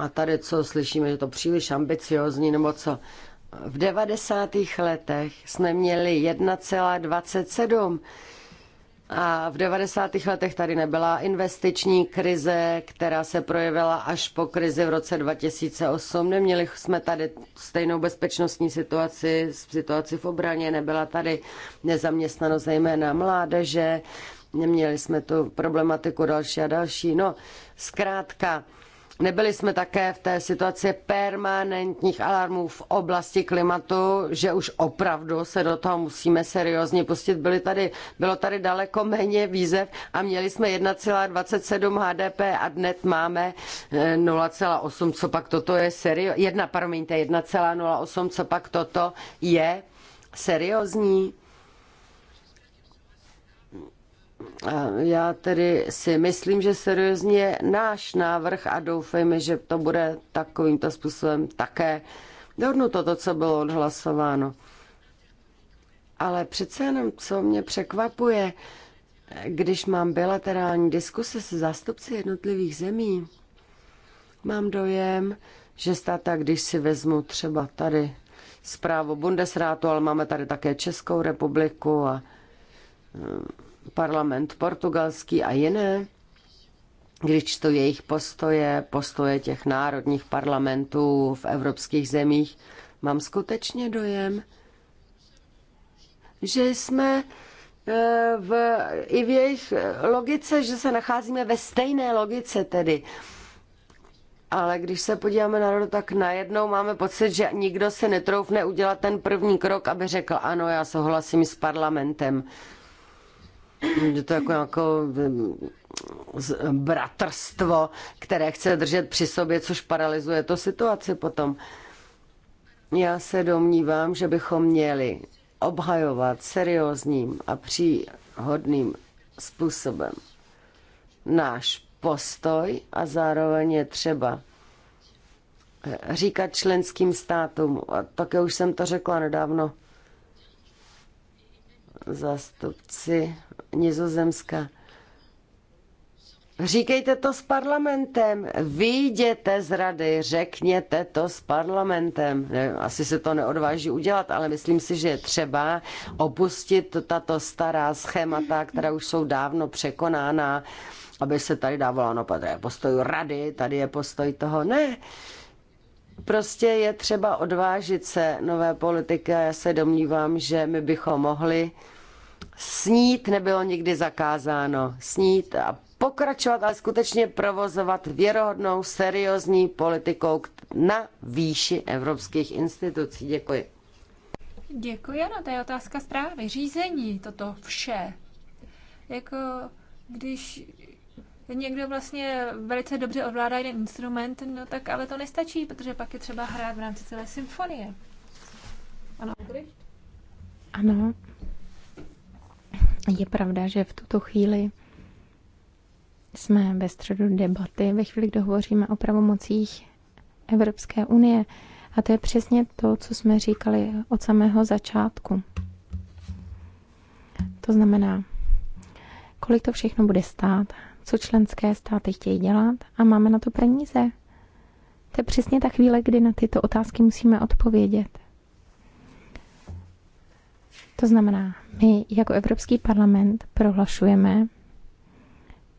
[SPEAKER 1] A tady co slyšíme, že to příliš ambiciozní nebo co. V 90. letech jsme měli 1,27 a v 90. letech tady nebyla investiční krize, která se projevila až po krizi v roce 2008. Neměli jsme tady stejnou bezpečnostní situaci, situaci v obraně, nebyla tady nezaměstnanost zejména mládeže, neměli jsme tu problematiku další a další. No, zkrátka, Nebyli jsme také v té situaci permanentních alarmů v oblasti klimatu, že už opravdu se do toho musíme seriózně pustit. byli tady, bylo tady daleko méně výzev a měli jsme 1,27 HDP a dnes máme 0,8, eh, co pak toto je seriózní. 1, promiňte, 1,08, co pak toto je seriózní já tedy si myslím, že seriózně náš návrh a doufejme, že to bude takovýmto způsobem také dohodnuto to, co bylo odhlasováno. Ale přece jenom, co mě překvapuje, když mám bilaterální diskuse se zástupci jednotlivých zemí, mám dojem, že státa, když si vezmu třeba tady zprávu Bundesrátu, ale máme tady také Českou republiku a parlament portugalský a jiné, když to jejich postoje, postoje těch národních parlamentů v evropských zemích, mám skutečně dojem, že jsme eh, v, i v jejich logice, že se nacházíme ve stejné logice tedy. Ale když se podíváme na rodu, tak najednou máme pocit, že nikdo se netroufne udělat ten první krok, aby řekl, ano, já souhlasím s parlamentem je to jako, jako bratrstvo, které chce držet při sobě, což paralyzuje to situaci potom. Já se domnívám, že bychom měli obhajovat seriózním a příhodným způsobem náš postoj a zároveň je třeba říkat členským státům, a také už jsem to řekla nedávno, Zastupci Nizozemska. Říkejte to s parlamentem, výjděte z rady, řekněte to s parlamentem. Nevím, asi se to neodváží udělat, ale myslím si, že je třeba opustit tato stará schémata, která už jsou dávno překonána, aby se tady dávalo, no tady je postoj rady, tady je postoj toho, ne. Prostě je třeba odvážit se nové politiky a já se domnívám, že my bychom mohli Snít nebylo nikdy zakázáno. Snít a pokračovat, ale skutečně provozovat věrohodnou, seriózní politikou na výši evropských institucí. Děkuji.
[SPEAKER 2] Děkuji, ano, to je otázka zprávy. Řízení, toto vše. Jako když někdo vlastně velice dobře ovládá jeden instrument, no tak ale to nestačí, protože pak je třeba hrát v rámci celé symfonie. Ano,
[SPEAKER 3] Ano, je pravda, že v tuto chvíli jsme ve středu debaty, ve chvíli, kdy hovoříme o pravomocích Evropské unie. A to je přesně to, co jsme říkali od samého začátku. To znamená, kolik to všechno bude stát, co členské státy chtějí dělat a máme na to peníze. To je přesně ta chvíle, kdy na tyto otázky musíme odpovědět. To znamená, my jako Evropský parlament prohlašujeme,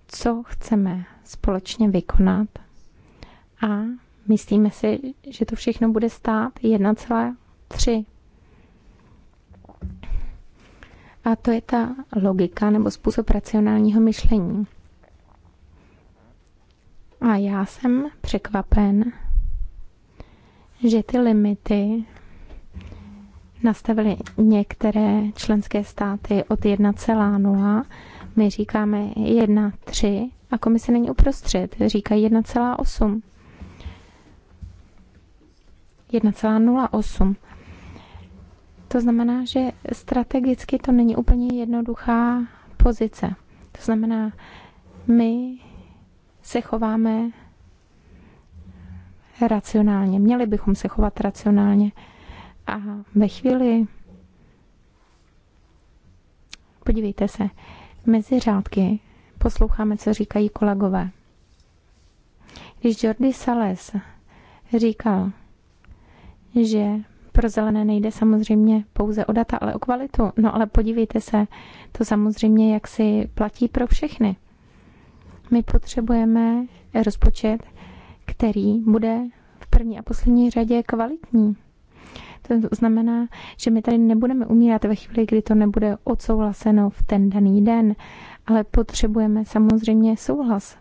[SPEAKER 3] co chceme společně vykonat a myslíme si, že to všechno bude stát 1,3. A to je ta logika nebo způsob racionálního myšlení. A já jsem překvapen, že ty limity nastavili některé členské státy od 1,0, my říkáme 1,3 a komise není uprostřed, říkají 1,8. 1,08. To znamená, že strategicky to není úplně jednoduchá pozice. To znamená, my se chováme racionálně. Měli bychom se chovat racionálně. A ve chvíli, podívejte se, mezi řádky posloucháme, co říkají kolegové. Když Jordi Sales říkal, že pro zelené nejde samozřejmě pouze o data, ale o kvalitu. No ale podívejte se, to samozřejmě jak si platí pro všechny. My potřebujeme rozpočet, který bude v první a poslední řadě kvalitní. To znamená, že my tady nebudeme umírat ve chvíli, kdy to nebude odsouhlaseno v ten daný den, ale potřebujeme samozřejmě souhlas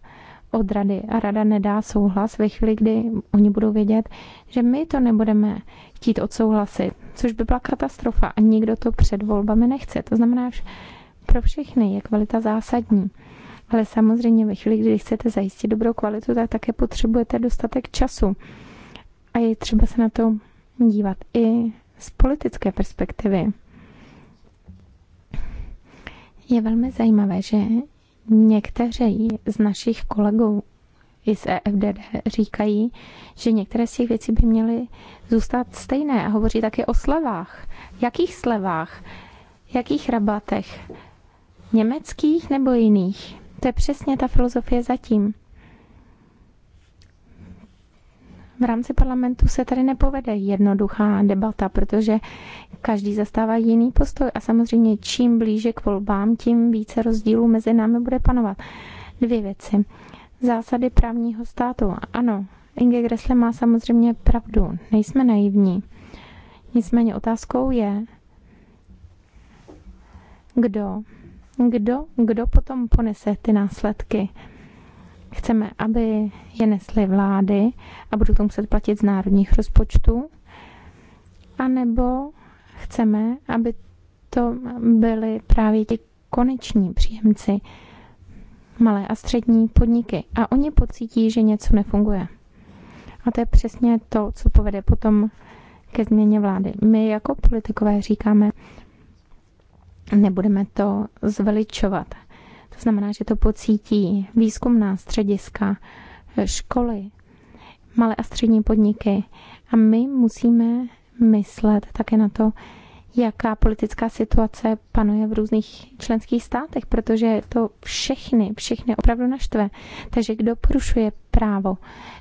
[SPEAKER 3] od rady a rada nedá souhlas ve chvíli, kdy oni budou vědět, že my to nebudeme chtít odsouhlasit, což by byla katastrofa a nikdo to před volbami nechce. To znamená, že pro všechny je kvalita zásadní. Ale samozřejmě ve chvíli, kdy chcete zajistit dobrou kvalitu, tak také potřebujete dostatek času. A je třeba se na to dívat i z politické perspektivy. Je velmi zajímavé, že někteří z našich kolegů i z EFDD říkají, že některé z těch věcí by měly zůstat stejné a hovoří také o slevách. Jakých slevách? Jakých rabatech? Německých nebo jiných? To je přesně ta filozofie zatím. v rámci parlamentu se tady nepovede jednoduchá debata, protože každý zastává jiný postoj a samozřejmě čím blíže k volbám, tím více rozdílů mezi námi bude panovat. Dvě věci. Zásady právního státu. Ano, Inge Gressle má samozřejmě pravdu. Nejsme naivní. Nicméně otázkou je, kdo, kdo, kdo potom ponese ty následky. Chceme, aby je nesly vlády a budou to muset platit z národních rozpočtů, anebo chceme, aby to byly právě ti koneční příjemci, malé a střední podniky. A oni pocítí, že něco nefunguje. A to je přesně to, co povede potom ke změně vlády. My jako politikové říkáme, nebudeme to zveličovat. To znamená, že to pocítí výzkumná střediska, eh, školy, malé a střední podniky. A my musíme myslet také na to, jaká politická situace panuje v různých členských státech, protože to všechny, všechny opravdu naštve. Takže kdo porušuje právo,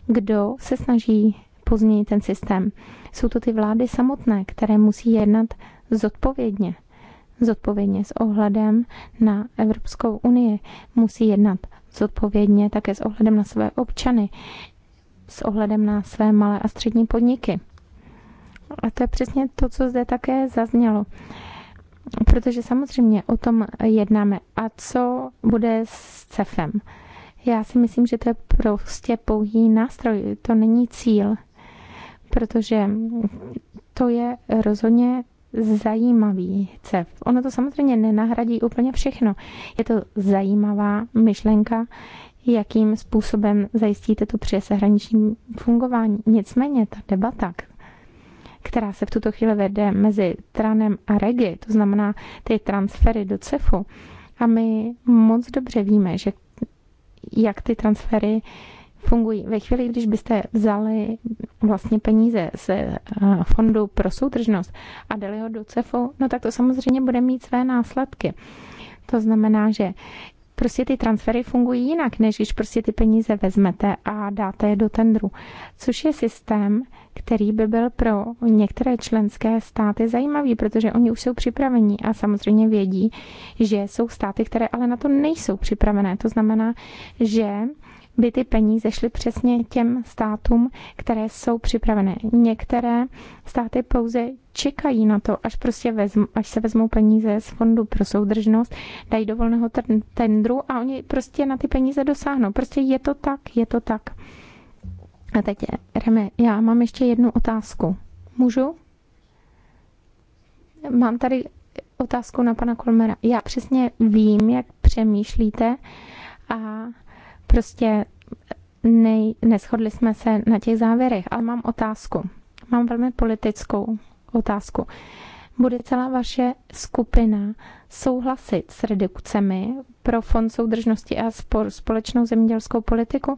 [SPEAKER 3] kdo se snaží pozměnit ten systém. Jsou to ty vlády samotné, které musí jednat zodpovědně zodpovědně s ohledem na Evropskou unii. Musí jednat zodpovědně také s ohledem na své občany, s ohledem na své malé a střední podniky. A to je přesně to, co zde také zaznělo. Protože samozřejmě o tom jednáme. A co bude s CEFem? Já si myslím, že to je prostě pouhý nástroj, to není cíl, protože to je rozhodně zajímavý CEF. Ono to samozřejmě nenahradí úplně všechno. Je to zajímavá myšlenka, jakým způsobem zajistíte to přeshraniční fungování. Nicméně ta debata, která se v tuto chvíli vede mezi Tranem a Regi, to znamená ty transfery do CEFu, a my moc dobře víme, že jak ty transfery fungují. Ve chvíli, když byste vzali vlastně peníze z eh, fondu pro soudržnost a dali ho do CEFu, no tak to samozřejmě bude mít své následky. To znamená, že prostě ty transfery fungují jinak, než když prostě ty peníze vezmete a dáte je do tendru. Což je systém, který by byl pro některé členské státy zajímavý, protože oni už jsou připraveni a samozřejmě vědí, že jsou státy, které ale na to nejsou připravené. To znamená, že by ty peníze šly přesně těm státům, které jsou připravené. Některé státy pouze čekají na to, až, prostě vezm, až se vezmou peníze z fondu pro soudržnost, dají do volného tendru a oni prostě na ty peníze dosáhnou. Prostě je to tak, je to tak. A teď, Reme, já mám ještě jednu otázku. Můžu? Mám tady otázku na pana Kolmera. Já přesně vím, jak přemýšlíte a Prostě ne, neschodli jsme se na těch závěrech, ale mám otázku. Mám velmi politickou otázku. Bude celá vaše skupina souhlasit s redukcemi pro Fond soudržnosti a společnou zemědělskou politiku?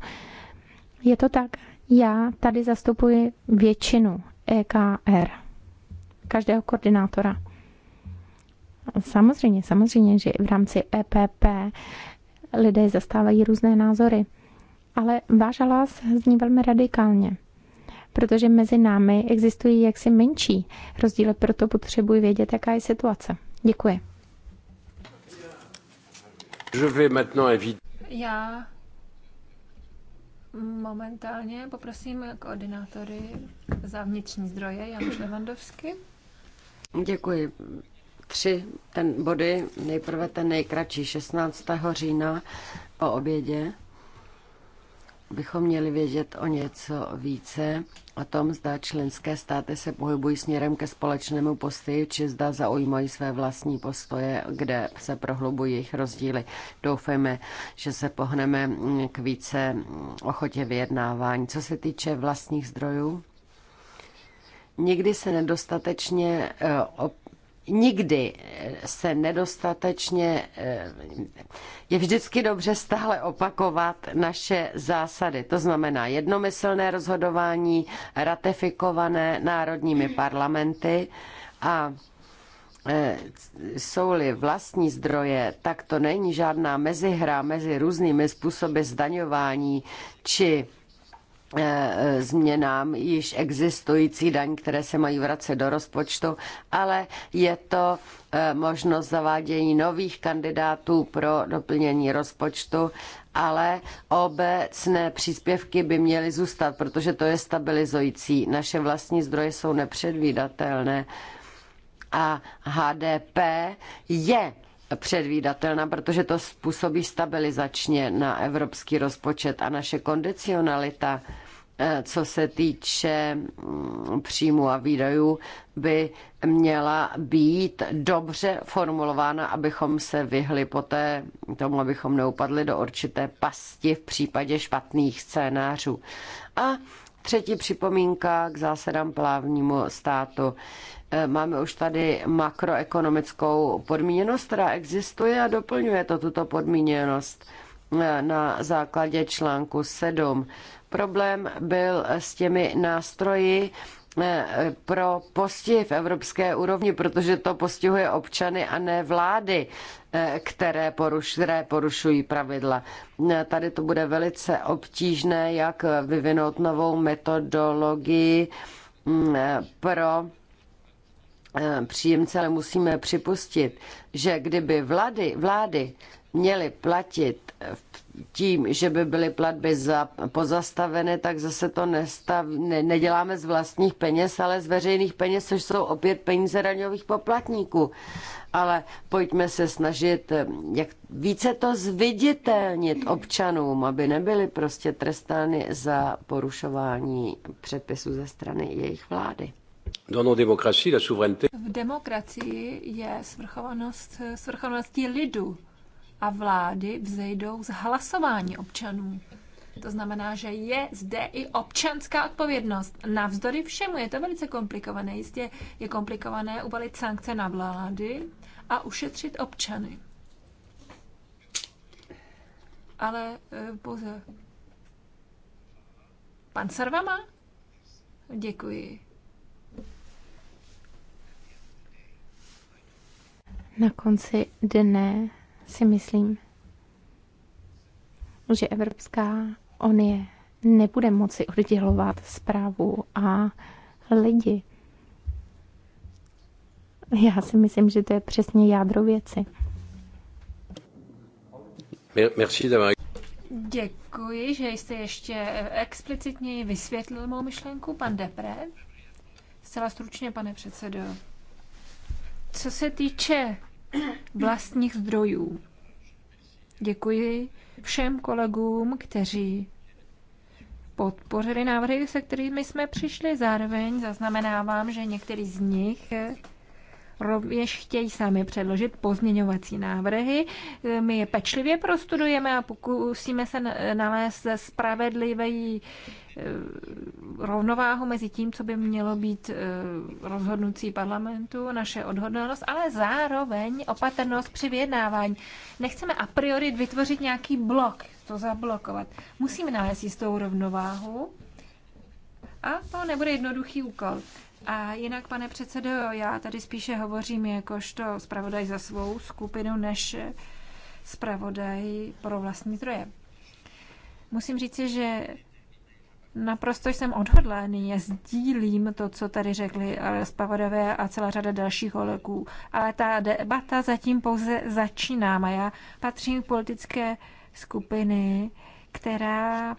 [SPEAKER 3] Je to tak? Já tady zastupuji většinu EKR, každého koordinátora. Samozřejmě, samozřejmě, že v rámci EPP lidé zastávají různé názory. Ale váš hlas zní velmi radikálně, protože mezi námi existují jaksi menší rozdíly, proto potřebuji vědět, jaká je situace. Děkuji.
[SPEAKER 2] Já momentálně poprosím koordinátory za vnitřní zdroje Jan Levandovsky.
[SPEAKER 1] Děkuji, tři ten body, nejprve ten nejkratší 16. října po obědě, bychom měli vědět o něco více o tom, zda členské státy se pohybují směrem ke společnému postoji, či zda zaujímají své vlastní postoje, kde se prohlubují jejich rozdíly. Doufejme, že se pohneme k více ochotě vyjednávání. Co se týče vlastních zdrojů, nikdy se nedostatečně eh, nikdy eh, se nedostatečně, eh, je vždycky dobře stále opakovat naše zásady. To znamená jednomyslné rozhodování, ratifikované národními parlamenty a eh, jsou-li vlastní zdroje, tak to není žádná mezihra mezi různými způsoby zdaňování či Eh, eh, změnám již existující daň, které se mají vracet do rozpočtu, ale je to eh, možnost zavádění nových kandidátů pro doplnění rozpočtu, ale obecné příspěvky by měly zůstat, protože to je stabilizující. Naše vlastní zdroje jsou nepředvídatelné a HDP je předvídatelná, protože to způsobí stabilizačně na evropský rozpočet a naše kondicionalita Eh, co se týče mm, příjmu a výdajů, by měla být dobře formulována, abychom se vyhli poté tomu, abychom neupadli do určité pasti v případě špatných scénářů. A třetí připomínka k zásadám plávnímu státu. Eh, máme už tady makroekonomickou podmíněnost, která existuje a doplňuje to tuto podmíněnost eh, na základě článku 7 Problém byl s těmi nástroji, eh, pro postih v evropské úrovni, protože to postihuje občany a ne vlády, eh, které, poruš, které porušují pravidla. Eh, tady to bude velice obtížné, jak vyvinout novou metodologii mm, pro příjemce, ale musíme připustit, že kdyby vlády, vlády měly platit v tím, že by byly platby za, pozastaveny, tak zase to nestav, ne, neděláme z vlastních peněz, ale z veřejných peněz, což jsou opět peníze daňových poplatníků. Ale pojďme se snažit eh, jak více to zviditelnit občanům, aby nebyli prostě trestány za porušování předpisů ze strany jejich vlády.
[SPEAKER 2] V demokracii je svrchovanost, svrchovaností lidu a vlády vzejdou z hlasování občanů. To znamená, že je zde i občanská odpovědnost. Navzdory všemu je to velice komplikované. Jistě je komplikované uvalit sankce na vlády a ušetřit občany. Ale eh, pouze. Pan Sarvama? Děkuji.
[SPEAKER 3] Na konci dne si myslím, že Evropská unie nebude moci oddělovat zprávu a lidi. Já si myslím, že to je přesně jádro věci.
[SPEAKER 4] Merci
[SPEAKER 2] Děkuji, že jste ještě explicitněji vysvětlil mou myšlenku, pan Depre. Zcela stručně, pane předsedo. Co se týče vlastních zdrojů. Děkuji všem kolegům, kteří podpořili návrhy, se kterými jsme přišli. Zároveň zaznamenávám, že některý z nich rovněž chtějí sami předložit pozměňovací návrhy. My je pečlivě prostudujeme a pokusíme se nalézt spravedlivý eh, rovnováhu mezi tím, co by mělo být eh, rozhodnutí parlamentu, naše odhodlanost, ale zároveň opatrnost při vyjednávání. Nechceme a priori vytvořit nějaký blok, to zablokovat. Musíme nalézt jistou rovnováhu a to nebude jednoduchý úkol. A jinak, pane předsedo, já tady spíše hovořím jakožto zpravodaj za svou skupinu, než zpravodaj pro vlastní troje. Musím říci, že Naprosto jsem odhodlaný, já sdílím to, co tady řekli eh, zpravodavé a celá řada dalších kolegů, ale ta debata zatím pouze začíná a já patřím k politické skupiny, která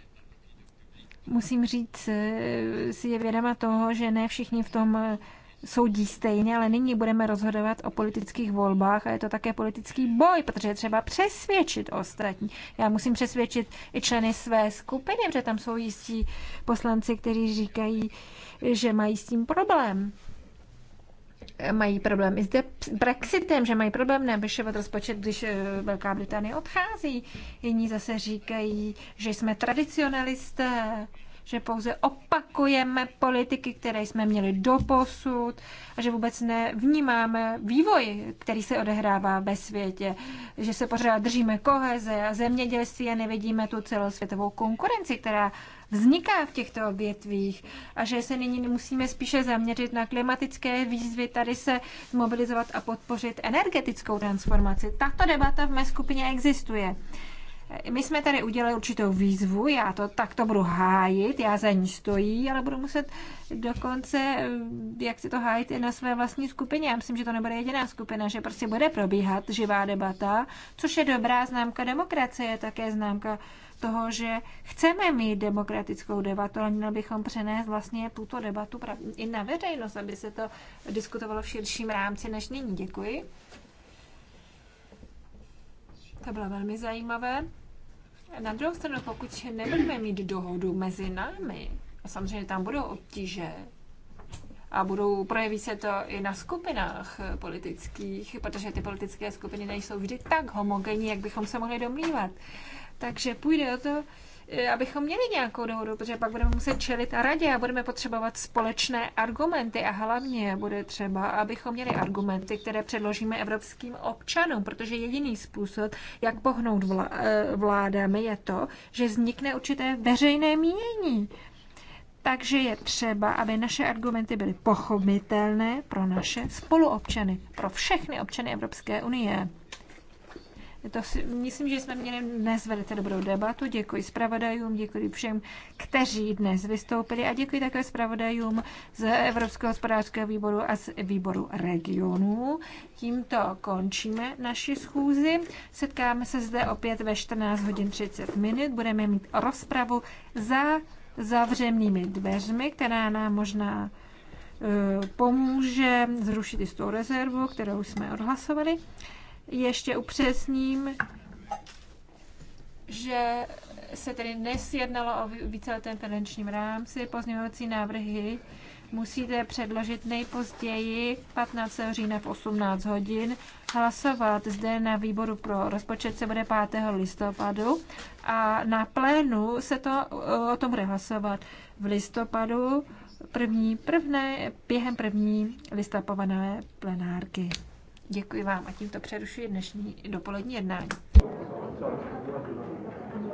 [SPEAKER 2] musím říct, eh, si je vědoma toho, že ne všichni v tom eh, soudí stejně, ale nyní budeme rozhodovat o politických volbách a je to také politický boj, protože je třeba přesvědčit ostatní. Já musím přesvědčit i členy své skupiny, protože tam jsou jistí poslanci, kteří říkají, že mají s tím problém mají problém i s Brexitem, že mají problém navyšovat rozpočet, když eh, Velká Británie odchází. Jiní zase říkají, že jsme tradicionalisté, že pouze opakujeme politiky, které jsme měli do posud a že vůbec nevnímáme vývoj, který se odehrává ve světě, že se pořád držíme koheze a zemědělství a nevidíme tu celosvětovou konkurenci, která vzniká v těchto obětvích a že se nyní musíme spíše zaměřit na klimatické výzvy, tady se mobilizovat a podpořit energetickou transformaci. Tato debata v mé skupině existuje. My jsme tady udělali určitou výzvu, já to takto budu hájit, já za ní stojí, ale budu muset dokonce, jak si to hájit i na své vlastní skupině. Já myslím, že to nebude jediná skupina, že prostě bude probíhat živá debata, což je dobrá známka demokracie, také známka toho, že chceme mít demokratickou debatu, ale měli bychom přenést vlastně tuto debatu i na veřejnost, aby se to diskutovalo v širším rámci než nyní. Děkuji. To bylo velmi zajímavé. Na druhou stranu, pokud nebudeme mít dohodu mezi námi, a samozřejmě tam budou obtíže, a budou, projeví se to i na skupinách politických, protože ty politické skupiny nejsou vždy tak homogenní, jak bychom se mohli domnívat. Takže půjde o to, e, abychom měli nějakou dohodu, protože pak budeme muset čelit a radě a budeme potřebovat společné argumenty a hlavně bude třeba, abychom měli argumenty, které předložíme evropským občanům, protože jediný způsob, jak pohnout e, vládami, je to, že vznikne určité veřejné mínění. Takže je třeba, aby naše argumenty byly pochopitelné pro naše spoluobčany, pro všechny občany Evropské unie. To si, myslím, že jsme měli dnes velice dobrou debatu. Děkuji zpravodajům, děkuji všem, kteří dnes vystoupili a děkuji také zpravodajům z Evropského hospodářského výboru a z výboru regionů. Tímto končíme naši schůzi. Setkáme se zde opět ve 14 hodin 30 minut. Budeme mít rozpravu za zavřenými dveřmi, která nám možná eh, pomůže zrušit jistou rezervu, kterou jsme odhlasovali ještě upřesním, že se tedy nesjednalo o víceletém finančním rámci. Pozměňovací návrhy musíte předložit nejpozději 15. října v 18 hodin. Hlasovat zde na výboru pro rozpočet se bude 5. listopadu a na plénu se to, o tom bude hlasovat v listopadu první, prvné, během první listopadové plenárky. Děkuji vám a tímto přerušuji dnešní dopolední jednání.